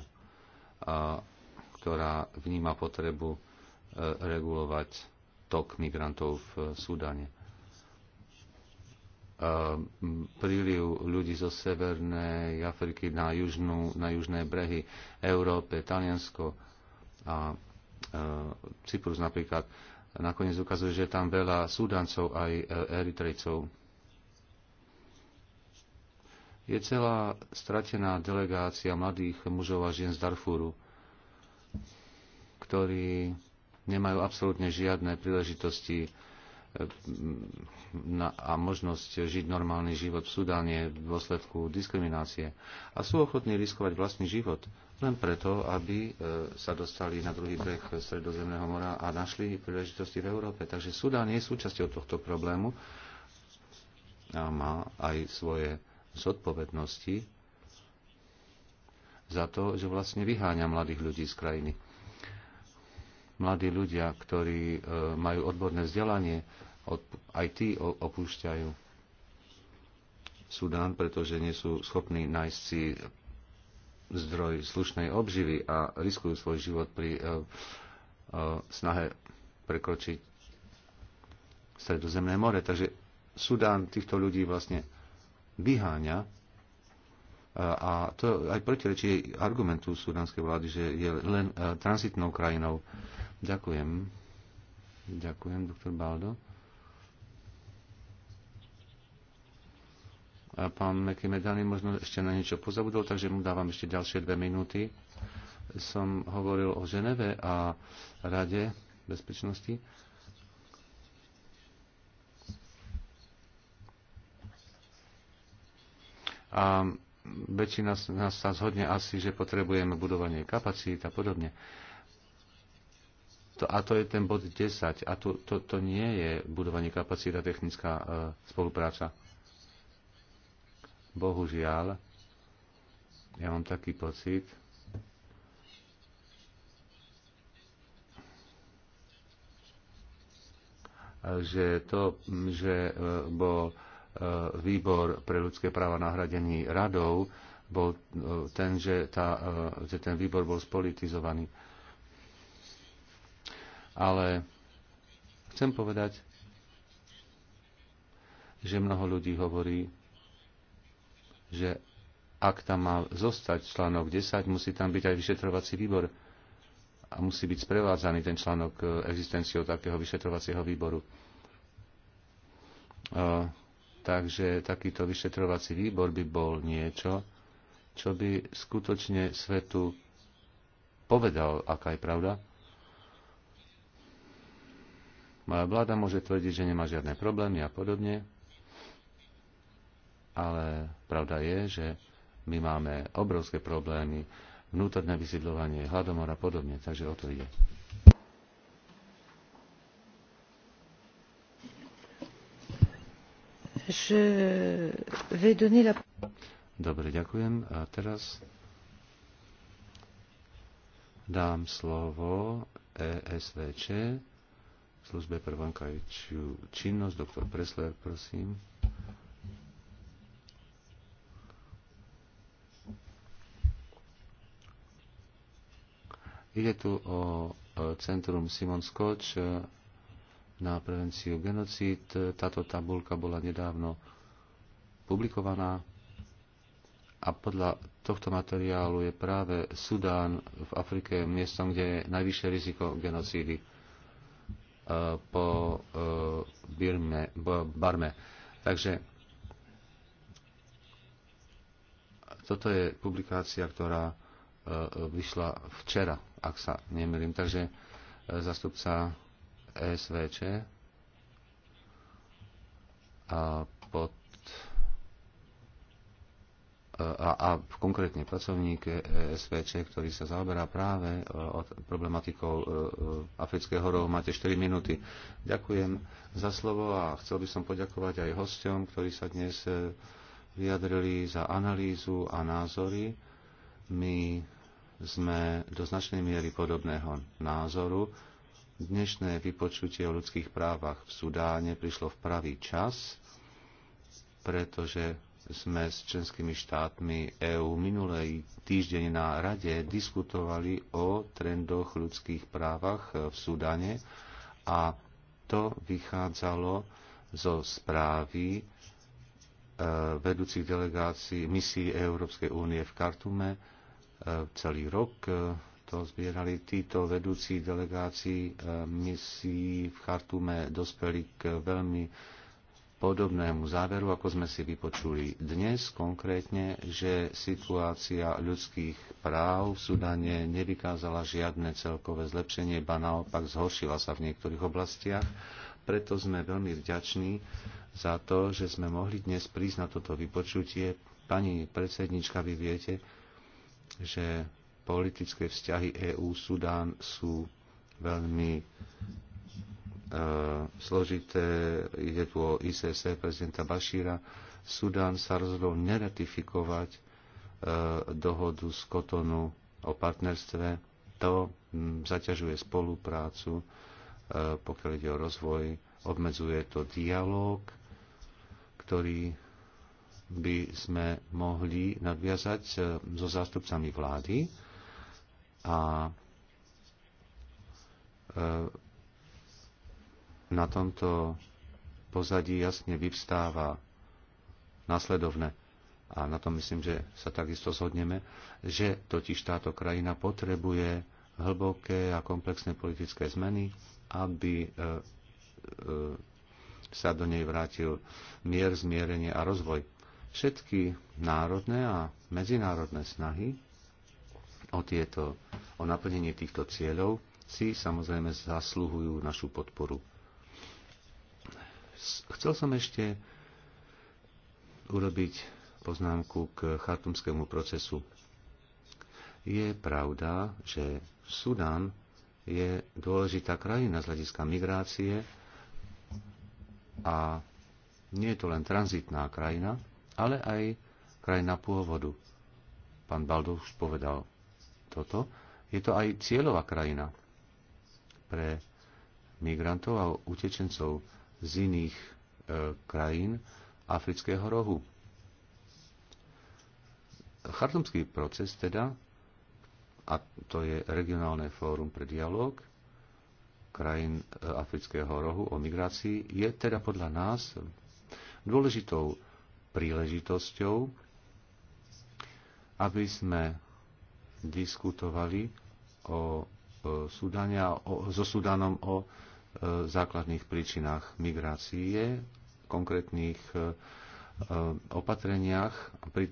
Speaker 3: ktorá vníma potrebu e, regulovať tok migrantov v Súdane. E, príliv ľudí zo Severnej Afriky na, južnú, na južné brehy Európe, Taliansko a e, Cyprus napríklad, nakoniec ukazuje, že je tam veľa Súdancov aj Eritrejcov je celá stratená delegácia mladých mužov a žien z Darfúru, ktorí nemajú absolútne žiadne príležitosti eh, a možnosť žiť normálny život v Sudáne v dôsledku diskriminácie a sú ochotní riskovať vlastný život len preto, aby eh, sa dostali na druhý breh Stredozemného mora a našli príležitosti v Európe. Takže Sudán je súčasťou tohto problému a má aj svoje zodpovednosti za to, že vlastne vyháňa mladých ľudí z krajiny. Mladí ľudia, ktorí e, majú odborné vzdelanie, aj tí opúšťajú Sudán, pretože nie sú schopní nájsť si zdroj slušnej obživy a riskujú svoj život pri e, e, snahe prekročiť Stredozemné more. Takže Sudán týchto ľudí vlastne vyháňa a to aj protirečí argumentu sudanskej vlády, že je len e, transitnou krajinou. Ďakujem. Ďakujem, doktor Baldo. A pán Medany možno ešte na niečo pozabudol, takže mu dávam ešte ďalšie dve minúty. Som hovoril o Ženeve a Rade bezpečnosti. a väčšina nás sa zhodne asi, že potrebujeme budovanie kapacít a podobne. To, a to je ten bod 10. A to, to, to nie je budovanie kapacít a technická e, spolupráca. Bohužiaľ, ja mám taký pocit, že to, že bol e, E, výbor pre ľudské práva nahradený radou bol e, ten, že, tá, e, že ten výbor bol spolitizovaný. Ale chcem povedať, že mnoho ľudí hovorí, že ak tam má zostať článok 10, musí tam byť aj vyšetrovací výbor a musí byť sprevádzaný ten článok existenciou takého vyšetrovacieho výboru Takže takýto vyšetrovací výbor by bol niečo, čo by skutočne svetu povedal, aká je pravda. Moja Vláda môže tvrdiť, že nemá žiadne problémy a podobne, ale pravda je, že my máme obrovské problémy, vnútorné vysídľovanie, hladomor a podobne, takže o to ide.
Speaker 5: Je vais donner la...
Speaker 3: Dobre, ďakujem. A teraz dám slovo ESVČ, službe pre vonkajšiu činnosť. Doktor Presler, prosím. Ide tu o centrum Simon Scotch, na prevenciu genocíd. Táto tabulka bola nedávno publikovaná a podľa tohto materiálu je práve Sudán v Afrike miestom, kde je najvyššie riziko genocídy e, po e, Birme, Barme. Takže toto je publikácia, ktorá e, vyšla včera, ak sa nemýlim. Takže zastupca E SVČ a pod a, a konkrétne pracovník e SVČ, ktorý sa zaoberá práve e, problematikou afrického rohu. Máte 4 minúty. Ďakujem za slovo a chcel by som poďakovať aj hosťom, ktorí sa dnes vyjadrili za analýzu a názory. My sme do značnej miery podobného názoru Dnešné vypočutie o ľudských právach v Sudáne prišlo v pravý čas, pretože sme s členskými štátmi EÚ minulý týždeň na rade diskutovali o trendoch ľudských právach v Sudáne a to vychádzalo zo správy e, vedúcich delegácií misií Európskej únie v Kartume e, celý rok e, to zbierali. Títo vedúci delegácií e, misií v Chartume dospeli k veľmi podobnému záveru, ako sme si vypočuli dnes konkrétne, že situácia ľudských práv v Sudane nevykázala žiadne celkové zlepšenie, ba naopak zhoršila sa v niektorých oblastiach. Preto sme veľmi vďační za to, že sme mohli dnes prísť na toto vypočutie. Pani predsednička, vy viete, že politické vzťahy EÚ-Sudán sú veľmi e, složité. Ide tu o ICC prezidenta Bašíra. Sudán sa rozhodol neratifikovať e, dohodu z Kotonu o partnerstve. To m, zaťažuje spoluprácu, e, pokiaľ ide o rozvoj, obmedzuje to dialog, ktorý by sme mohli nadviazať e, so zástupcami vlády a e, na tomto pozadí jasne vyvstáva následovné, a na tom myslím, že sa takisto zhodneme, že totiž táto krajina potrebuje hlboké a komplexné politické zmeny, aby e, e, sa do nej vrátil mier, zmierenie a rozvoj. Všetky národné a medzinárodné snahy o, tieto, o naplnenie týchto cieľov si samozrejme zasluhujú našu podporu. Chcel som ešte urobiť poznámku k chartumskému procesu. Je pravda, že Sudán je dôležitá krajina z hľadiska migrácie a nie je to len tranzitná krajina, ale aj krajina pôvodu. Pán Baldov už povedal toto, je to aj cieľová krajina pre migrantov a utečencov z iných e, krajín afrického rohu. Chartumský proces teda, a to je regionálne fórum pre dialog krajín e, afrického rohu o migrácii, je teda podľa nás dôležitou príležitosťou, aby sme diskutovali o o e, Sudania, o, so Sudanom o e, základných príčinách migrácie, konkrétnych e, e opatreniach pri,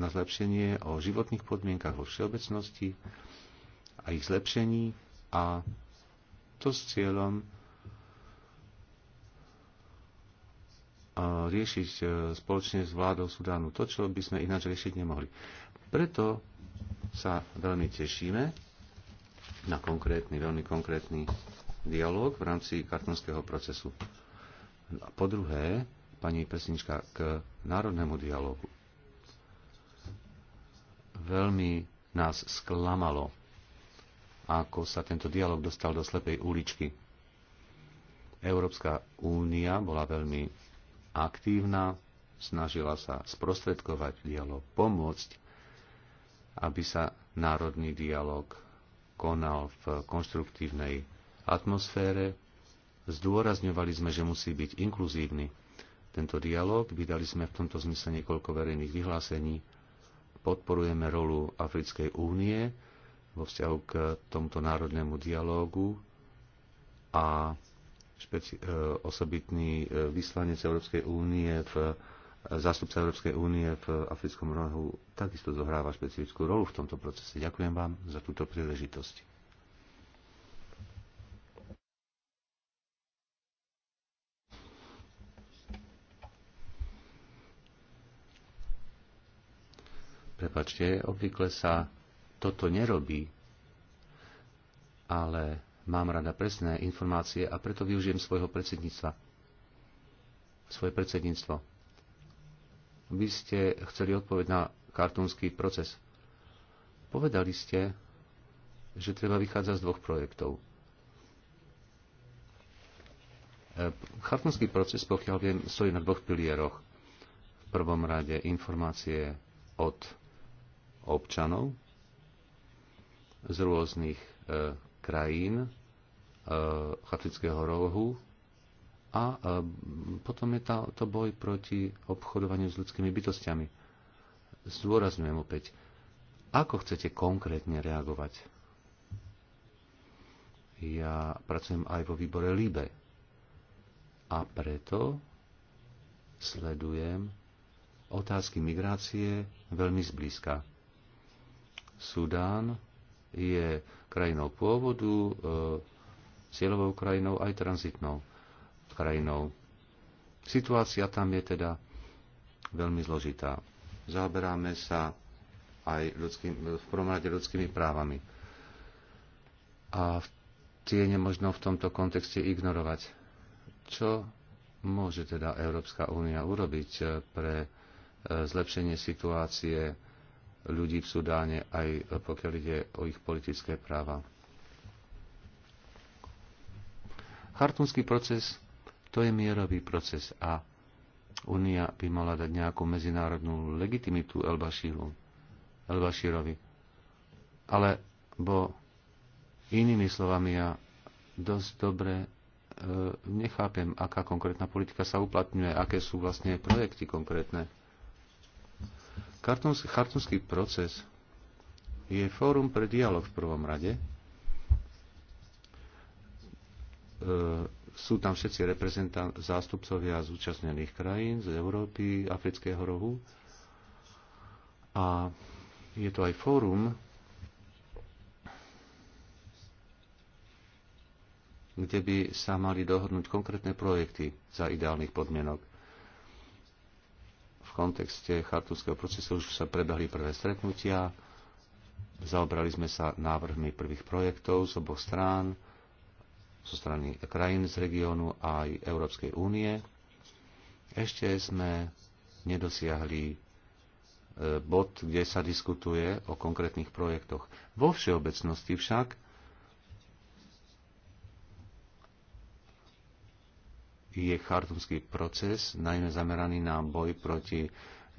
Speaker 3: na zlepšenie o životných podmienkach vo všeobecnosti a ich zlepšení a to s cieľom riešiť e, spoločne s vládou Sudánu. To, čo by sme ináč riešiť nemohli. Preto sa veľmi tešíme na konkrétny, veľmi konkrétny dialog v rámci kartonského procesu. A po druhé, pani Pesnička, k národnému dialogu. Veľmi nás sklamalo, ako sa tento dialog dostal do slepej uličky. Európska únia bola veľmi aktívna, snažila sa sprostredkovať dialog, pomôcť, aby sa národný dialog konal v konštruktívnej atmosfére. Zdôrazňovali sme, že musí byť inkluzívny. Tento dialog vydali sme v tomto zmysle niekoľko verejných vyhlásení. Podporujeme rolu Africkej únie vo vzťahu k tomuto národnému dialógu a špeci- e, osobitný e, vyslanec Európskej únie v e, zástupca Európskej únie v Africkom rohu takisto zohráva špecifickú rolu v tomto procese. Ďakujem vám za túto príležitosť. Prepačte, obvykle sa toto nerobí, ale Mám rada presné informácie a preto využijem svojho predsedníctva. Svoje predsedníctvo. Vy ste chceli odpoveď na kartúnsky proces. Povedali ste, že treba vychádzať z dvoch projektov. Chartumský e, proces, pokiaľ viem, stojí na dvoch pilieroch. V prvom rade informácie od občanov z rôznych e, krajín e, chatrického rohu a e, potom je tá, to boj proti obchodovaniu s ľudskými bytostiami. Zdôrazňujem opäť, ako chcete konkrétne reagovať? Ja pracujem aj vo výbore LIBE a preto sledujem otázky migrácie veľmi zblízka. Sudán je krajinou pôvodu, e, cieľovou krajinou aj tranzitnou krajinou. Situácia tam je teda veľmi zložitá. Zaoberáme sa aj ľudským, v prvom rade ľudskými právami. A tie nemožno v tomto kontexte ignorovať. Čo môže teda Európska únia urobiť e, pre e, zlepšenie situácie ľudí v Sudáne, aj pokiaľ ide o ich politické práva. Chartumský proces to je mierový proces a Únia by mala dať nejakú medzinárodnú legitimitu Elbašírovi. Ale bo inými slovami ja dosť dobre e, nechápem, aká konkrétna politika sa uplatňuje, aké sú vlastne projekty konkrétne. Chartumský proces je fórum pre dialog v prvom rade. E, sú tam všetci reprezentant, zástupcovia zúčastnených krajín z Európy, Afrického rohu. A je to aj fórum, kde by sa mali dohodnúť konkrétne projekty za ideálnych podmienok v kontexte chartúského procesu už sa prebehli prvé stretnutia, zaobrali sme sa návrhmi prvých projektov z oboch strán, zo strany krajín z regiónu a aj Európskej únie. Ešte sme nedosiahli e, bod, kde sa diskutuje o konkrétnych projektoch. Vo všeobecnosti však je chartumský proces, najmä zameraný na boj proti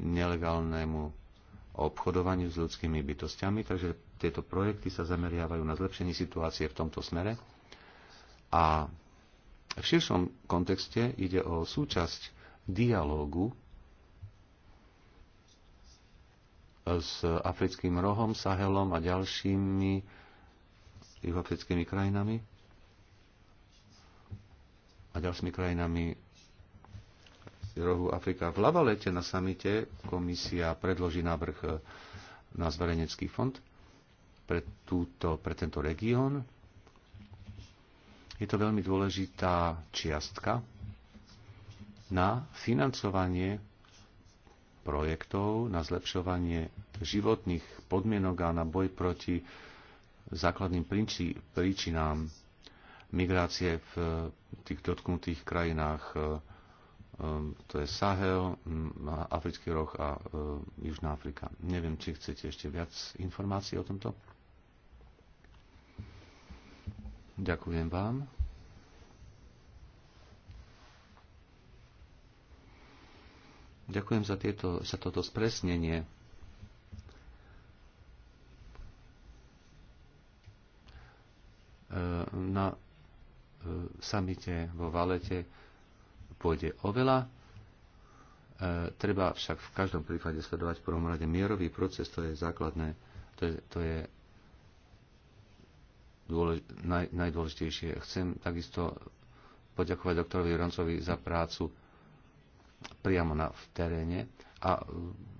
Speaker 3: nelegálnemu obchodovaniu s ľudskými bytostiami, takže tieto projekty sa zameriavajú na zlepšenie situácie v tomto smere. A v širšom kontexte ide o súčasť dialógu s africkým rohom, Sahelom a ďalšími juhoafrickými krajinami, a ďalšími krajinami rohu Afrika. V Lavalete na samite komisia predloží návrh na zverejnecký fond pre, túto, pre tento región. Je to veľmi dôležitá čiastka na financovanie projektov, na zlepšovanie životných podmienok a na boj proti základným príčinám migrácie v eh, tých dotknutých krajinách. Eh, eh, to je Sahel, mm, Africký roh a Južná Afrika. Neviem, či chcete ešte viac informácií o tomto. Ďakujem vám. Ďakujem za, tieto, za toto spresnenie. Na samite vo Valete pôjde oveľa. E, treba však v každom prípade sledovať v prvom rade mierový proces, to je základné, to je, to je dôlež, naj, najdôležitejšie. Chcem takisto poďakovať doktorovi Roncovi za prácu priamo na, v teréne a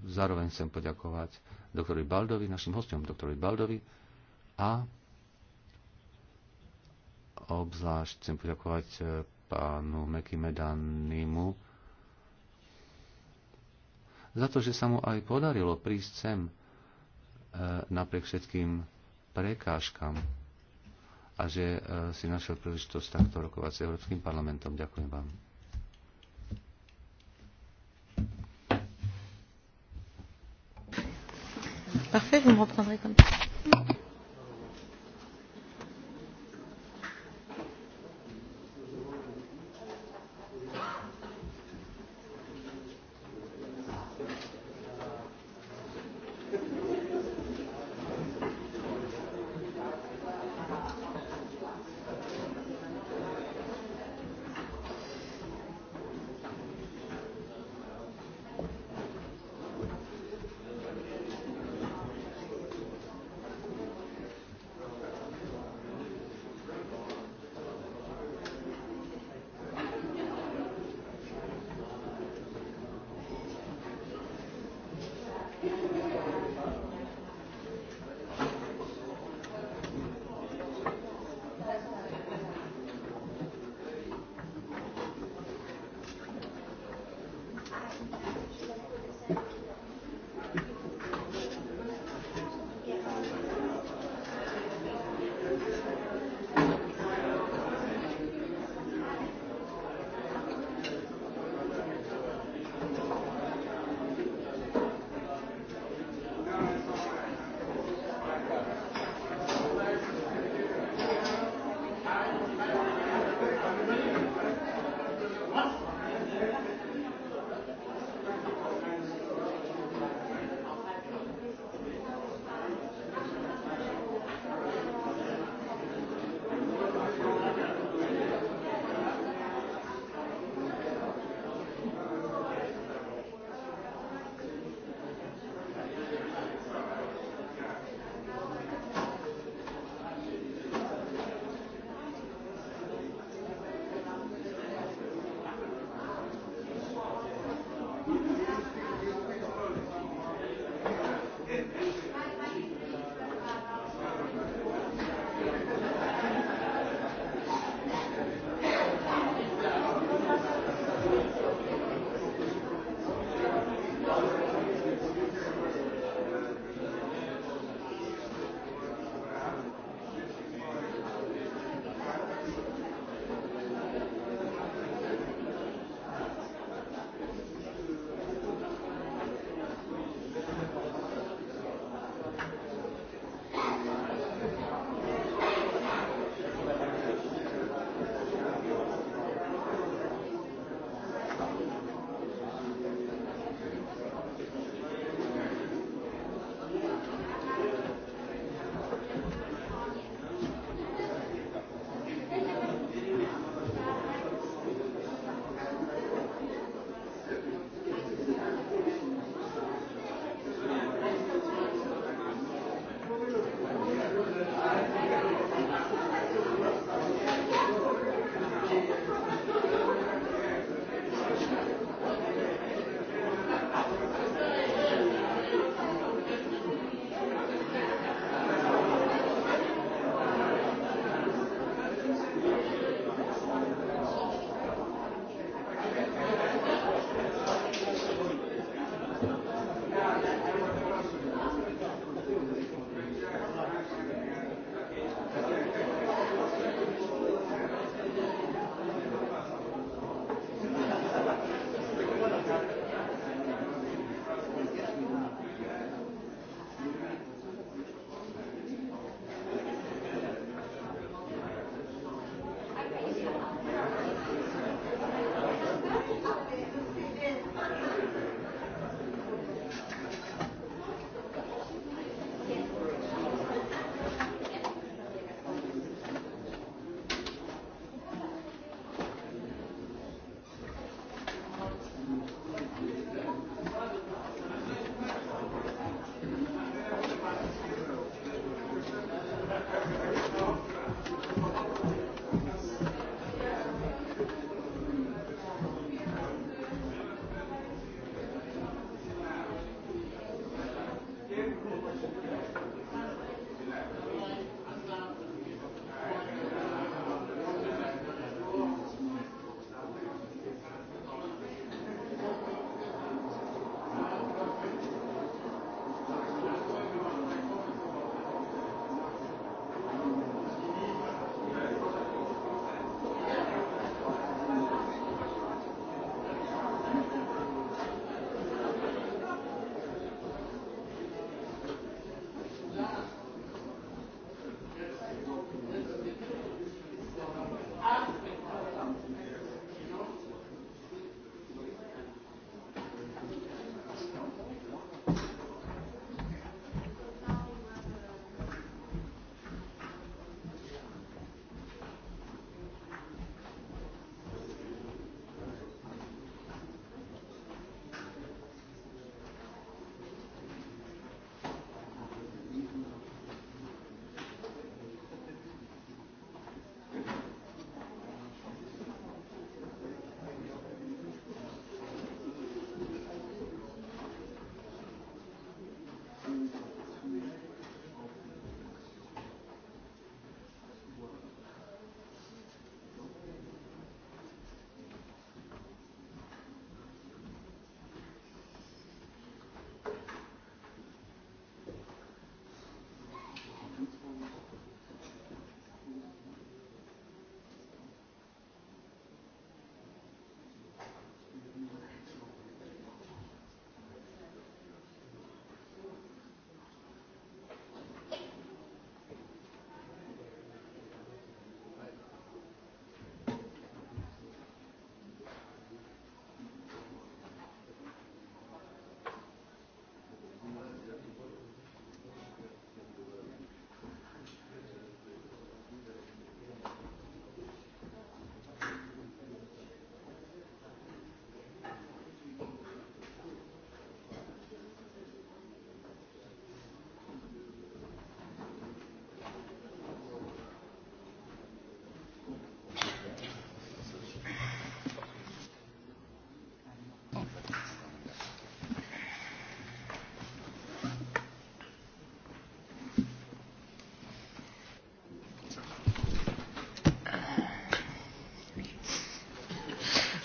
Speaker 3: zároveň chcem poďakovať doktorovi Baldovi, našim hostom doktorovi Baldovi a Obzvlášť chcem poďakovať e, pánu Meky Medanimu za to, že sa mu aj podarilo prísť sem e, napriek všetkým prekážkam a že e, si našiel príležitosť takto rokovať s Európskym parlamentom. Ďakujem vám.
Speaker 5: Parfait, vous me reprendrez comme ça.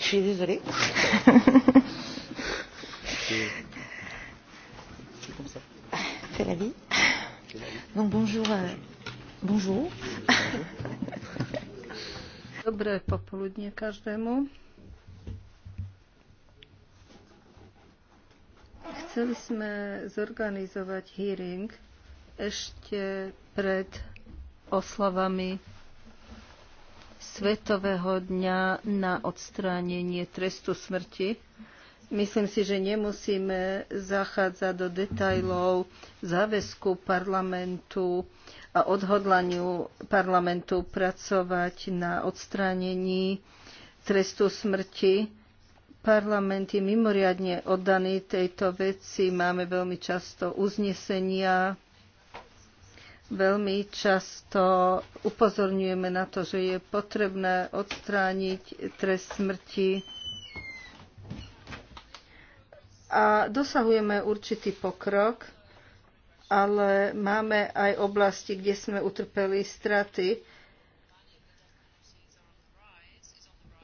Speaker 5: je suis désolée. C'est la vie. Donc bonjour. Euh, bonjour.
Speaker 4: Dobre popoludnie każdemu. Chceli sme zorganizovať hearing ešte pred oslavami Svetového dňa na odstránenie trestu smrti. Myslím si, že nemusíme zachádzať do detajlov záväzku parlamentu a odhodlaniu parlamentu pracovať na odstránení trestu smrti. Parlament je mimoriadne oddaný tejto veci. Máme veľmi často uznesenia, Veľmi často upozorňujeme na to, že je potrebné odstrániť trest smrti a dosahujeme určitý pokrok, ale máme aj oblasti, kde sme utrpeli straty.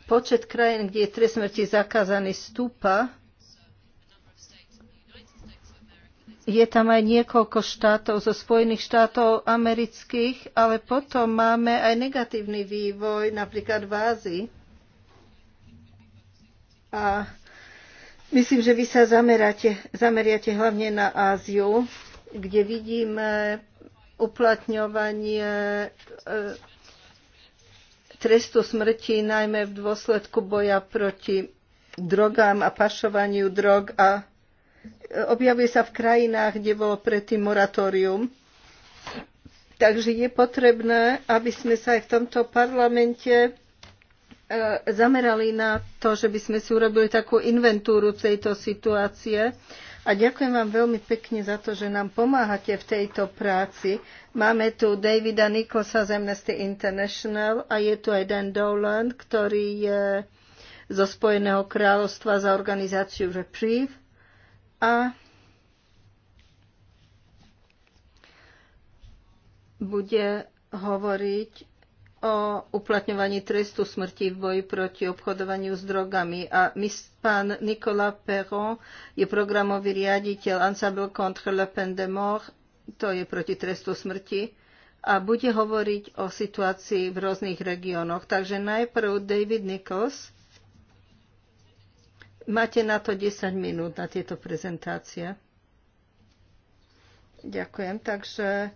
Speaker 4: Počet krajín, kde je trest smrti zakázaný, stúpa je tam aj niekoľko štátov zo Spojených štátov amerických, ale potom máme aj negatívny vývoj, napríklad v Ázii. A myslím, že vy sa zameráte, zameriate hlavne na Áziu, kde vidíme uplatňovanie e, trestu smrti najmä v dôsledku boja proti drogám a pašovaniu drog a objavuje sa v krajinách, kde bolo predtým moratórium. Takže je potrebné, aby sme sa aj v tomto parlamente e, zamerali na to, že by sme si urobili takú inventúru tejto situácie. A ďakujem vám veľmi pekne za to, že nám pomáhate v tejto práci. Máme tu Davida Nicholsa z Amnesty International a je tu aj Dan Dolan, ktorý je zo Spojeného kráľovstva za organizáciu Reprieve a bude hovoriť o uplatňovaní trestu smrti v boji proti obchodovaniu s drogami. A mis, pán Nicolas Perron je programový riaditeľ Ensemble contre le peine de mort, to je proti trestu smrti, a bude hovoriť o situácii v rôznych regiónoch. Takže najprv David Nichols, Máte na to 10 minút na tieto prezentácie. Ďakujem. Takže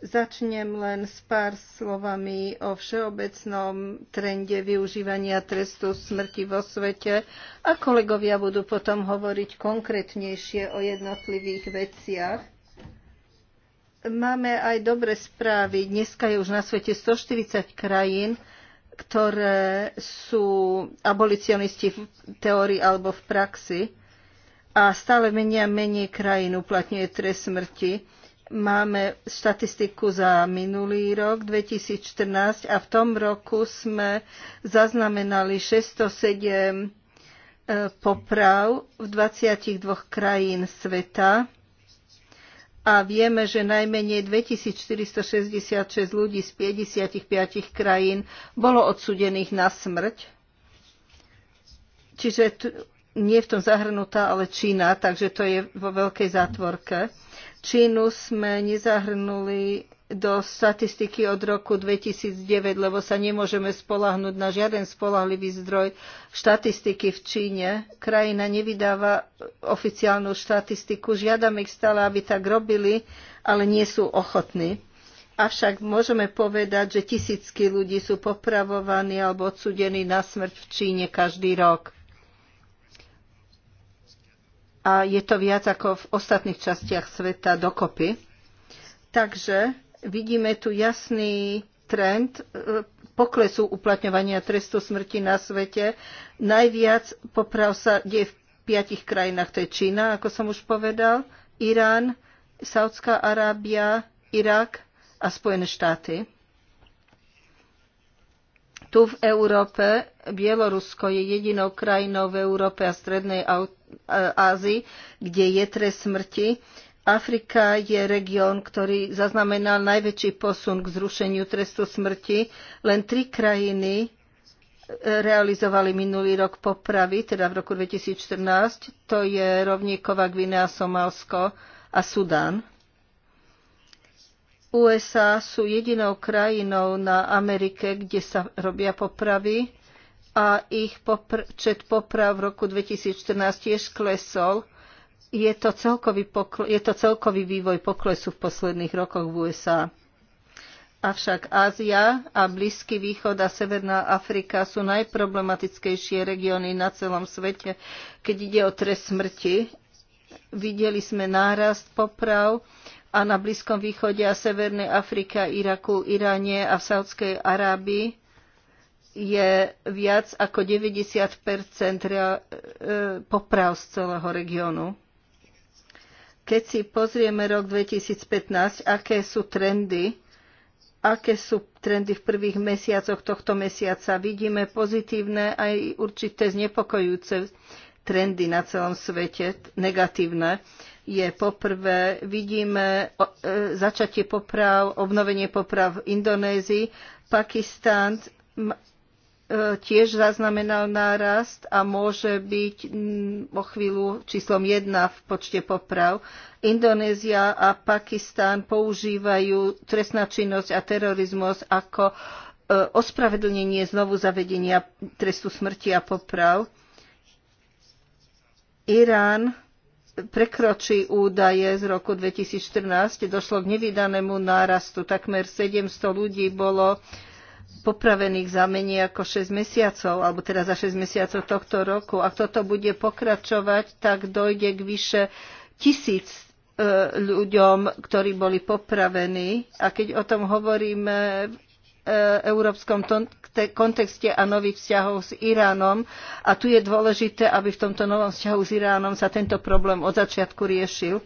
Speaker 4: začnem len s pár slovami o všeobecnom trende využívania trestu smrti vo svete a kolegovia budú potom hovoriť konkrétnejšie o jednotlivých veciach. Máme aj dobre správy. Dneska je už na svete 140 krajín, ktoré sú abolicionisti v teórii alebo v praxi a stále menej a menej krajín uplatňuje trest smrti. Máme štatistiku za minulý rok 2014 a v tom roku sme zaznamenali 607 e, poprav v 22 krajín sveta a vieme, že najmenej 2466 ľudí z 55 krajín bolo odsudených na smrť. Čiže t- nie je v tom zahrnutá, ale Čína, takže to je vo veľkej zátvorke. Čínu sme nezahrnuli do statistiky od roku 2009, lebo sa nemôžeme spolahnúť na žiaden spolahlivý zdroj štatistiky v Číne. Krajina nevydáva oficiálnu štatistiku, žiadame ich stále, aby tak robili, ale nie sú ochotní. Avšak môžeme povedať, že tisícky ľudí sú popravovaní alebo odsudení na smrť v Číne každý rok. A je to viac ako v ostatných častiach sveta dokopy. Takže Vidíme tu jasný trend e, poklesu uplatňovania trestu smrti na svete. Najviac poprav sa deje v piatich krajinách. To je Čína, ako som už povedal, Irán, Saudská Arábia, Irak a Spojené štáty. Tu v Európe Bielorusko je jedinou krajinou v Európe a Strednej Ázii, kde je trest smrti Afrika je región, ktorý zaznamenal najväčší posun k zrušeniu trestu smrti. Len tri krajiny e, realizovali minulý rok popravy, teda v roku 2014. To je Rovníková Gvinea, Somálsko a Sudán. USA sú jedinou krajinou na Amerike, kde sa robia popravy a ich popr- čet poprav v roku 2014 tiež klesol je to, celkový pokl- je to celkový vývoj poklesu v posledných rokoch v USA. Avšak Ázia a Blízky východ a Severná Afrika sú najproblematickejšie regióny na celom svete, keď ide o trest smrti. Videli sme nárast poprav a na Blízkom východe a Severnej Afrika, Iraku, Iráne a v Saudskej Arábii je viac ako 90 e, poprav z celého regiónu. Keď si pozrieme rok 2015, aké sú trendy, aké sú trendy v prvých mesiacoch tohto mesiaca, vidíme pozitívne aj určité znepokojujúce trendy na celom svete, negatívne je poprvé vidíme e, začatie poprav, obnovenie poprav v Indonézii, Pakistan E, tiež zaznamenal nárast a môže byť mm, o chvíľu číslom 1 v počte poprav. Indonézia a Pakistán používajú trestná činnosť a terorizmus ako e, ospravedlnenie znovu zavedenia trestu smrti a poprav. Irán prekročí údaje z roku 2014. Došlo k nevydanému nárastu. Takmer 700 ľudí bolo popravených za menej ako 6 mesiacov, alebo teda za 6 mesiacov tohto roku. Ak toto bude pokračovať, tak dojde k vyše tisíc e, ľuďom, ktorí boli popravení. A keď o tom hovoríme v e, európskom kontexte a nových vzťahov s Iránom, a tu je dôležité, aby v tomto novom vzťahu s Iránom sa tento problém od začiatku riešil.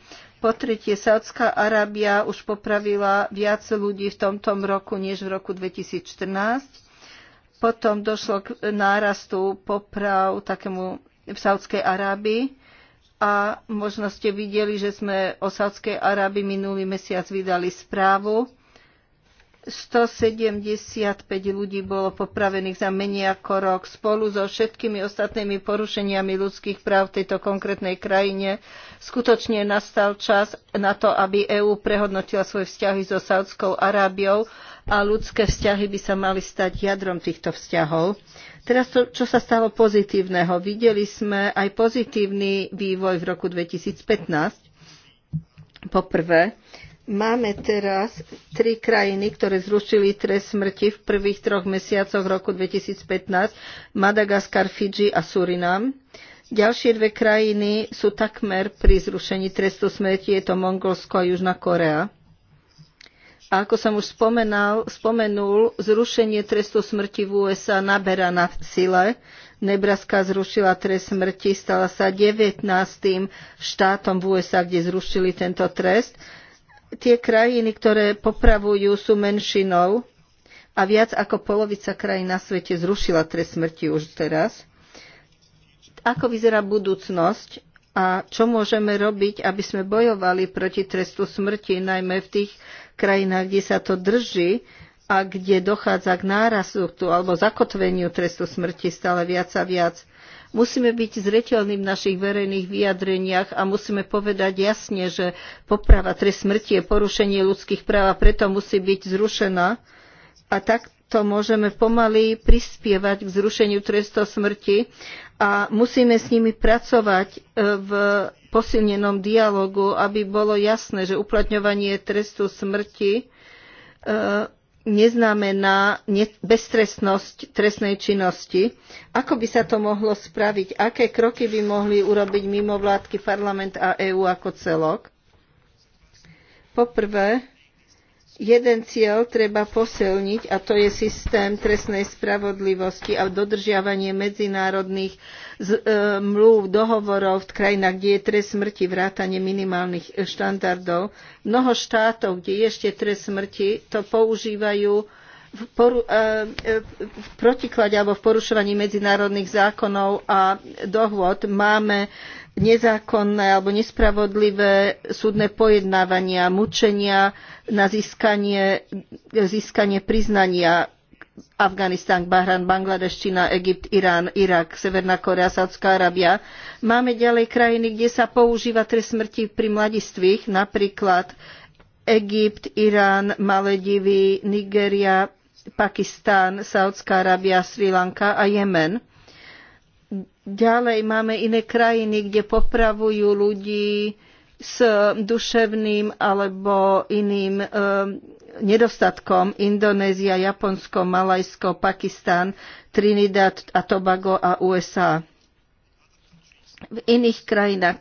Speaker 4: Po tretie, Sádzka Arábia už popravila viac ľudí v tomto roku než v roku 2014. Potom došlo k nárastu poprav takému v Sádskej Arábii a možno ste videli, že sme o Sádskej Arábii minulý mesiac vydali správu 175 ľudí bolo popravených za menej ako rok. Spolu so všetkými ostatnými porušeniami ľudských práv v tejto konkrétnej krajine skutočne nastal čas na to, aby EÚ prehodnotila svoje vzťahy so Saudskou Arábiou a ľudské vzťahy by sa mali stať jadrom týchto vzťahov. Teraz to, čo sa stalo pozitívneho. Videli sme aj pozitívny vývoj v roku 2015. Poprvé, Máme teraz tri krajiny, ktoré zrušili trest smrti v prvých troch mesiacoch roku 2015, Madagaskar, Fidži a Surinam. Ďalšie dve krajiny sú takmer pri zrušení trestu smrti, je to Mongolsko a Južná Korea. A ako som už spomenal, spomenul, zrušenie trestu smrti v USA naberá na sile. Nebraska zrušila trest smrti, stala sa 19. štátom v USA, kde zrušili tento trest tie krajiny, ktoré popravujú, sú menšinou a viac ako polovica krajín na svete zrušila trest smrti už teraz. Ako vyzerá budúcnosť a čo môžeme robiť, aby sme bojovali proti trestu smrti, najmä v tých krajinách, kde sa to drží a kde dochádza k nárastu alebo zakotveniu trestu smrti stále viac a viac. Musíme byť zreteľní v našich verejných vyjadreniach a musíme povedať jasne, že poprava trest smrti je porušenie ľudských práv a preto musí byť zrušená. A takto môžeme pomaly prispievať k zrušeniu trestu smrti a musíme s nimi pracovať e, v posilnenom dialogu, aby bolo jasné, že uplatňovanie trestu smrti e, neznamená beztrestnosť trestnej činnosti. Ako by sa to mohlo spraviť? Aké kroky by mohli urobiť mimovládky, parlament a EÚ ako celok? Poprvé, Jeden cieľ treba posilniť a to je systém trestnej spravodlivosti a dodržiavanie medzinárodných e, mluv, dohovorov v krajinách, kde je trest smrti, vrátanie minimálnych štandardov. Mnoho štátov, kde je ešte trest smrti, to používajú v, poru, e, e, v protiklade alebo v porušovaní medzinárodných zákonov a dohôd. Máme nezákonné alebo nespravodlivé súdne pojednávania, mučenia na získanie, získanie priznania Afganistan, Bahrán, Bangladeština, Egypt, Irán, Irak, Severná Korea, Sádzka Arábia. Máme ďalej krajiny, kde sa používa trest smrti pri mladistvých, napríklad Egypt, Irán, Maledivy, Nigéria, Pakistán, Sádzka Arábia, Sri Lanka a Jemen Ďalej máme iné krajiny, kde popravujú ľudí s duševným alebo iným eh, nedostatkom Indonézia, Japonsko, Malajsko, Pakistan, Trinidad a Tobago a USA. V iných krajinách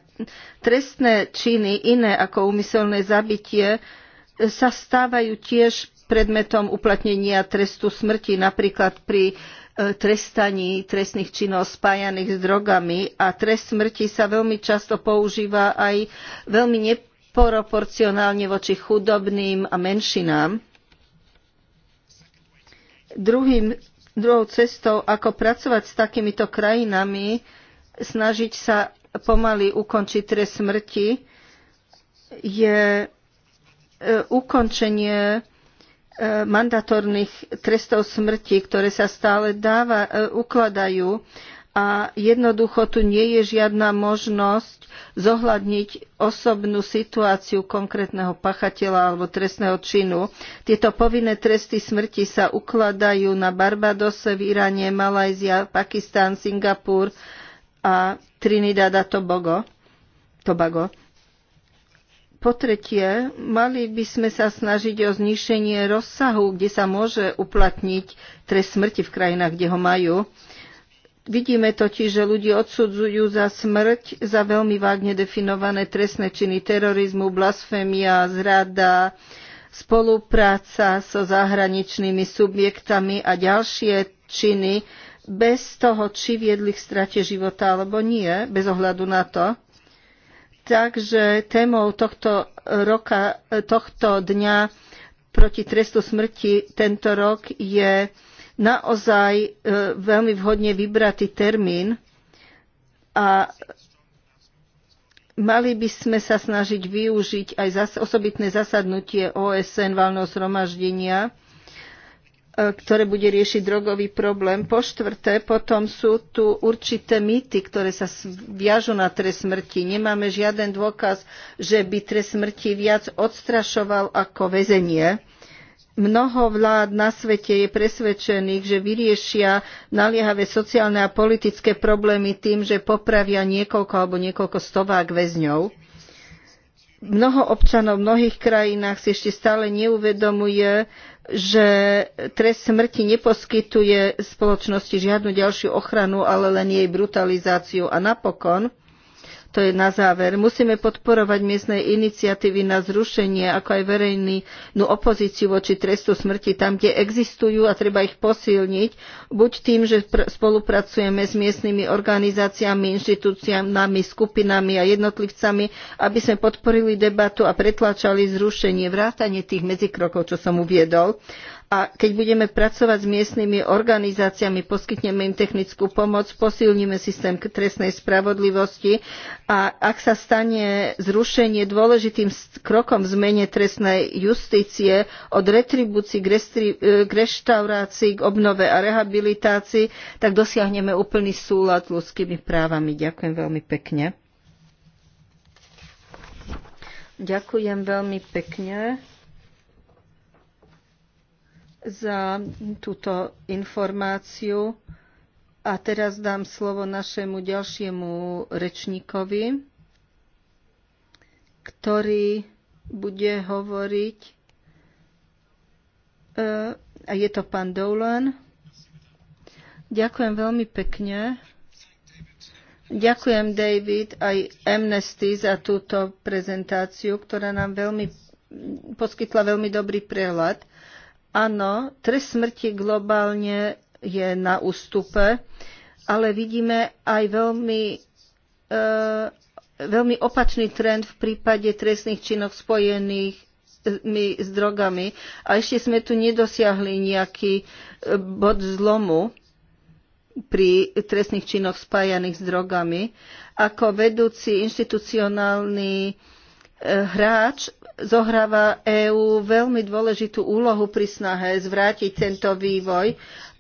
Speaker 4: trestné činy iné ako úmyselné zabitie eh, sa stávajú tiež predmetom uplatnenia trestu smrti, napríklad pri E, trestaní trestných činov spájaných s drogami a trest smrti sa veľmi často používa aj veľmi neproporcionálne voči chudobným a menšinám. Druhým, druhou cestou, ako pracovať s takýmito krajinami, snažiť sa pomaly ukončiť trest smrti, je e, ukončenie E, mandatórnych trestov smrti, ktoré sa stále dáva, e, ukladajú a jednoducho tu nie je žiadna možnosť zohľadniť osobnú situáciu konkrétneho pachateľa alebo trestného činu. Tieto povinné tresty smrti sa ukladajú na Barbadose, v Iráne, Malajzia, Pakistán, Singapur a Trinidad a Tobago. Tobago. Po tretie, mali by sme sa snažiť o znišenie rozsahu, kde sa môže uplatniť trest smrti v krajinách, kde ho majú. Vidíme totiž, že ľudí odsudzujú za smrť za veľmi vágne definované trestné činy terorizmu, blasfémia, zrada, spolupráca so zahraničnými subjektami a ďalšie činy bez toho, či viedli k strate života alebo nie, bez ohľadu na to Takže témou tohto roka, tohto dňa proti trestu smrti tento rok je naozaj e, veľmi vhodne vybratý termín a mali by sme sa snažiť využiť aj osobitné zasadnutie OSN valného zhromaždenia E, ktoré bude riešiť drogový problém. Po štvrté, potom sú tu určité mýty, ktoré sa viažu na trest smrti. Nemáme žiaden dôkaz, že by trest smrti viac odstrašoval ako väzenie. Mnoho vlád na svete je presvedčených, že vyriešia naliehavé sociálne a politické problémy tým, že popravia niekoľko alebo niekoľko stovák väzňov. Mnoho občanov v mnohých krajinách si ešte stále neuvedomuje, že trest smrti neposkytuje spoločnosti žiadnu ďalšiu ochranu, ale len jej brutalizáciu. A napokon to je na záver. Musíme podporovať miestne iniciatívy na zrušenie, ako aj verejnú opozíciu voči trestu smrti tam, kde existujú a treba ich posilniť, buď tým, že spolupracujeme s miestnymi organizáciami, inštitúciami, skupinami a jednotlivcami, aby sme podporili debatu a pretlačali zrušenie, vrátanie tých medzikrokov, čo som uviedol a keď budeme pracovať s miestnymi organizáciami, poskytneme im technickú pomoc, posilníme systém trestnej spravodlivosti a ak sa stane zrušenie dôležitým krokom v zmene trestnej justície od retribúcii k, e, k reštaurácii, k obnove a rehabilitácii, tak dosiahneme úplný súlad ľudskými právami. Ďakujem veľmi pekne. Ďakujem veľmi pekne za túto informáciu. A teraz dám slovo našemu ďalšiemu rečníkovi, ktorý bude hovoriť. E, a je to pán Dolan. Ďakujem veľmi pekne. Ďakujem, David, aj Amnesty za túto prezentáciu, ktorá nám veľmi, poskytla veľmi dobrý prehľad. Áno, trest smrti globálne je na ústupe, ale vidíme aj veľmi, e, veľmi opačný trend v prípade trestných činov spojených s drogami a ešte sme tu nedosiahli nejaký e, bod zlomu pri trestných činoch spájaných s drogami. Ako vedúci inštitucionálny e, hráč zohráva EÚ veľmi dôležitú úlohu pri snahe zvrátiť tento vývoj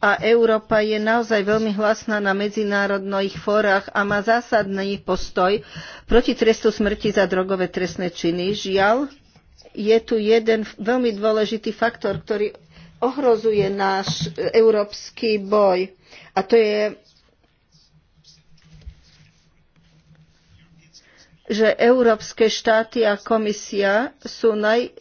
Speaker 4: a Európa je naozaj veľmi hlasná na medzinárodných fórach a má zásadný postoj proti trestu smrti za drogové trestné činy. Žiaľ, je tu jeden veľmi dôležitý faktor, ktorý ohrozuje náš e, európsky boj. A to je že európske štáty a komisia sú, naj,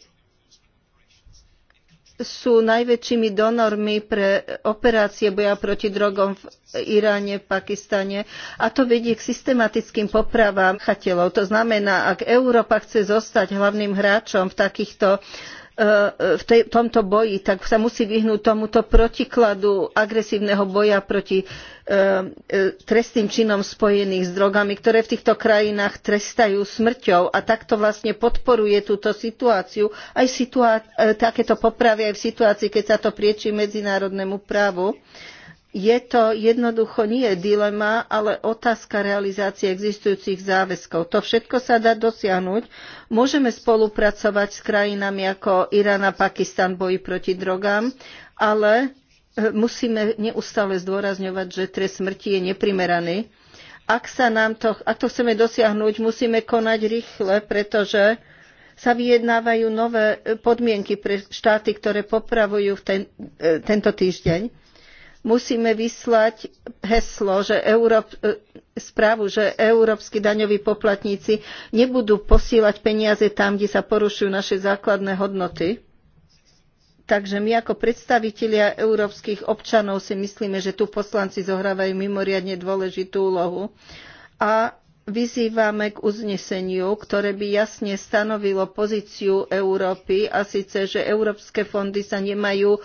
Speaker 4: sú najväčšími donormi pre operácie boja proti drogom v Iráne, v Pakistane a to vedie k systematickým popravám chateľov. To znamená, ak Európa chce zostať hlavným hráčom v takýchto Eh, v tej, tomto boji, tak sa musí vyhnúť tomuto protikladu agresívneho boja proti eh, eh, trestným činom spojených s drogami, ktoré v týchto krajinách trestajú smrťou a takto vlastne podporuje túto situáciu. Aj situá- takéto popravy aj v situácii, keď sa to prieči medzinárodnému právu. Uh, je to jednoducho nie dilema, ale otázka realizácie existujúcich záväzkov. To všetko sa dá dosiahnuť. Môžeme spolupracovať s krajinami ako Irán a Pakistan boji proti drogám, ale e, musíme neustále zdôrazňovať, že trest smrti je neprimeraný. Ak, sa nám to, ak to chceme dosiahnuť, musíme konať rýchle, pretože sa vyjednávajú nové podmienky pre štáty, ktoré popravujú v ten, e, tento týždeň Musíme vyslať heslo, že Európ, e, správu, že európsky daňoví poplatníci nebudú posílať peniaze tam, kde sa porušujú naše základné hodnoty. Takže my ako predstavitelia európskych občanov si myslíme, že tu poslanci zohrávajú mimoriadne dôležitú úlohu. A vyzývame k uzneseniu, ktoré by jasne stanovilo pozíciu Európy a síce, že európske fondy sa nemajú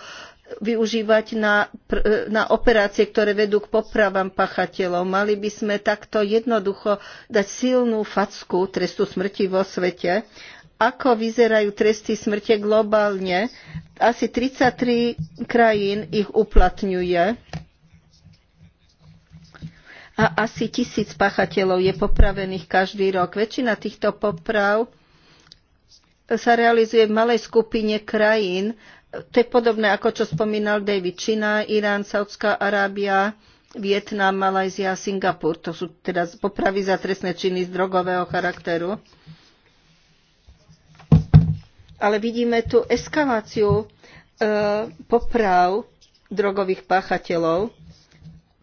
Speaker 4: využívať na, e, na operácie, ktoré vedú k popravám pachateľov. Mali by sme takto jednoducho dať silnú facku trestu smrti vo svete. Ako vyzerajú tresty smrte globálne? Asi 33 krajín ich uplatňuje a asi tisíc pachateľov je popravených každý rok. Väčšina týchto poprav sa realizuje v malej skupine krajín, to je podobné, ako čo spomínal David. Čína, Irán, Saudská Arábia, Vietnam, Malajzia a Singapur. To sú teda popravy za trestné činy z drogového charakteru. Ale vidíme tu eskaláciu e, poprav drogových páchateľov.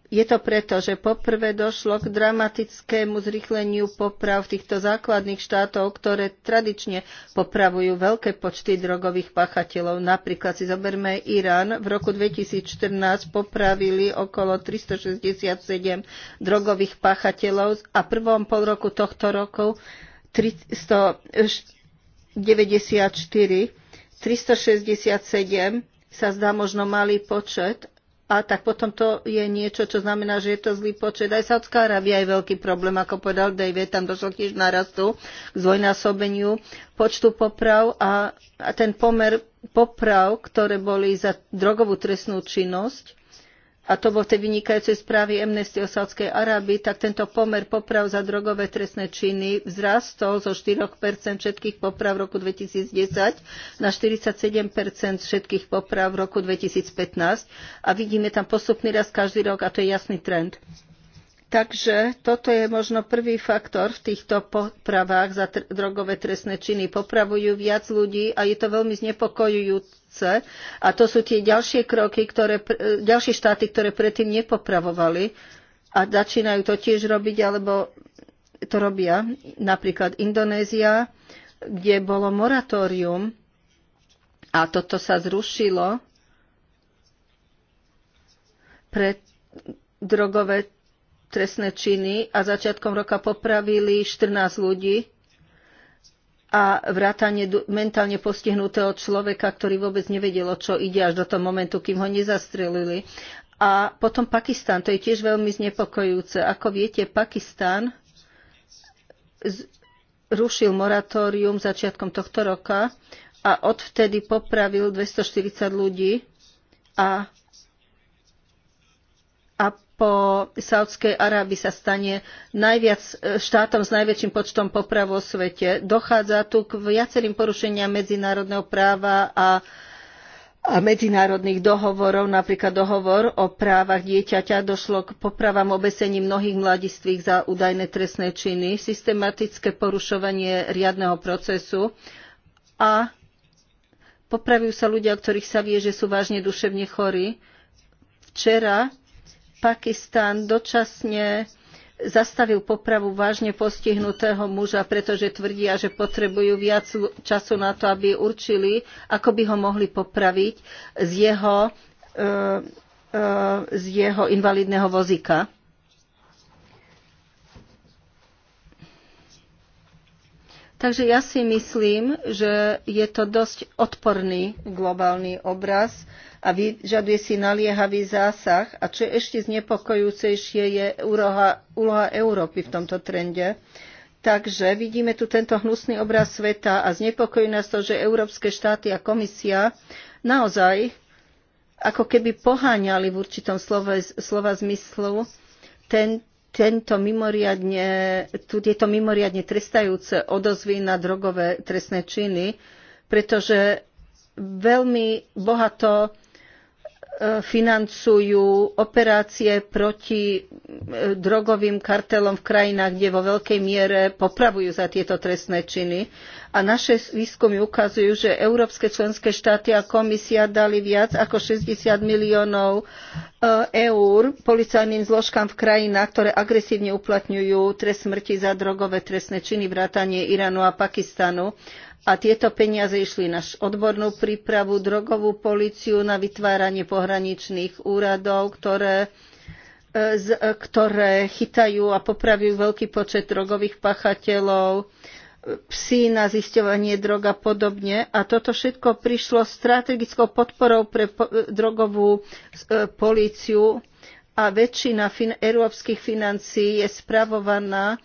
Speaker 4: Je to preto, že poprvé došlo k dramatickému zrýchleniu poprav týchto základných štátov, ktoré tradične popravujú veľké počty drogových pachateľov. Napríklad si zoberme Irán. V roku 2014 popravili okolo 367 drogových pachateľov a v prvom pol roku tohto roku 394, 367 sa zdá možno malý počet, a tak potom to je niečo, čo znamená, že je to zlý počet. Aj Saudská Arábia je veľký problém, ako povedal David, tam došlo tiež narastu k zvojnásobeniu počtu poprav a, a ten pomer poprav, ktoré boli za drogovú trestnú činnosť, a to vo tej vynikajúcej správy Amnesty o Sádskej Arábii, tak tento pomer poprav za drogové trestné činy vzrastol zo 4% všetkých poprav v roku 2010 na 47% všetkých poprav v roku 2015 a vidíme tam postupný rast každý rok a to je jasný trend. Takže toto je možno prvý faktor v týchto popravách za drogové trestné činy. Popravujú viac ľudí a je to veľmi znepokojujúce chce. A to sú tie ďalšie kroky, ktoré, e, ďalšie štáty, ktoré predtým nepopravovali a začínajú to tiež robiť, alebo to robia. Napríklad Indonézia, kde bolo moratórium a toto sa zrušilo pre drogové trestné činy a začiatkom roka popravili 14 ľudí a vrátanie mentálne postihnutého človeka, ktorý vôbec nevedel, čo ide až do toho momentu, kým ho nezastrelili. A potom Pakistan, to je tiež veľmi znepokojúce. Ako viete, Pakistan rušil moratórium začiatkom tohto roka a odvtedy popravil 240 ľudí a po Saudskej Arábii sa stane najviac, e, štátom s najväčším počtom poprav vo svete. Dochádza tu k viacerým porušeniam medzinárodného práva a, a medzinárodných dohovorov, napríklad dohovor o právach dieťaťa, došlo k popravám obesení mnohých mladistvých za údajné trestné činy, systematické porušovanie riadneho procesu a popravujú sa ľudia, o ktorých sa vie, že sú vážne duševne chorí. Včera Pakistan dočasne zastavil popravu vážne postihnutého muža, pretože tvrdia, že potrebujú viac času na to, aby určili, ako by ho mohli popraviť z jeho, e, e, z jeho invalidného vozíka. Takže ja si myslím, že je to dosť odporný globálny obraz a vyžaduje si naliehavý zásah. A čo je ešte znepokojúcejšie, je úloha, úloha Európy v tomto trende. Takže vidíme tu tento hnusný obraz sveta a znepokojí nás to, že európske štáty a komisia naozaj ako keby poháňali v určitom slova zmyslu ten, tento mimoriadne, tu tieto mimoriadne trestajúce odozvy na drogové trestné činy, pretože veľmi bohato E, financujú operácie proti e, drogovým kartelom v krajinách, kde vo veľkej miere popravujú za tieto trestné činy. A naše výskumy ukazujú, že európske členské štáty a komisia dali viac ako 60 miliónov e, eur policajným zložkám v krajinách, ktoré agresívne uplatňujú trest smrti za drogové trestné činy, vrátanie Iránu a Pakistanu a tieto peniaze išli na odbornú prípravu, drogovú policiu, na vytváranie pohraničných úradov, ktoré, e, z, e, ktoré chytajú a popravujú veľký počet drogových pachateľov, e, psy na zisťovanie drog a podobne. A toto všetko prišlo strategickou podporou pre po, drogovú e, políciu a väčšina fin, európskych financií je spravovaná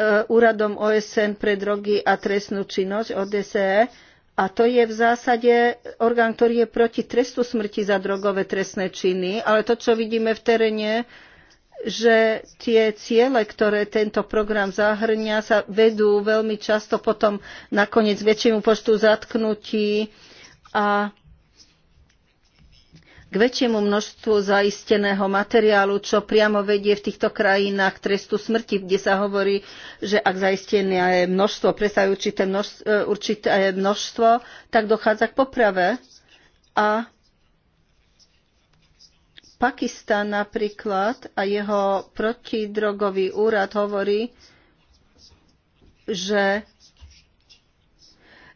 Speaker 4: E, úradom OSN pre drogy a trestnú činnosť ODCE a to je v zásade orgán, ktorý je proti trestu smrti za drogové trestné činy, ale to, čo vidíme v teréne, že tie ciele, ktoré tento program zahrňa, sa vedú veľmi často potom nakoniec väčšiemu počtu zatknutí a k väčšiemu množstvu zaisteného materiálu, čo priamo vedie v týchto krajinách k trestu smrti, kde sa hovorí, že ak zaistené množstvo presajú určité e, určité množstvo, tak dochádza k poprave. A Pakistan napríklad a jeho protidrogový úrad hovorí, že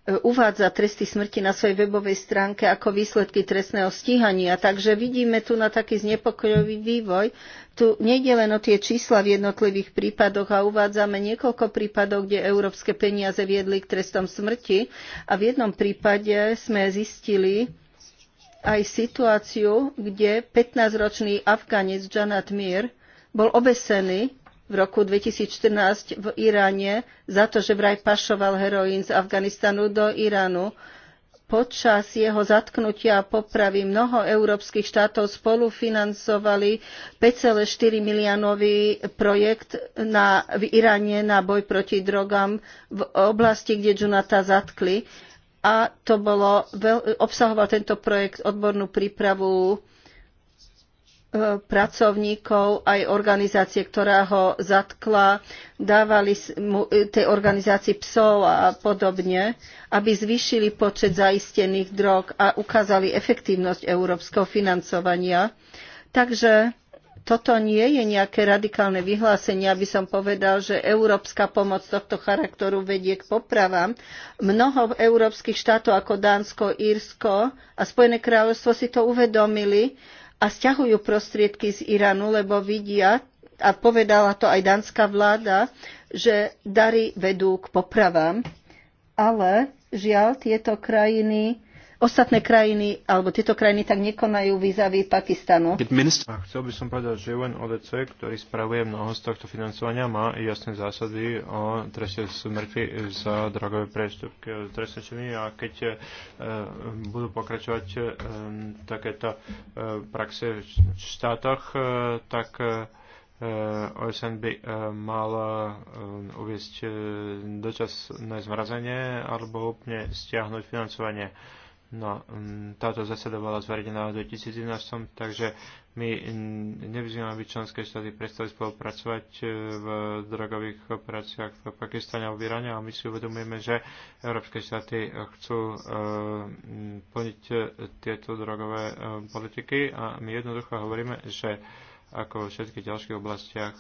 Speaker 4: E, uvádza tresty smrti na svojej webovej stránke ako výsledky trestného stíhania. Takže vidíme tu na taký znepokojový vývoj. Tu nejde len o tie čísla v jednotlivých prípadoch a uvádzame niekoľko prípadov, kde európske peniaze viedli k trestom smrti a v jednom prípade sme zistili aj situáciu, kde 15-ročný Afganec Janat Mir bol obesený v roku 2014 v Iráne za to, že vraj pašoval heroín z Afganistanu do Iránu. Počas jeho zatknutia a popravy mnoho európskych štátov spolufinancovali 5,4 miliónový projekt na, v Iráne na boj proti drogám v oblasti, kde Junata zatkli. A to bolo, obsahoval tento projekt odbornú prípravu E, pracovníkov, aj organizácie, ktorá ho zatkla, dávali mu, e, tej organizácii psov a podobne, aby zvýšili počet zaistených drog a ukázali efektívnosť európskeho financovania. Takže toto nie je nejaké radikálne vyhlásenie, aby som povedal, že európska pomoc tohto charakteru vedie k popravám. Mnoho európskych štátov ako Dánsko, Írsko a Spojené kráľovstvo si to uvedomili, a stiahujú prostriedky z Iránu, lebo vidia, a povedala to aj dánska vláda, že dary vedú k popravám. Ale žiaľ, tieto krajiny ostatné krajiny, alebo tieto krajiny tak nekonajú vizavy Pakistanu.
Speaker 1: A chcel by som povedať, že UNODC, ktorý spravuje mnoho z tohto financovania, má jasné zásady o treste smrti za drogové prestupky, trestné činy a keď e, budú pokračovať e, takéto e, praxe v štátoch, tak OSN by mal uviesť dočasné zmrazenie alebo úplne stiahnuť financovanie No, mm, táto zásada bola zverejnená v 2011, takže my mm, nevyzývame, aby členské štáty prestali spolupracovať e, v drogových operáciách v Pakistane a v Iráne a my si uvedomujeme, že európske štáty chcú e, mm, plniť e, tieto drogové politiky a my jednoducho hovoríme, že ako vo všetkých ďalších oblastiach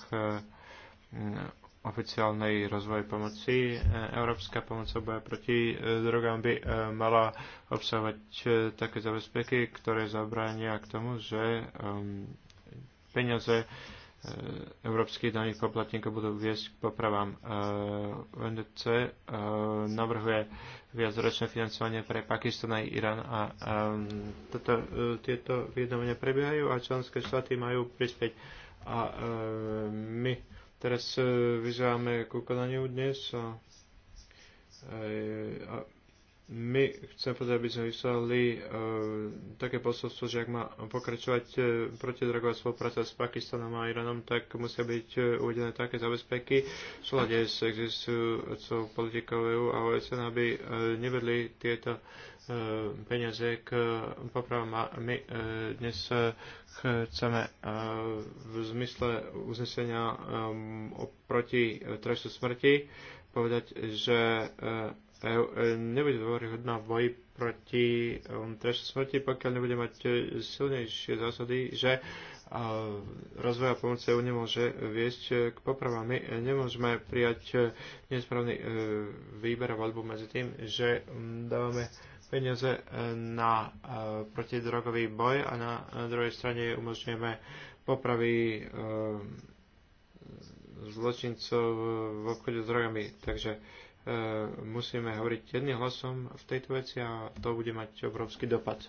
Speaker 1: oficiálnej rozvoj pomoci. Európska pomoc boja proti e, drogám by e, mala obsahovať e, také zabezpeky, ktoré zabránia k tomu, že peniaze európskych daných poplatníkov budú viesť k popravám. VNDC navrhuje viacročné financovanie pre Pakistan a Irán a toto, tieto vyjednávania prebiehajú a členské štáty majú prispieť. A my Teraz e, vyzývame k ukonaniu dnes a, e, a my chcem povedať, aby sme vyslali e, také posolstvo, že ak má pokračovať e, protidrogová spolupráca s Pakistanom a Iránom, tak musia byť e, uvedené také zabezpeky v súlade s existujúcou politikou EU a OSN, aby e, nevedli tieto e, E, peniaze k popravám a my e, dnes e, chceme v zmysle uznesenia proti trestu smrti povedať, že nebude dôveryhodná v boji proti um, trestu smrti, pokiaľ nebude mať silnejšie zásady, že a pomoci EU nemôže viesť k popravám. My nemôžeme prijať nesprávny výber alebo medzi tým, že dávame peniaze e, na e, protidrogový boj a na, na e, druhej strane umožňujeme popravy zločincov v obchode s drogami. Takže musíme hovoriť jedným hlasom v tejto veci a to bude mať obrovský dopad.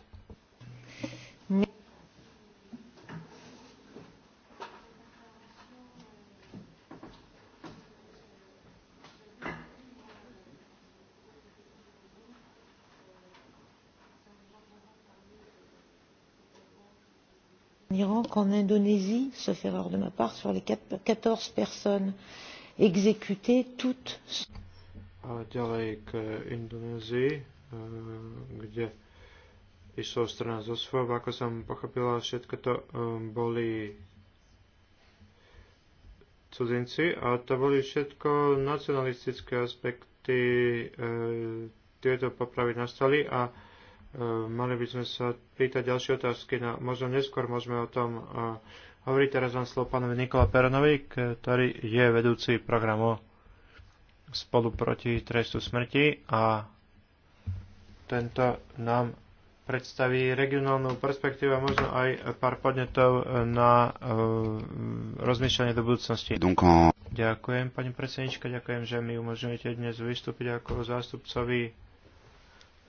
Speaker 5: qu'en indonésie sauf erreur de ma part sur les quatorze personnes exécutées toutes
Speaker 1: sont ďalej k Indonézii, eh, kde išlo 14 osôb. Ako som pochopila, všetko to eh, boli cudzinci a to boli všetko nacionalistické aspekty. Eh, tieto popravy nastali a Eh, mali by sme sa pýtať ďalšie otázky. No, možno neskôr môžeme o tom eh, hovoriť. Teraz vám slovo pánovi Nikola Peronovi, ktorý je vedúci programu spolu proti trestu smrti a tento nám predstaví regionálnu perspektívu a možno aj pár podnetov na uh, rozmýšľanie do budúcnosti. Ďakujem, pani predsednička, ďakujem, že mi umožňujete dnes vystúpiť ako zástupcovi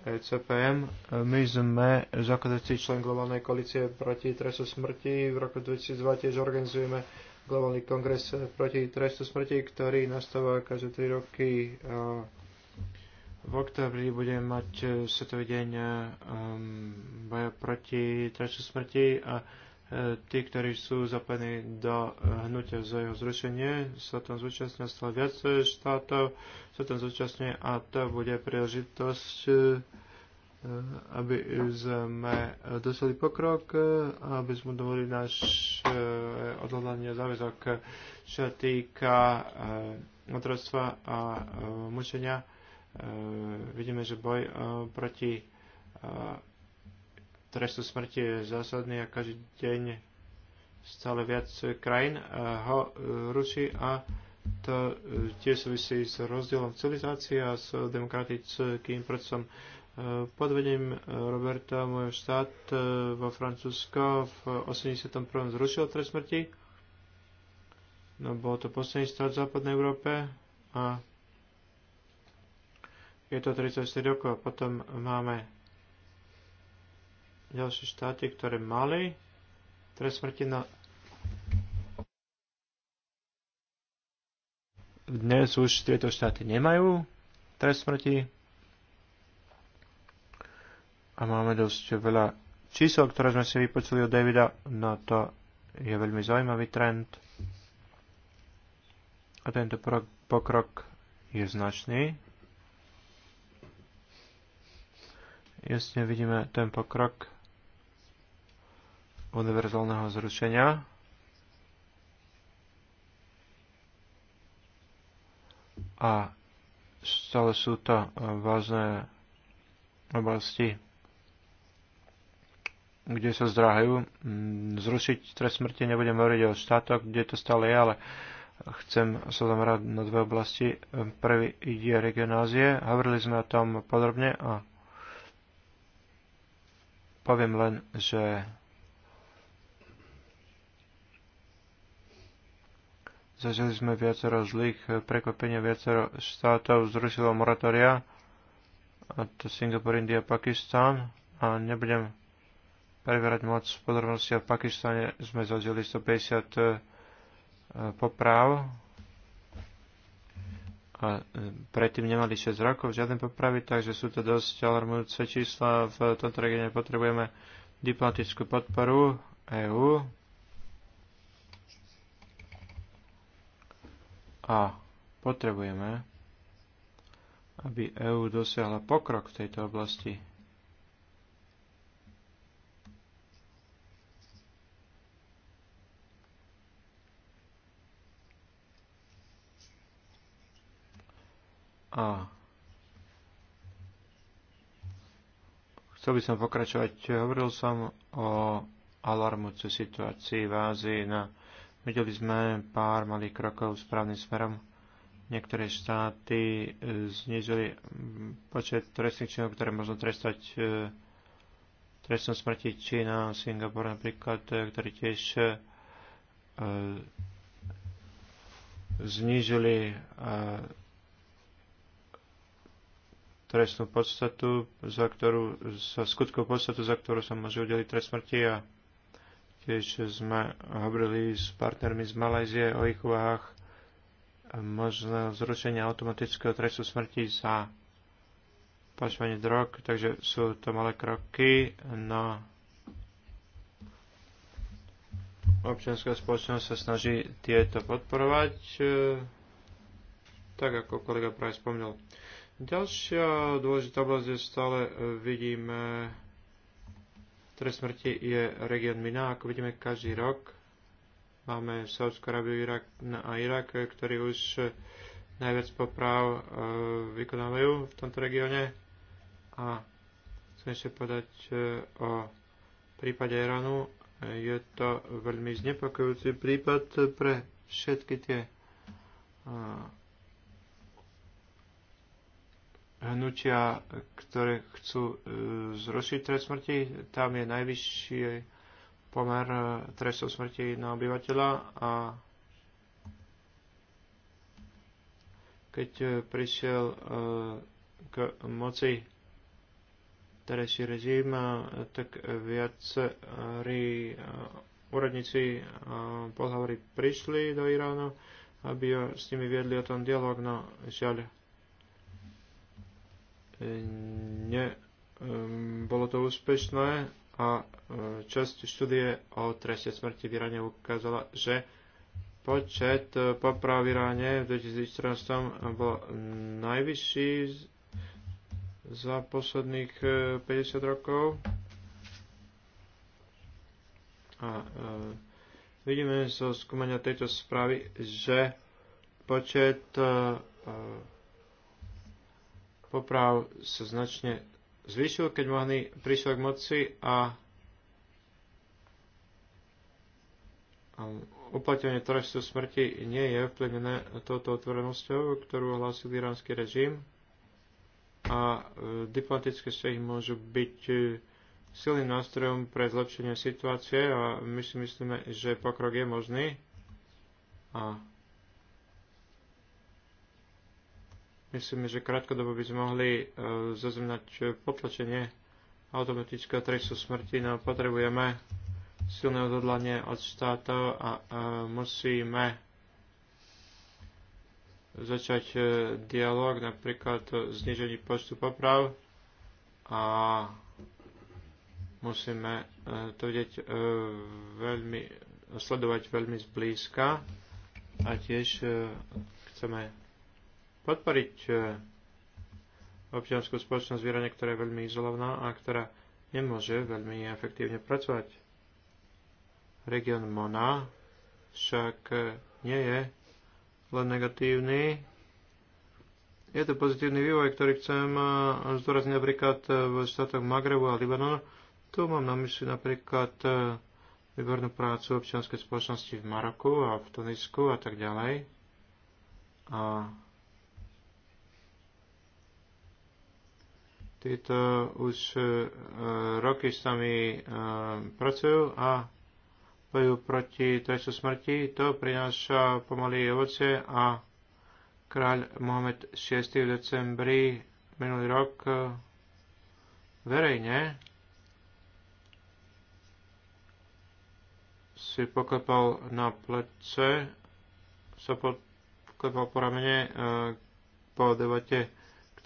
Speaker 1: E CPM. My sme zakladací člen globálnej koalície proti trestu smrti. V roku 2002 tiež organizujeme globálny kongres proti trestu smrti, ktorý nastáva každé 3 roky. V oktobri budeme mať svetový deň ehm, boja proti trestu smrti a E, tí, ktorí sú zapojení do e, hnutia za jeho zrušenie, sa tam zúčastňuje stále viac štátov, sa tam zúčastňuje a to bude príležitosť, e, aby sme dosiahli pokrok a aby sme dovolili náš odhľadanie záväzok, čo týka otroctva a mučenia. Vidíme, že boj proti trestu smrti je zásadný a každý deň stále viac krajín eh, ho eh, ruší a to eh, tiež súvisí s rozdielom civilizácie a s demokratickým procesom. Pod vedením Roberta môj štát vo Francúzsku v 81. zrušil trest smrti. No, bol to posledný štát v západnej Európe a je to 34 rokov. a Potom máme ďalšie štáty, ktoré mali trest smrti na dnes už tieto štáty nemajú trest smrti a máme dosť veľa čísel, ktoré sme si vypočuli od Davida, no to je veľmi zaujímavý trend a tento pokrok je značný. Jasne vidíme ten pokrok univerzálneho zrušenia. A stále sú to e, vážne oblasti, kde sa zdráhajú. Zrušiť trest smrti nebudem hovoriť o štátoch, kde to stále je, ale chcem sa zamerať na dve oblasti. Prvý ide region Ázie. Hovorili sme o tom podrobne a poviem len, že Zažili sme viacero zlých eh, prekvapenia, viacero štátov zrušilo moratória, a to Singapur, India, Pakistan a nebudem preverať moc podrobnosti a v Pakistane sme zažili 150 eh, poprav a eh, predtým nemali 6 rokov žiadne popravy, takže sú to dosť alarmujúce čísla. V tomto regióne potrebujeme diplomatickú podporu EÚ A potrebujeme, aby EÚ dosiahla pokrok v tejto oblasti. A chcel by som pokračovať. Hovoril som o alarmujúcej situácii v Ázii na Videli sme pár malých krokov správnym smerom. Niektoré štáty e, znižili počet trestných činov, ktoré možno trestať e, trestom smrti Čína, Singapur napríklad, e, ktorí tiež znížili trestnú podstatu, za ktorú sa skutkovú podstatu, za ktorú sa môže udeliť trest smrti a Tiež sme hovorili s partnermi z Malajzie o ich úvahách možné zrušenie automatického trestu smrti za pašovanie drog, takže sú to malé kroky, no občianská spoločnosť sa snaží tieto podporovať, e, tak ako kolega práve spomínal. Ďalšia dôležitá oblasť je stále vidíme trest smrti je región Mina. Ako vidíme, každý rok máme Saudskú Arabiu Irak a Irak, ktorí už najviac poprav e, vykonávajú v tomto regióne. A chcem ešte povedať e, o prípade Iránu. Je to veľmi znepokojujúci prípad pre všetky tie e, hnutia, ktoré chcú e, zrušiť trest smrti. Tam je najvyšší pomer e, trestov smrti na obyvateľa a keď e, prišiel k moci terajší režim, tak viacerí úradníci pohľavory prišli do Iránu, aby s nimi viedli o tom dialog, no žiaľ ne, bolo to úspešné a e, časť štúdie o treste smrti v Iráne ukázala, že počet e, poprav v Iráne v 2014 bol najvyšší za posledných 50 e, rokov. A e, vidíme zo skúmania tejto správy, že počet e, poprav sa značne zvýšil, keď Mohny prišiel k moci a uplatňovanie trestu smrti nie je vplyvnené touto otvorenosťou, ktorú hlásil iránsky režim a e, diplomatické vzťahy môžu byť e, silným nástrojom pre zlepšenie situácie a my si myslíme, že pokrok je možný a Myslím, že krátkodobo by sme mohli e, zaznamenať e, potlačenie automatického trestu smrti, no potrebujeme silné odhodlanie od štátov a e, musíme začať dialog napríklad o znižení počtu poprav a musíme to vidieť veľmi, sledovať veľmi zblízka a tiež chceme podporiť eh, občianskú spoločnosť v ktorá je veľmi izolovaná a ktorá nemôže veľmi efektívne pracovať. Region Mona však eh, nie je len negatívny. Je to pozitívny vývoj, ktorý chcem eh, zdôrazniť napríklad v štátoch Magrebu a Libanonu. Tu mám na mysli napríklad výbornú prácu občianskej spoločnosti v Maroku a v Tunisku a tak ďalej. A Títo už e, roky s nami e, pracujú a bojujú proti trestu smrti. To prináša pomaly ovoce a kráľ Mohamed 6. v decembri minulý rok e, verejne si poklepal na plece, sa poklepal po ramene po debate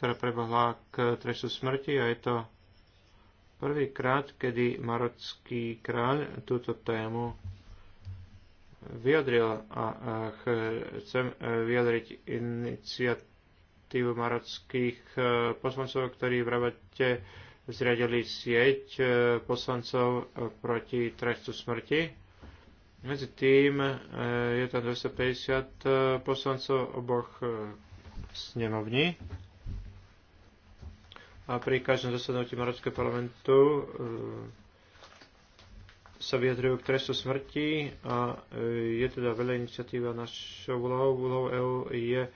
Speaker 1: ktorá prebehla k trestu smrti a je to prvýkrát, kedy marocký kráľ túto tému vyjadril a chcem vyjadriť iniciatívu marockých e, poslancov, ktorí v rabate zriadili sieť e, poslancov proti trestu smrti. Medzi tým e, je tam 250 poslancov oboch snemovní a pri každom zasadnutí Marockého parlamentu e, sa vyjadrujú k trestu smrti a e, je teda veľa iniciatíva našou úlohou. Úlohou EU je e,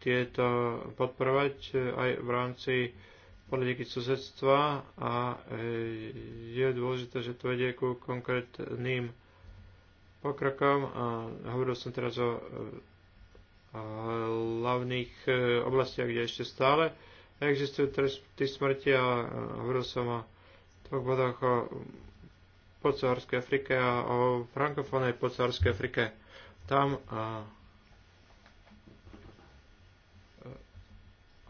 Speaker 1: tieto podporovať aj v rámci politiky susedstva a je dôležité, že to vedie ku konkrétnym pokrokom. A hovoril som teraz o hlavných oblastiach, kde ešte stále Existujú tresty smrti a hovoril som o dvoch bodoch o podsaharskej Afrike a o frankofónej podsaharskej Afrike. Tam a,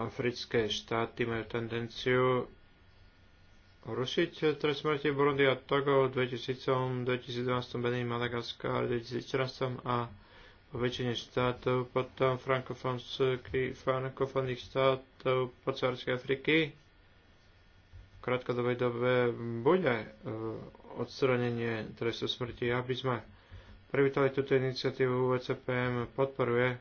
Speaker 1: africké štáty majú tendenciu rušiť trest smrti Burundi a Togo v 2000, 2012, Benin, Madagaskar v 2014 a vo väčšine štátov, potom frankofónnych štátov Cárskej Afriky v krátkodobej dobe bude e, odstranenie trestu smrti, aby sme privítali túto iniciatívu UVCPM podporuje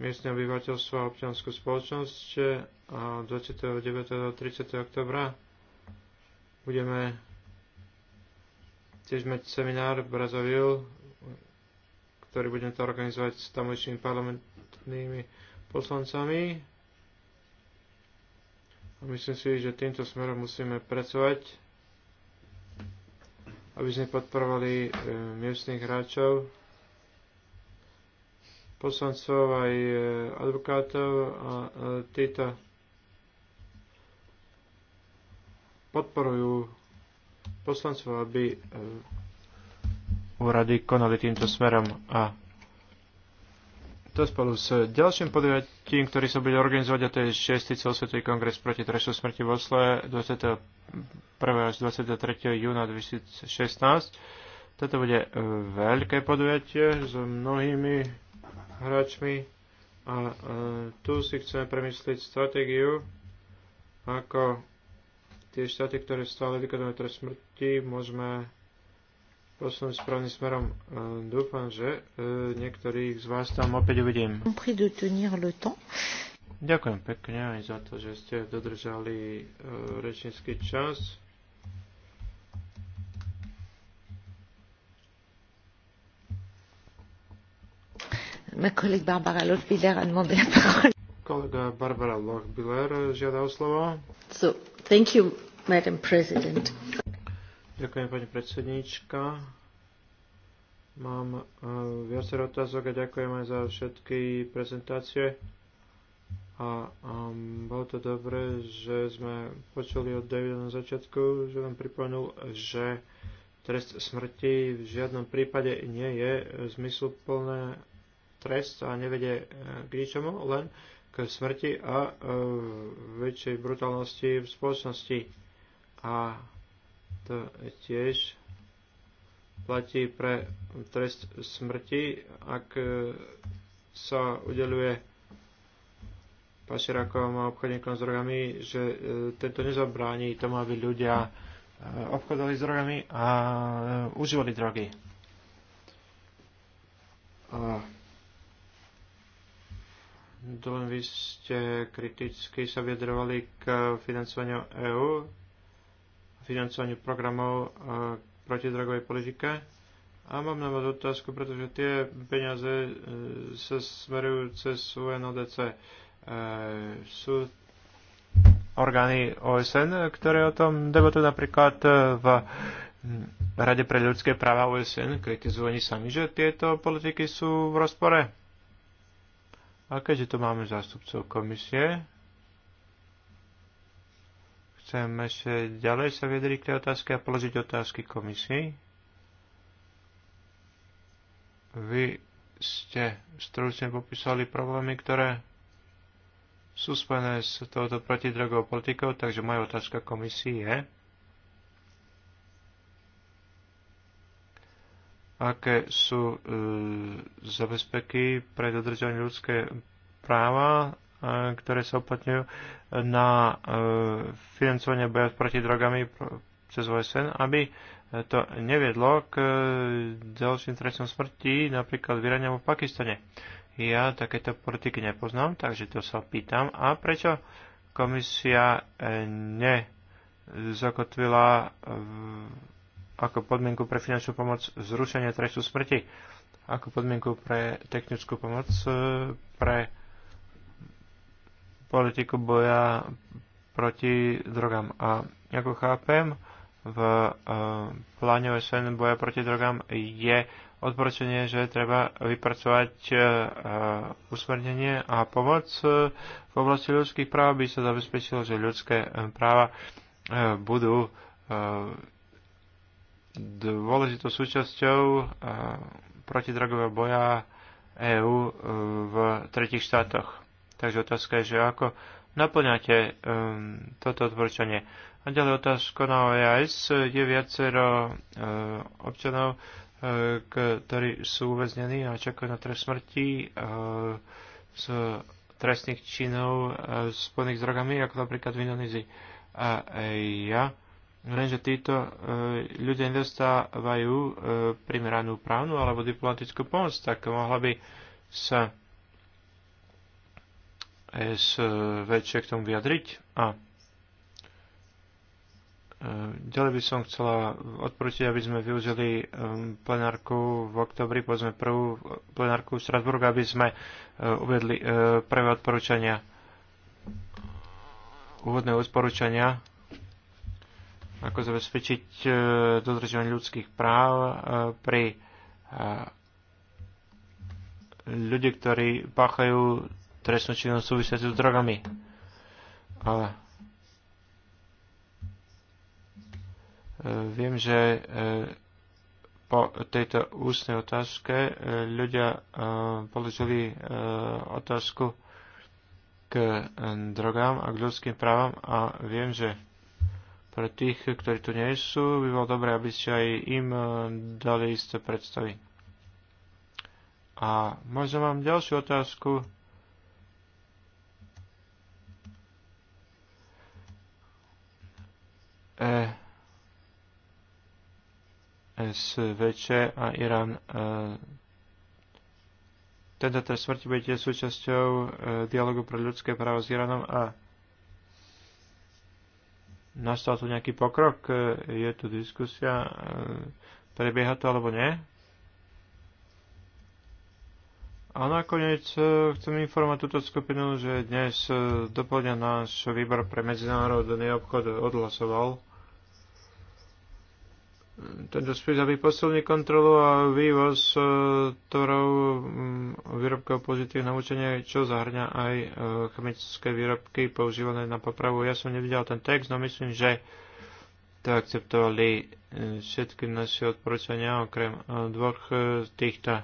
Speaker 1: miestne obyvateľstvo a občianskú spoločnosť a 29. a 30. oktobra budeme tiež mať seminár v Brazzaville ktorý budeme to organizovať s tamojšími parlamentnými poslancami. A myslím si, že týmto smerom musíme pracovať, aby sme podporovali e, miestnych hráčov, poslancov aj e, advokátov a e, títo podporujú poslancov, aby e, úrady konali týmto smerom a to spolu s ďalším podujatím, ktorý sa bude organizovať, a to je 6. celosvetový kongres proti trestu smrti v Osle 21. až 23. júna 2016. Toto bude e, veľké podujatie s mnohými hráčmi a e, tu si chceme premyslieť stratégiu, ako tie štáty, ktoré stále vykonujú trest smrti, môžeme posunúť správnym smerom. E, dúfam, že e, niektorých z vás tam opäť uvidím. Ďakujem pekne aj za to, že ste dodržali e, rečnícky čas.
Speaker 2: Ma kolega Barbara Lochbiller a demandé la
Speaker 1: parole. Kolega Barbara Lochbiller žiada o slovo.
Speaker 2: So, thank you, Madam President.
Speaker 1: Ďakujem, pani predsedníčka. Mám e, viacero otázok a ďakujem aj za všetky prezentácie. A um, bolo to dobré, že sme počuli od Davida na začiatku, že nám pripomenul, že trest smrti v žiadnom prípade nie je zmysluplné trest a nevedie e, k ničomu, len k smrti a uh, väčšej brutálnosti v spoločnosti. A to tiež platí pre trest smrti, ak e, sa udeluje pašerákom a obchodníkom s drogami, že e, tento nezabráni tomu, aby ľudia e, obchodovali s drogami a užívali drogy. A Dolem vy ste kriticky sa vyjadrovali k financovaniu EÚ financovaniu programov e, protidrogovej politike. A mám na vás otázku, pretože tie peniaze e, sa smerujú cez UNODC. E, sú orgány OSN, ktoré o tom debatujú napríklad v Rade pre ľudské práva OSN, kritizujú oni sami, že tieto politiky sú v rozpore. A keďže tu máme zástupcov komisie, Chceme ešte ďalej sa vyjadriť k tej otázke a položiť otázky komisii. Vy ste stručne popísali problémy, ktoré sú spojené s touto protidrogovou politikou, takže moja otázka komisii je, aké sú e, zabezpeky pre dodržovanie ľudské práva E, ktoré sa uplatňujú na e, financovanie boja proti drogami cez OSN, aby e, to neviedlo k ďalším trestom smrti, napríklad v Iráne v Pakistane. Ja takéto politiky nepoznám, takže to sa pýtam. A prečo komisia nezakotvila ako podmienku pre finančnú pomoc zrušenie trestu smrti, ako podmienku pre technickú pomoc pre politiku boja proti drogám. A ako chápem, v e, pláne OSN boja proti drogám je odporúčanie, že treba vypracovať e, e, usmernenie a pomoc v oblasti ľudských práv, aby sa zabezpečilo, že ľudské práva budú dôležitou súčasťou protidrogového boja EÚ v tretich štátoch. Takže otázka je, že ako naplňate um, toto odporúčanie. A ďalej otázka na OAS. E je viacero uh, občanov, uh, ktorí sú uväznení a čakajú na trest smrti uh, z trestných činov uh, spojených s drogami, ako napríklad v Indonézii. A uh, ja Lenže títo uh, ľudia nedostávajú uh, primeranú právnu alebo diplomatickú pomoc, tak mohla by sa SVČ k tomu vyjadriť. A e, ďalej by som chcela odporučiť, aby sme využili e, plenárku v oktobri, povedzme prvú plenárku v Strasburgu, aby sme e, uvedli prvé odporúčania, úvodné odporúčania ako zabezpečiť dodržovanie ľudských práv pri ľudí, ktorí páchajú trestnú činnosť súvisiacu s drogami. Ale e, viem, že e, po tejto ústnej otázke e, ľudia položili otázku k drogám a k ľudským právam a viem, že pre tých, ktorí tu nie sú, by bolo dobré, aby ste aj im dali isté predstavy. A možno mám ďalšiu otázku E, SVČ a Irán. E, teda trest smrti budete súčasťou e, dialogu pre ľudské právo s Iránom a nastal tu nejaký pokrok, je tu diskusia, prebieha to alebo nie? A nakoniec chcem informovať túto skupinu, že dnes doplňa náš výbor pre medzinárodný obchod odhlasoval tento spis, aby posilnil kontrolu a vývoz e, tovarov mm, výrobkov pozitívne učenie, čo zahrňa aj e, chemické výrobky používané na popravu. Ja som nevidel ten text, no myslím, že to akceptovali e, všetky naše odporúčania, okrem dvoch týchto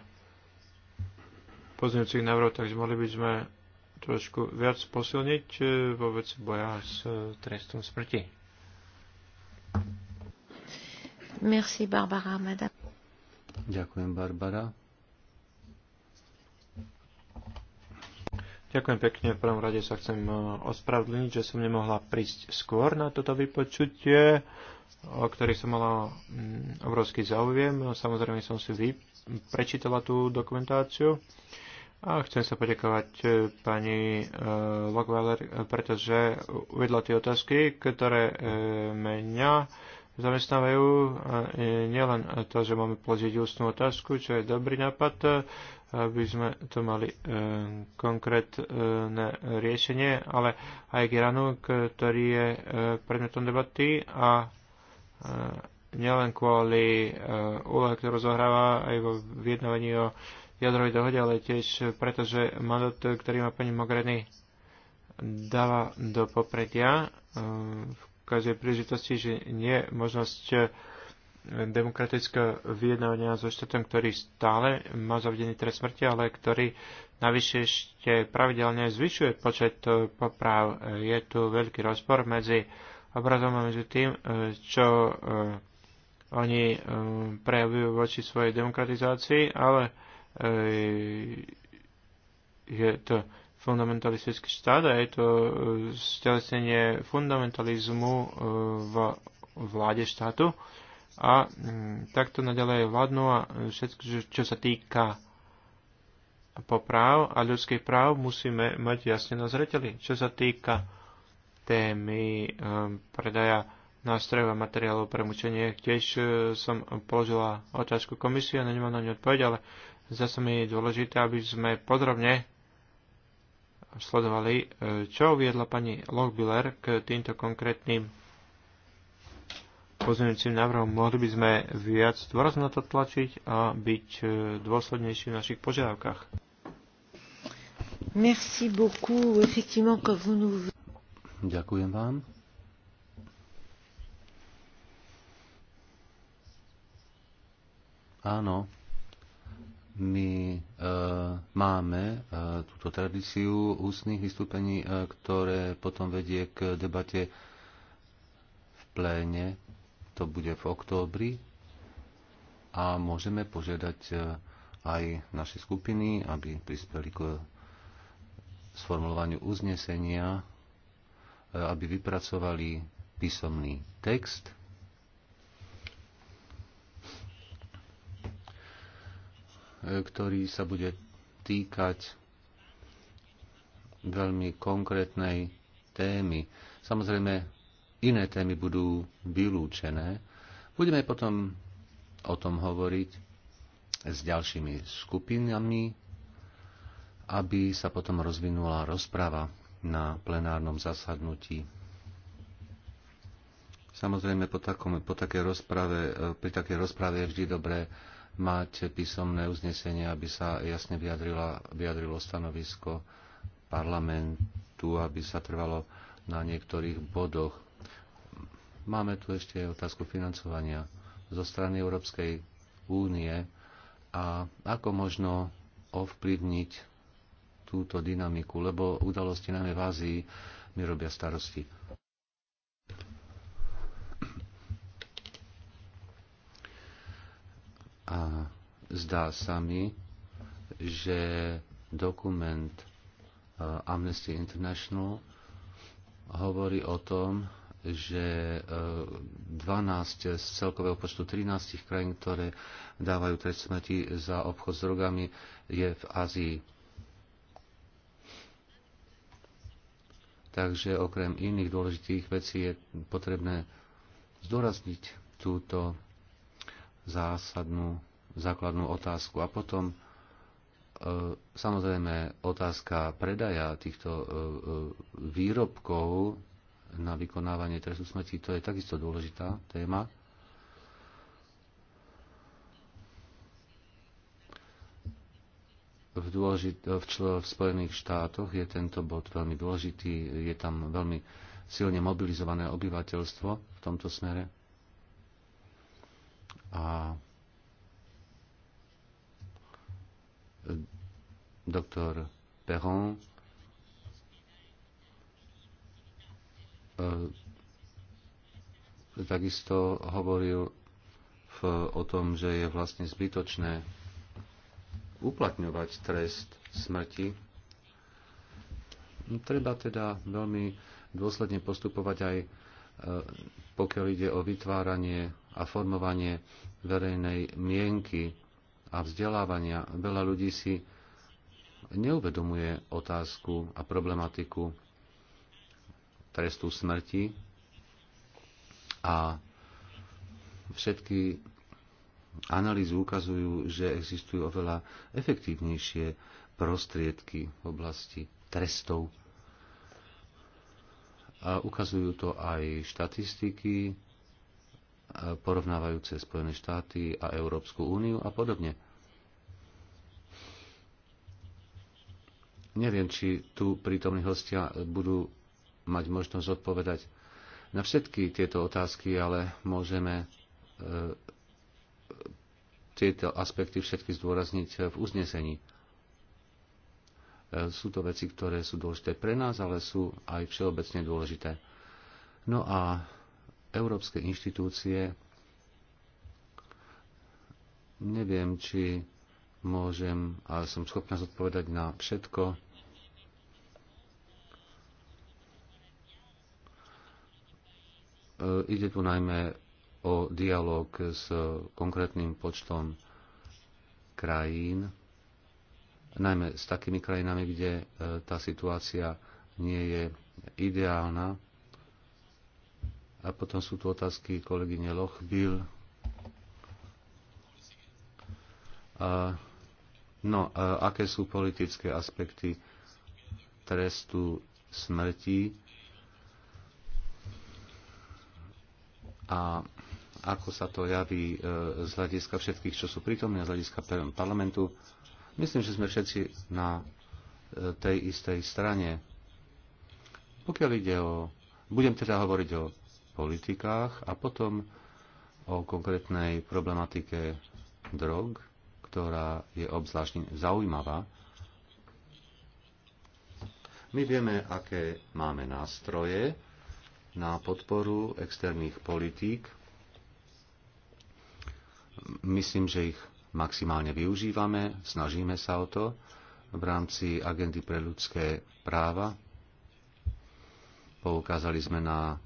Speaker 1: pozmeňujúcich návrhov, takže mohli by sme trošku viac posilniť vo veci boja s trestom smrti.
Speaker 5: Merci, Barbara, madame.
Speaker 3: Ďakujem,
Speaker 1: Barbara. Ďakujem pekne. V prvom rade sa chcem eh, ospravedlniť, že som nemohla prísť skôr na toto vypočutie, o ktorých som mala mm, obrovský záujem. Samozrejme som si vy, prečítala tú dokumentáciu a chcem sa poďakovať eh, pani eh, Lockweiler, pretože uvedla tie otázky, ktoré mňa zamestnávajú. Nielen to, že máme položiť ústnú otázku, čo je dobrý nápad, aby sme to mali e, konkrétne riešenie, ale aj k Iranu, ktorý je e, predmetom debaty a e, nielen kvôli úlohe, ktorú zohráva aj vo vyjednávaní o jadrovej dohode, ale tiež preto, že mandát, ktorý má pani Mogherini, dáva do popredia v každej príležitosti, že nie je možnosť eh, demokratického vyjednávania so štátom, ktorý stále má zavedený trest smrti, ale ktorý navyše ešte pravidelne zvyšuje počet eh, poprav. Je tu veľký rozpor medzi obrazom a medzi tým, eh, čo oni prejavujú voči svojej demokratizácii, ale je to fundamentalistický štát a je to e, stelesenie fundamentalizmu e, v vláde štátu. A mm, takto naďalej vládnu a všetko, čo sa týka poprav a ľudských práv, musíme mať jasne na zreteli. Čo sa týka témy e, predaja nástrojov a materiálov pre mučenie, tiež som položila otázku komisie, a nemám na ňu odpoveď, ale zase mi je dôležité, aby sme podrobne sledovali, e, čo uviedla pani Lochbiller k týmto konkrétnym pozmeňujúcim návrhom. Mohli by sme viac dôraz na to tlačiť a byť e, dôslednejší v našich požiadavkách.
Speaker 5: Merci beaucoup, effectivement, que vous nous...
Speaker 1: Ďakujem vám.
Speaker 3: Áno, my uh, máme uh, túto tradíciu ústnych vystúpení, uh, ktoré potom vedie k debate v pléne. To bude v októbri. A môžeme požiadať uh, aj naše skupiny, aby prispeli k sformulovaniu uznesenia, uh, aby vypracovali písomný text E, ktorý sa bude týkať veľmi konkrétnej témy. Samozrejme, iné témy budú vylúčené. Budeme potom o tom hovoriť s ďalšími skupinami, aby sa potom rozvinula rozprava na plenárnom zasadnutí. Samozrejme, po, takom, po takej rozprave, pri takej rozprave je vždy dobré mať písomné uznesenie, aby sa jasne vyjadrila, vyjadrilo stanovisko parlamentu, aby sa trvalo na niektorých bodoch. Máme tu ešte otázku financovania zo strany Európskej únie a ako možno ovplyvniť túto dynamiku, lebo udalosti najmä v Ázii mi robia starosti. A zdá sa mi, že dokument eh, Amnesty International hovorí o tom, že 12 eh, z celkového počtu 13 krajín, ktoré dávajú trest smrti za obchod s drogami, je v Ázii. Takže okrem iných dôležitých vecí je potrebné zdôrazniť túto zásadnú, základnú otázku. A potom e, samozrejme otázka predaja týchto e, e, výrobkov na vykonávanie trestu smrti, to je takisto dôležitá téma. V, dôležit- v, čl- v Spojených štátoch je tento bod veľmi dôležitý, je tam veľmi silne mobilizované obyvateľstvo v tomto smere a doktor Perron e, takisto hovoril v, o tom, že je vlastne zbytočné uplatňovať trest smrti. No, treba teda veľmi dôsledne postupovať aj e, pokiaľ ide o vytváranie a formovanie verejnej mienky a vzdelávania. Veľa ľudí si neuvedomuje otázku a problematiku trestu smrti a všetky analýzy ukazujú, že existujú oveľa efektívnejšie prostriedky v oblasti trestov. A ukazujú to aj štatistiky, porovnávajúce Spojené štáty a Európsku úniu a podobne. Neviem, či tu prítomní hostia budú mať možnosť odpovedať na všetky tieto otázky, ale môžeme e, tieto aspekty všetky zdôrazniť v uznesení. E, sú to veci, ktoré sú dôležité pre nás, ale sú aj všeobecne dôležité. No a európske inštitúcie, neviem, či môžem, ale som schopná zodpovedať na všetko. E, ide tu najmä o dialog s konkrétnym počtom krajín, najmä s takými krajinami, kde e, tá situácia nie je ideálna a potom sú tu otázky kolegyne Lochbil. A, no, a aké sú politické aspekty trestu smrti a ako sa to javí e, z hľadiska všetkých, čo sú prítomní, z hľadiska parlamentu. Myslím, že sme všetci na e, tej istej strane. Pokiaľ ide o... Budem teda hovoriť o politikách a potom o konkrétnej problematike drog, ktorá je obzvlášť zaujímavá. My vieme, aké máme nástroje na podporu externých politík. Myslím, že ich maximálne využívame, snažíme sa o to v rámci agendy pre ľudské práva. Poukázali sme na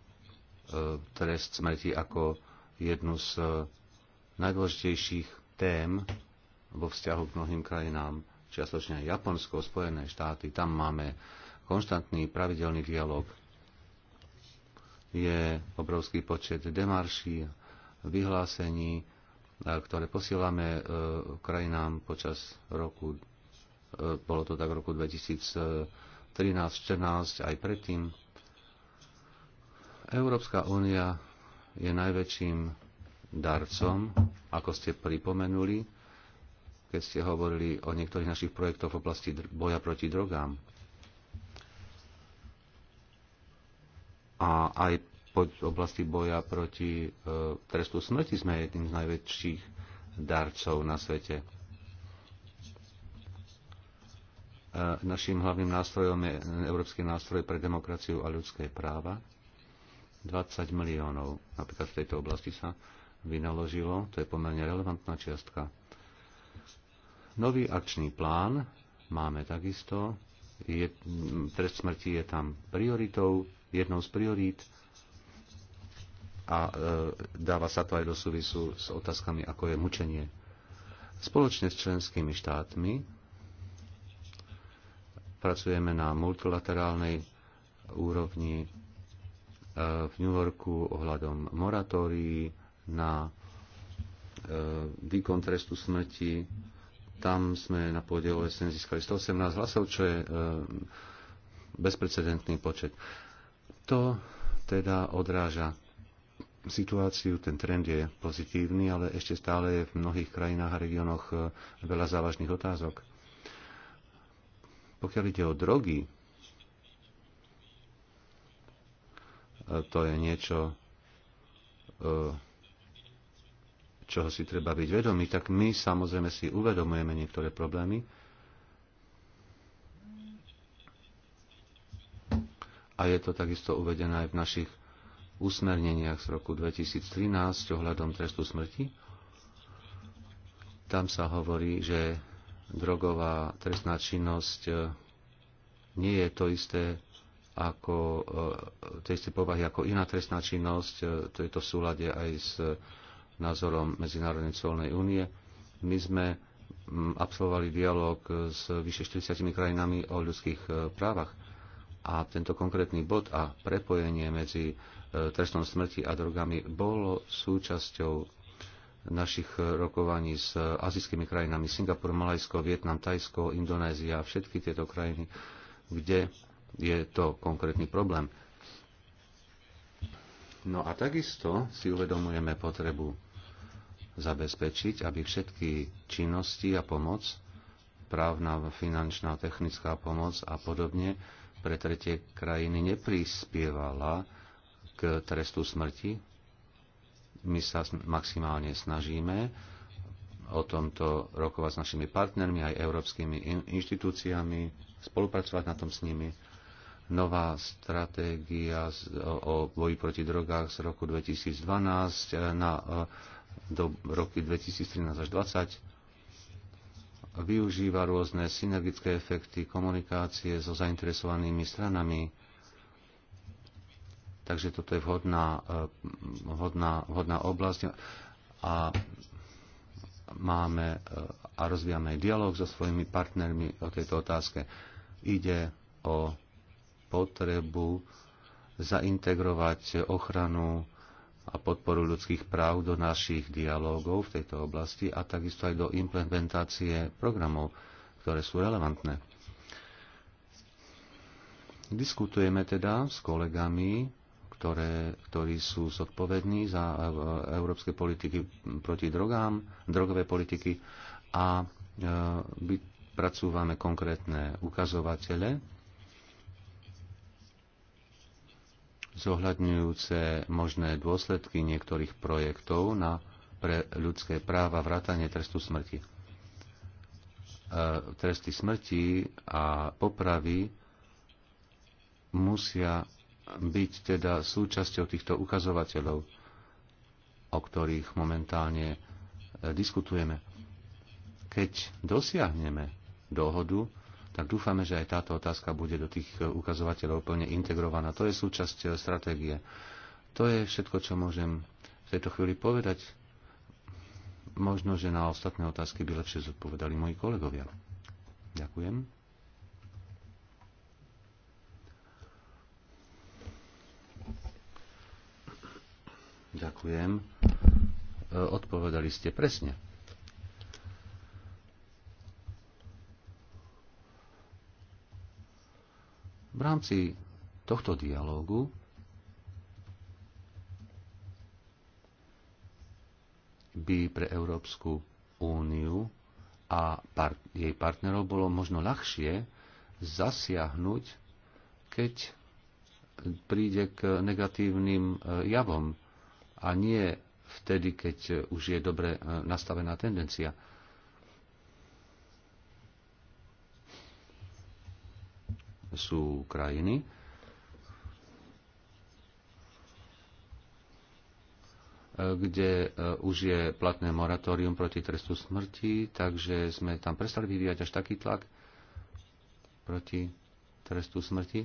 Speaker 3: E, trest smrti ako jednu z e, najdôležitejších tém vo vzťahu k mnohým krajinám, čiastočne aj Japonsko, Spojené štáty. Tam máme konštantný pravidelný dialog. Je obrovský počet demarší, vyhlásení, e, ktoré posielame krajinám počas roku, bolo to tak v roku 2013-2014, aj predtým Európska únia je najväčším darcom, ako ste pripomenuli, keď ste hovorili o niektorých našich projektoch v oblasti boja proti drogám. A aj v oblasti boja proti e, trestu smrti sme jedným z najväčších darcov na svete. E, Naším hlavným nástrojom je Európsky nástroj pre demokraciu a ľudské práva 20 miliónov napríklad v tejto oblasti sa vynaložilo, to je pomerne relevantná čiastka. Nový akčný plán máme takisto, je, trest smrti je tam prioritou, jednou z priorít a e, dáva sa to aj do súvisu s otázkami, ako je mučenie. Spoločne s členskými štátmi pracujeme na multilaterálnej úrovni v New Yorku ohľadom moratórií na e, výkon trestu smrti. Tam sme na pôde OSN získali 118 hlasov, čo je e, bezprecedentný počet. To teda odráža situáciu, ten trend je pozitívny, ale ešte stále je v mnohých krajinách a regiónoch e, veľa závažných otázok. Pokiaľ ide o drogy, to je niečo, e, čoho si treba byť vedomý, tak my samozrejme si uvedomujeme niektoré problémy. A je to takisto uvedené aj v našich usmerneniach z roku 2013 ohľadom trestu smrti. Tam sa hovorí, že drogová trestná činnosť nie je to isté ako e, tej istej povahy ako iná trestná činnosť, e, to je to v súlade aj s názorom Medzinárodnej colnej únie. My sme absolvovali dialog s vyše 40 krajinami o ľudských e, právach a tento konkrétny bod a prepojenie medzi trestom smrti a drogami bolo súčasťou našich rokovaní s azijskými krajinami Singapur, Malajsko, Vietnam, Tajsko, Indonézia, všetky tieto krajiny, kde je to konkrétny problém. No a takisto si uvedomujeme potrebu zabezpečiť, aby všetky činnosti a pomoc, právna, finančná, technická pomoc a podobne pre tretie krajiny neprispievala k trestu smrti. My sa maximálne snažíme o tomto rokovať s našimi partnermi, aj európskymi inštitúciami, spolupracovať na tom s nimi nová stratégia o boji proti drogách z roku 2012 e, na e, do roky 2013 až 2020 využíva rôzne synergické efekty komunikácie so zainteresovanými stranami. Takže toto je vhodná, e, vhodná, vhodná oblasť a máme a rozvíjame aj dialog so svojimi partnermi o tejto otázke. Ide o potrebu zaintegrovať ochranu a podporu ľudských práv do našich dialógov v tejto oblasti a takisto aj do implementácie programov, ktoré sú relevantné. Diskutujeme teda s kolegami, ktoré, ktorí sú zodpovední za e, európske politiky proti drogám, drogové politiky a e, vypracúvame konkrétne ukazovatele zohľadňujúce možné dôsledky niektorých projektov na, pre ľudské práva vrátanie trestu smrti. E, tresty smrti a popravy musia byť teda súčasťou týchto ukazovateľov, o ktorých momentálne e, diskutujeme. Keď dosiahneme dohodu, tak dúfame, že aj táto otázka bude do tých e, ukazovateľov plne integrovaná. To je súčasť e, stratégie. To je všetko, čo môžem v tejto chvíli povedať. Možno, že na ostatné otázky by lepšie zodpovedali moji kolegovia. Ďakujem. Ďakujem. E, odpovedali ste presne. V rámci tohto dialógu by pre Európsku úniu a part- jej partnerov bolo možno ľahšie zasiahnuť, keď príde k negatívnym e, javom a nie vtedy, keď už je dobre e, nastavená tendencia. sú krajiny, e, kde e, už je platné moratórium proti trestu smrti, takže sme tam prestali vyvíjať až taký tlak proti trestu smrti.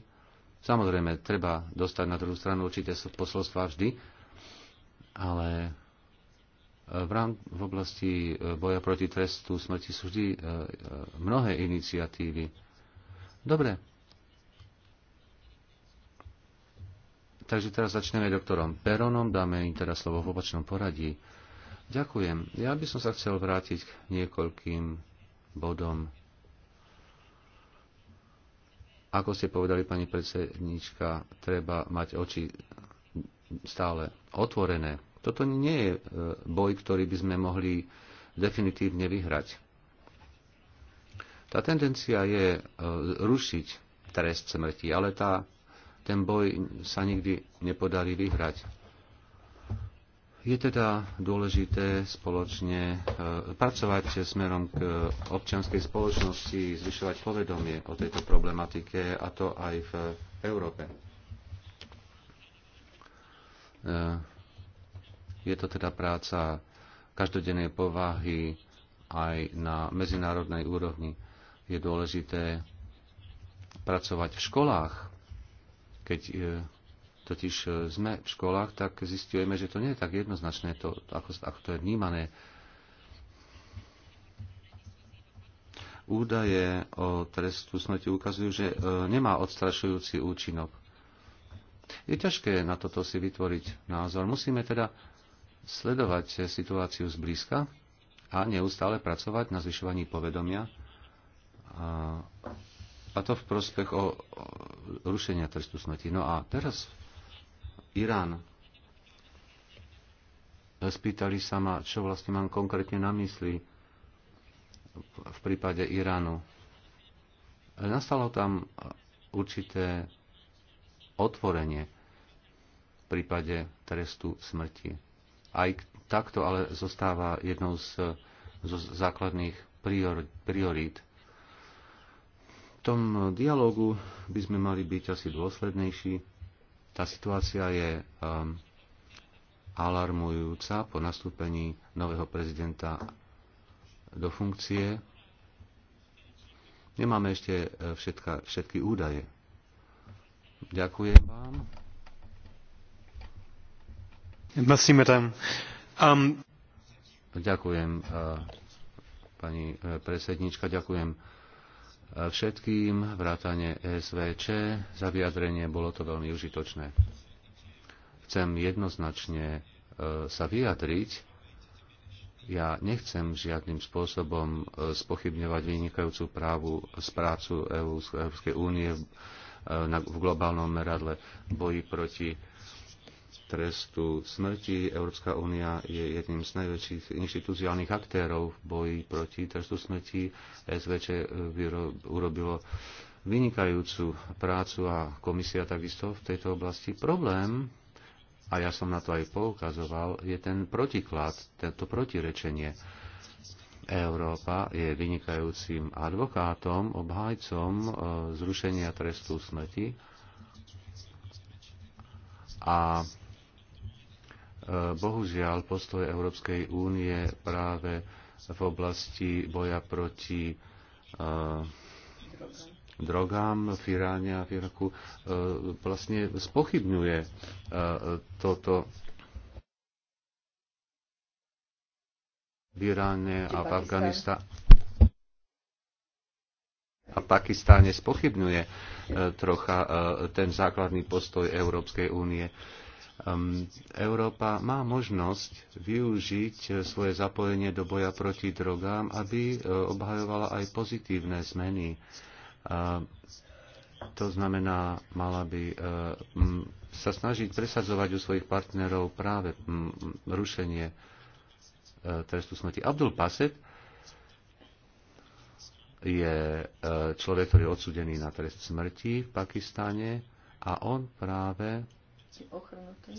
Speaker 3: Samozrejme, treba dostať na druhú stranu určité posolstva vždy, ale e, v, rám, v oblasti boja proti trestu smrti sú vždy mnohé iniciatívy. Dobre, Takže teraz začneme doktorom Peronom, dáme im teraz slovo v opačnom poradí. Ďakujem. Ja by som sa chcel vrátiť k niekoľkým bodom. Ako ste povedali, pani predsednička, treba mať oči stále otvorené. Toto nie je e, boj, ktorý by sme mohli definitívne vyhrať. Tá tendencia je e, rušiť trest smrti, ale tá ten boj sa nikdy nepodarí vyhrať. Je teda dôležité spoločne e, pracovať smerom k občianskej spoločnosti, zvyšovať povedomie o tejto problematike a to aj v Európe. E, je to teda práca každodennej povahy aj na medzinárodnej úrovni. Je dôležité pracovať v školách, keď e, totiž e, sme v školách, tak zistujeme, že to nie je tak jednoznačné, to, ako, ako to je vnímané. Údaje o trestu smrti ukazujú, že e, nemá odstrašujúci účinok. Je ťažké na toto si vytvoriť názor. Musíme teda sledovať situáciu zblízka a neustále pracovať na zvyšovaní povedomia a to v prospech o rušenia trestu smrti. No a teraz Irán. Spýtali sa ma, čo vlastne mám konkrétne na mysli v prípade Iránu. Nastalo tam určité otvorenie v prípade trestu smrti. Aj takto ale zostáva jednou z, z základných priorít tom dialogu by sme mali byť asi dôslednejší. Tá situácia je um, alarmujúca po nastúpení nového prezidenta do funkcie. Nemáme ešte e, všetka, všetky údaje. Ďakujem vám.
Speaker 1: Merci, madame.
Speaker 3: Um... Ďakujem, e, pani e, predsednička, ďakujem všetkým, vrátane SVČ, za vyjadrenie bolo to veľmi užitočné. Chcem jednoznačne e, sa vyjadriť. Ja nechcem žiadnym spôsobom e, spochybňovať vynikajúcu právu, prácu Európskej únie e, v globálnom meradle boji proti trestu smrti. Európska únia je jedným z najväčších inštitúciálnych aktérov v boji proti trestu smrti. SVČ e, urobilo vynikajúcu prácu a komisia takisto v tejto oblasti. Problém, a ja som na to aj poukazoval, je ten protiklad, tento protirečenie. Európa je vynikajúcim advokátom, obhajcom e, zrušenia trestu smrti a Bohužiaľ, postoj Európskej únie práve v oblasti boja proti drogám v Iráne a v Iraku e, vlastne spochybňuje e, toto v Iráne a v Afganistáne a Pakistáne spochybňuje e, trocha ten základný postoj Európskej únie. Európa má možnosť využiť eh, svoje zapojenie do boja proti drogám, aby eh, obhajovala aj pozitívne zmeny. To znamená, mala by eh, sa snažiť presadzovať u svojich partnerov práve rušenie trestu smrti. Abdul Paset je človek, ktorý je odsudený na trest smrti v Pakistane a on práve
Speaker 4: ochrnutý.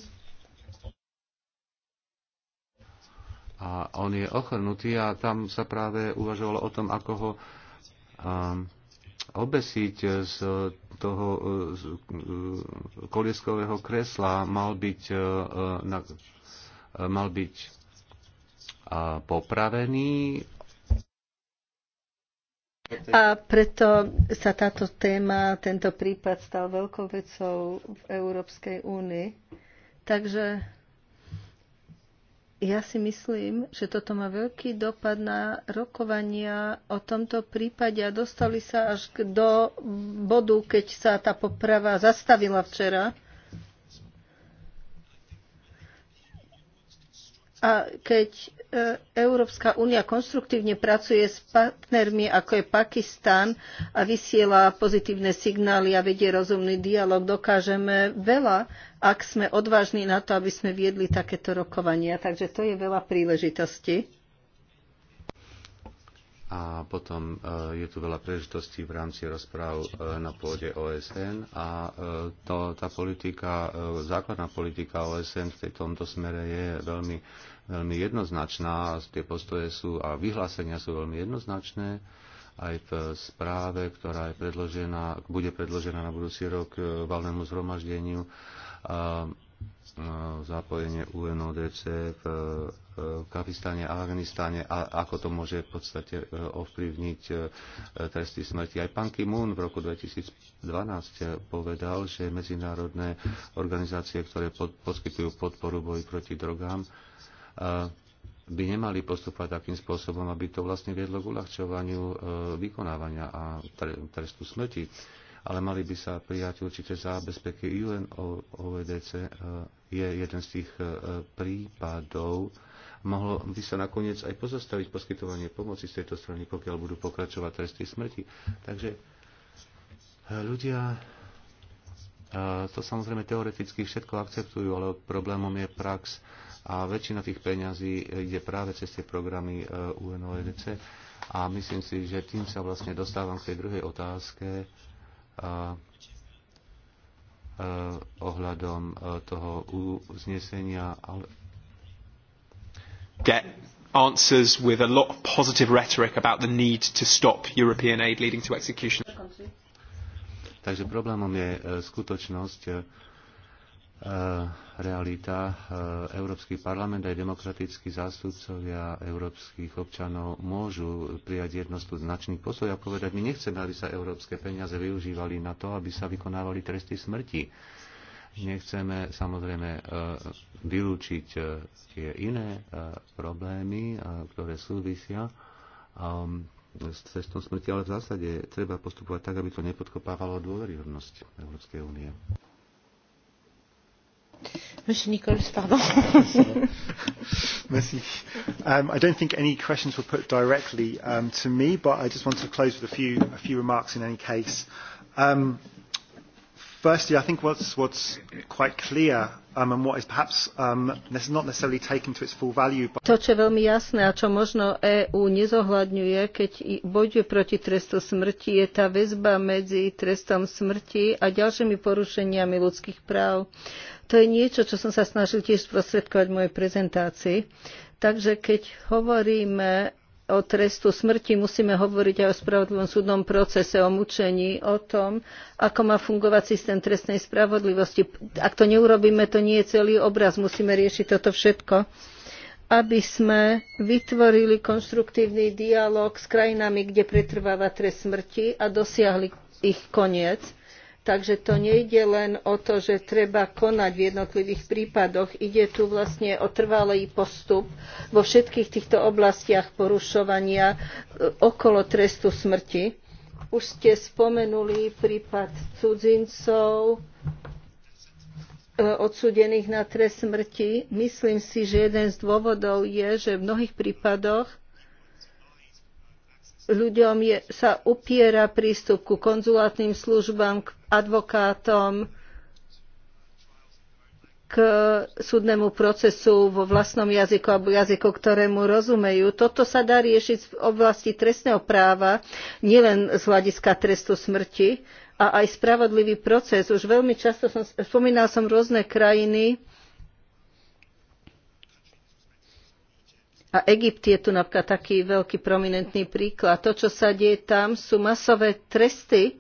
Speaker 3: A on je ochrnutý a tam sa práve uvažovalo o tom, ako ho um, obesiť z toho uh, uh, kolieskového kresla. Mal byť, uh, na, mal byť popravený
Speaker 4: a preto sa táto téma, tento prípad stal veľkou vecou v Európskej únii. Takže ja si myslím, že toto má veľký dopad na rokovania o tomto prípade a dostali sa až do bodu, keď sa tá poprava zastavila včera. A keď e, Európska únia konstruktívne pracuje s partnermi, ako je Pakistan a vysiela pozitívne signály a vedie rozumný dialog, dokážeme veľa, ak sme odvážni na to, aby sme viedli takéto rokovania. Takže to je veľa príležitostí.
Speaker 3: A potom e, je tu veľa príležitostí v rámci rozpráv e, na pôde OSN a to, tá politika, základná politika OSN v tomto smere je veľmi veľmi jednoznačná, tie postoje sú a vyhlásenia sú veľmi jednoznačné. Aj v správe, ktorá je predložená, bude predložená na budúci rok e, valnému zhromaždeniu, a e, zapojenie UNODC v e, Kafistane a Afganistáne a ako to môže v podstate ovplyvniť tresty smrti. Aj pán Kim Moon v roku 2012 povedal, že medzinárodné organizácie, ktoré pod, poskytujú podporu boji proti drogám, by nemali postupovať takým spôsobom, aby to vlastne viedlo k uľahčovaniu e, vykonávania a trestu smrti, ale mali by sa prijať určité zábezpeky. UN OEDC e, je jeden z tých e, prípadov. Mohlo by sa nakoniec aj pozastaviť poskytovanie pomoci z tejto strany, pokiaľ budú pokračovať tresty smrti. Takže ľudia to samozrejme teoreticky všetko akceptujú, ale problémom je prax a väčšina tých peňazí ide práve cez tie programy e, UNOEDC a myslím si, že tým sa vlastne dostávam k tej druhej otázke a, e, a, e, ohľadom a, toho uznesenia. Ale... Get answers with a lot of positive rhetoric about the need to stop European aid leading to execution. Takže problémom je skutočnosť, Eh, realita. Eh, Európsky parlament aj demokratickí zástupcovia európskych občanov môžu prijať jednostu značný postoj a povedať, my nechceme, aby sa európske peniaze využívali na to, aby sa vykonávali tresty smrti. Nechceme samozrejme eh, vylúčiť tie iné problémy, ktoré súvisia ehm, s cestou smrti, ale v zásade treba postupovať tak, aby to nepodkopávalo dôveryhodnosť Európskej únie.
Speaker 1: Mr. Nichols, pardon.
Speaker 5: Merci. Um, I don't think any questions were put directly um, to me, but I just want to close with a few, a few remarks in any case. Um, firstly, I think what's, what's quite clear um, and what is perhaps um, not necessarily taken to its full value. But
Speaker 4: to, čo je veľmi jasné a čo možno EÚ nezohľadňuje, keď bojuje proti trestu smrti, je tá väzba medzi trestom smrti a ďalšími porušeniami ľudských práv. To je niečo, čo som sa snažil tiež sprostredkovať v mojej prezentácii. Takže keď hovoríme o trestu smrti, musíme hovoriť aj o spravodlivom súdnom procese, o mučení, o tom, ako má fungovať systém trestnej spravodlivosti. Ak to neurobíme, to nie je celý obraz. Musíme riešiť toto všetko aby sme vytvorili konštruktívny dialog s krajinami, kde pretrváva trest smrti a dosiahli ich koniec Takže to nejde len o to, že treba konať v jednotlivých prípadoch. Ide tu vlastne o trvalý postup vo všetkých týchto oblastiach porušovania e, okolo trestu smrti. Už ste spomenuli prípad cudzincov, e, odsudených na trest smrti. Myslím si, že jeden z dôvodov je, že v mnohých prípadoch ľuďom je, sa upiera prístup ku konzulátnym službám, k advokátom, k súdnemu procesu vo vlastnom jazyku alebo jazyku, ktorému rozumejú. Toto sa dá riešiť v oblasti trestného práva, nielen z hľadiska trestu smrti, a aj spravodlivý proces. Už veľmi často som, spomínal som rôzne krajiny, A Egypt je tu napríklad taký veľký prominentný príklad. To, čo sa deje tam, sú masové tresty,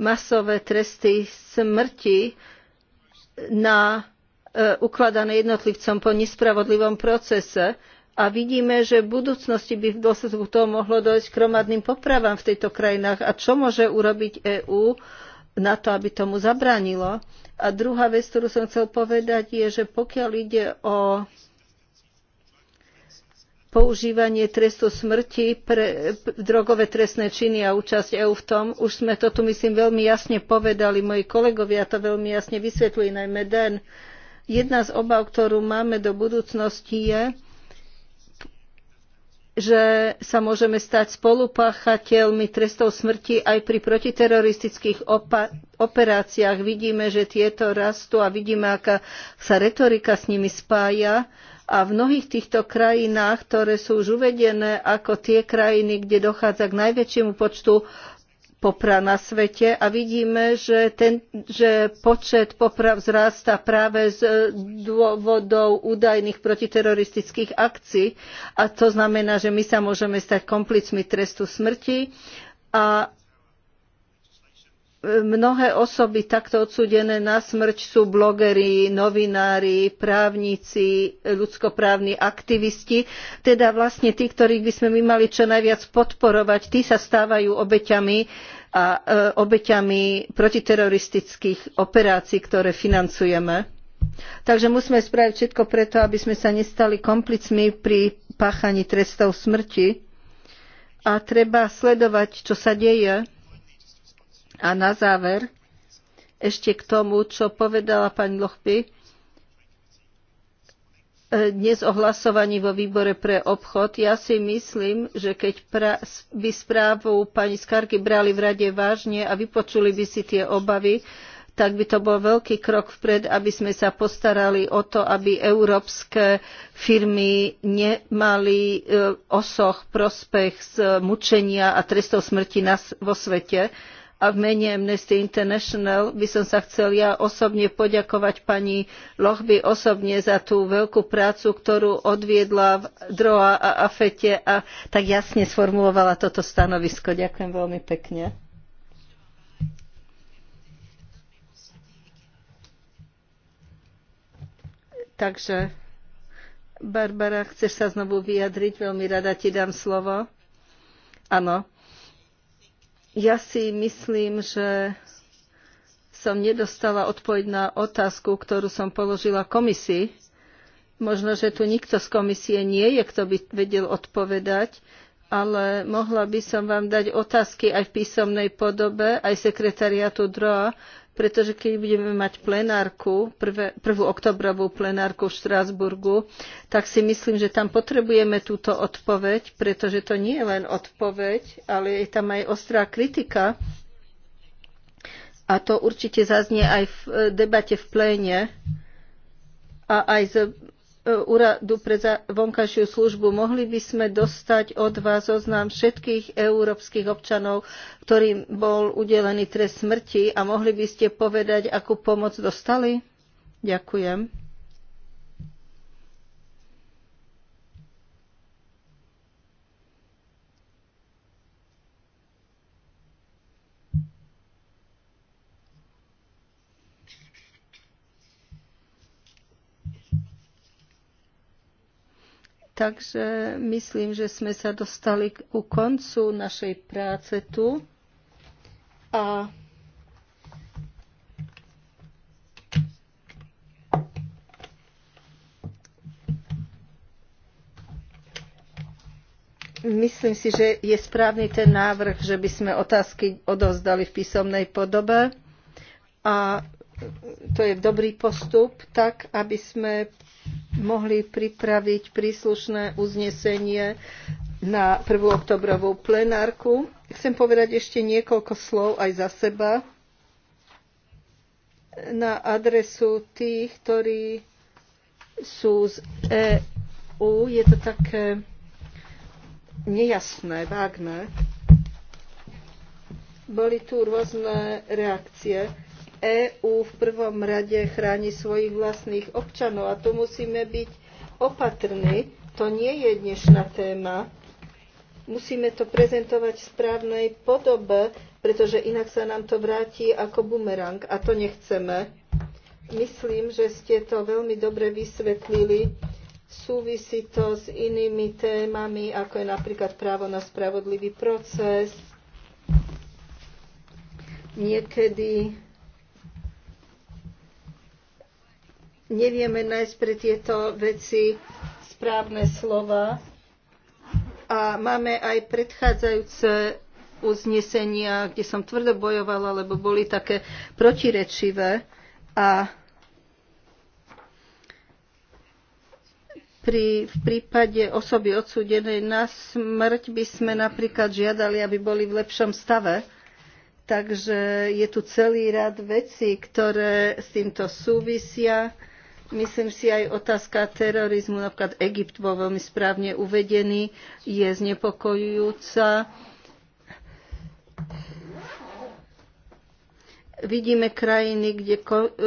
Speaker 4: masové tresty smrti na e, ukladané jednotlivcom po nespravodlivom procese. A vidíme, že v budúcnosti by v dôsledku toho mohlo dojsť k hromadným popravám v tejto krajinách. A čo môže urobiť EÚ na to, aby tomu zabránilo? A druhá vec, ktorú som chcel povedať, je, že pokiaľ ide o používanie trestu smrti pre drogové trestné činy a účasť EÚ v tom. Už sme to tu, myslím, veľmi jasne povedali, moji kolegovia to veľmi jasne vysvetlili, najmä Den. Jedna z obav, ktorú máme do budúcnosti, je, že sa môžeme stať spolupáchateľmi trestov smrti aj pri protiteroristických operáciách. Vidíme, že tieto rastú a vidíme, aká sa retorika s nimi spája. A v mnohých týchto krajinách, ktoré sú už uvedené ako tie krajiny, kde dochádza k najväčšiemu počtu poprav na svete a vidíme, že, ten, že počet poprav vzrastá práve z dôvodov údajných protiteroristických akcií a to znamená, že my sa môžeme stať komplicmi trestu smrti a mnohé osoby takto odsúdené na smrť sú blogeri, novinári, právnici, ľudskoprávni aktivisti, teda vlastne tí, ktorých by sme my mali čo najviac podporovať, tí sa stávajú obeťami a e, obeťami protiteroristických operácií, ktoré financujeme. Takže musíme spraviť všetko preto, aby sme sa nestali komplicmi pri páchaní trestov smrti a treba sledovať, čo sa deje a na záver, ešte k tomu, čo povedala pani Lochby e, dnes o hlasovaní vo výbore pre obchod. Ja si myslím, že keď by správu pani Skarky brali v rade vážne a vypočuli by si tie obavy, tak by to bol veľký krok vpred, aby sme sa postarali o to, aby európske firmy nemali e, osoch prospech z mučenia a trestov smrti vo svete a v mene Amnesty International by som sa chcel ja osobne poďakovať pani Lochby osobne za tú veľkú prácu, ktorú odviedla v DROA a AFETE a tak jasne sformulovala toto stanovisko. Ďakujem veľmi pekne. Takže, Barbara, chceš sa znovu vyjadriť? Veľmi rada ti dám slovo. Áno. Ja si myslím, že som nedostala odpoveď na otázku, ktorú som položila komisii. Možno, že tu nikto z komisie nie je, kto by vedel odpovedať, ale mohla by som vám dať otázky aj v písomnej podobe, aj sekretariatu DROA, pretože keď budeme mať plenárku, prvé, prvú oktobrovú plenárku v Štrásburgu, tak si myslím, že tam potrebujeme túto odpoveď, pretože to nie je len odpoveď, ale je tam aj ostrá kritika. A to určite zaznie aj v eh, debate v pléne a aj z úradu pre vonkajšiu službu. Mohli by sme dostať od vás zoznam všetkých európskych občanov, ktorým bol udelený trest smrti a mohli by ste povedať, akú pomoc dostali? Ďakujem. Takže myslím, že sme sa dostali ku koncu našej práce tu. A myslím si, že je správny ten návrh, že by sme otázky odovzdali v písomnej podobe. A to je dobrý postup, tak aby sme mohli pripraviť príslušné uznesenie na 1. oktobrovú plenárku. Chcem povedať ešte niekoľko slov aj za seba na adresu tých, ktorí sú z EU. Je to také nejasné, vágne. Boli tu rôzne reakcie. EÚ v prvom rade chráni svojich vlastných občanov a tu musíme byť opatrní. To nie je dnešná téma. Musíme to prezentovať v správnej podobe, pretože inak sa nám to vráti ako bumerang a to nechceme. Myslím, že ste to veľmi dobre vysvetlili. Súvisí to s inými témami, ako je napríklad právo na spravodlivý proces. Niekedy nevieme nájsť pre tieto veci správne slova a máme aj predchádzajúce uznesenia, kde som tvrdo bojovala, lebo boli také protirečivé a pri, v prípade osoby odsúdenej na smrť by sme napríklad žiadali, aby boli v lepšom stave. Takže je tu celý rad vecí, ktoré s týmto súvisia Myslím si aj otázka terorizmu, napríklad Egypt bol veľmi správne uvedený, je znepokojujúca. Vidíme krajiny, kde,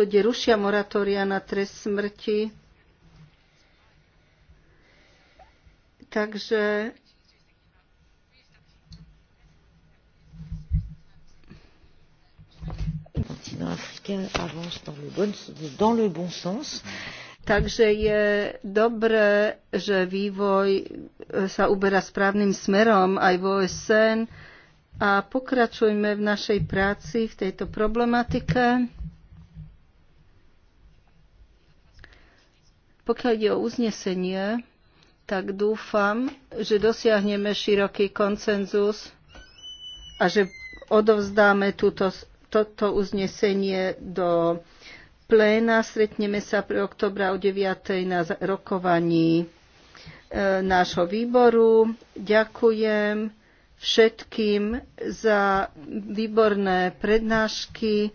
Speaker 4: kde rušia moratória na trest smrti. Takže
Speaker 2: Nord chacun avance dans le bon, dans le bon sens. Takže
Speaker 4: je dobré, že vývoj e, sa uberá správnym smerom aj vo OSN a pokračujme v našej práci v tejto problematike. Pokiaľ ide o uznesenie, tak dúfam, že dosiahneme široký koncenzus a že odovzdáme túto toto uznesenie do pléna. Stretneme sa pre oktobra o 9. na rokovaní e, nášho výboru. Ďakujem všetkým za výborné prednášky.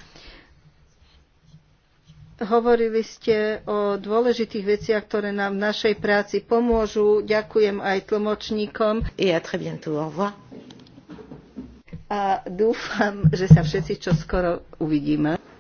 Speaker 4: Hovorili ste o dôležitých veciach, ktoré nám v našej práci pomôžu. Ďakujem aj tlmočníkom. Et à très bientôt. Au revoir a dúfam, že sa všetci čo skoro uvidíme.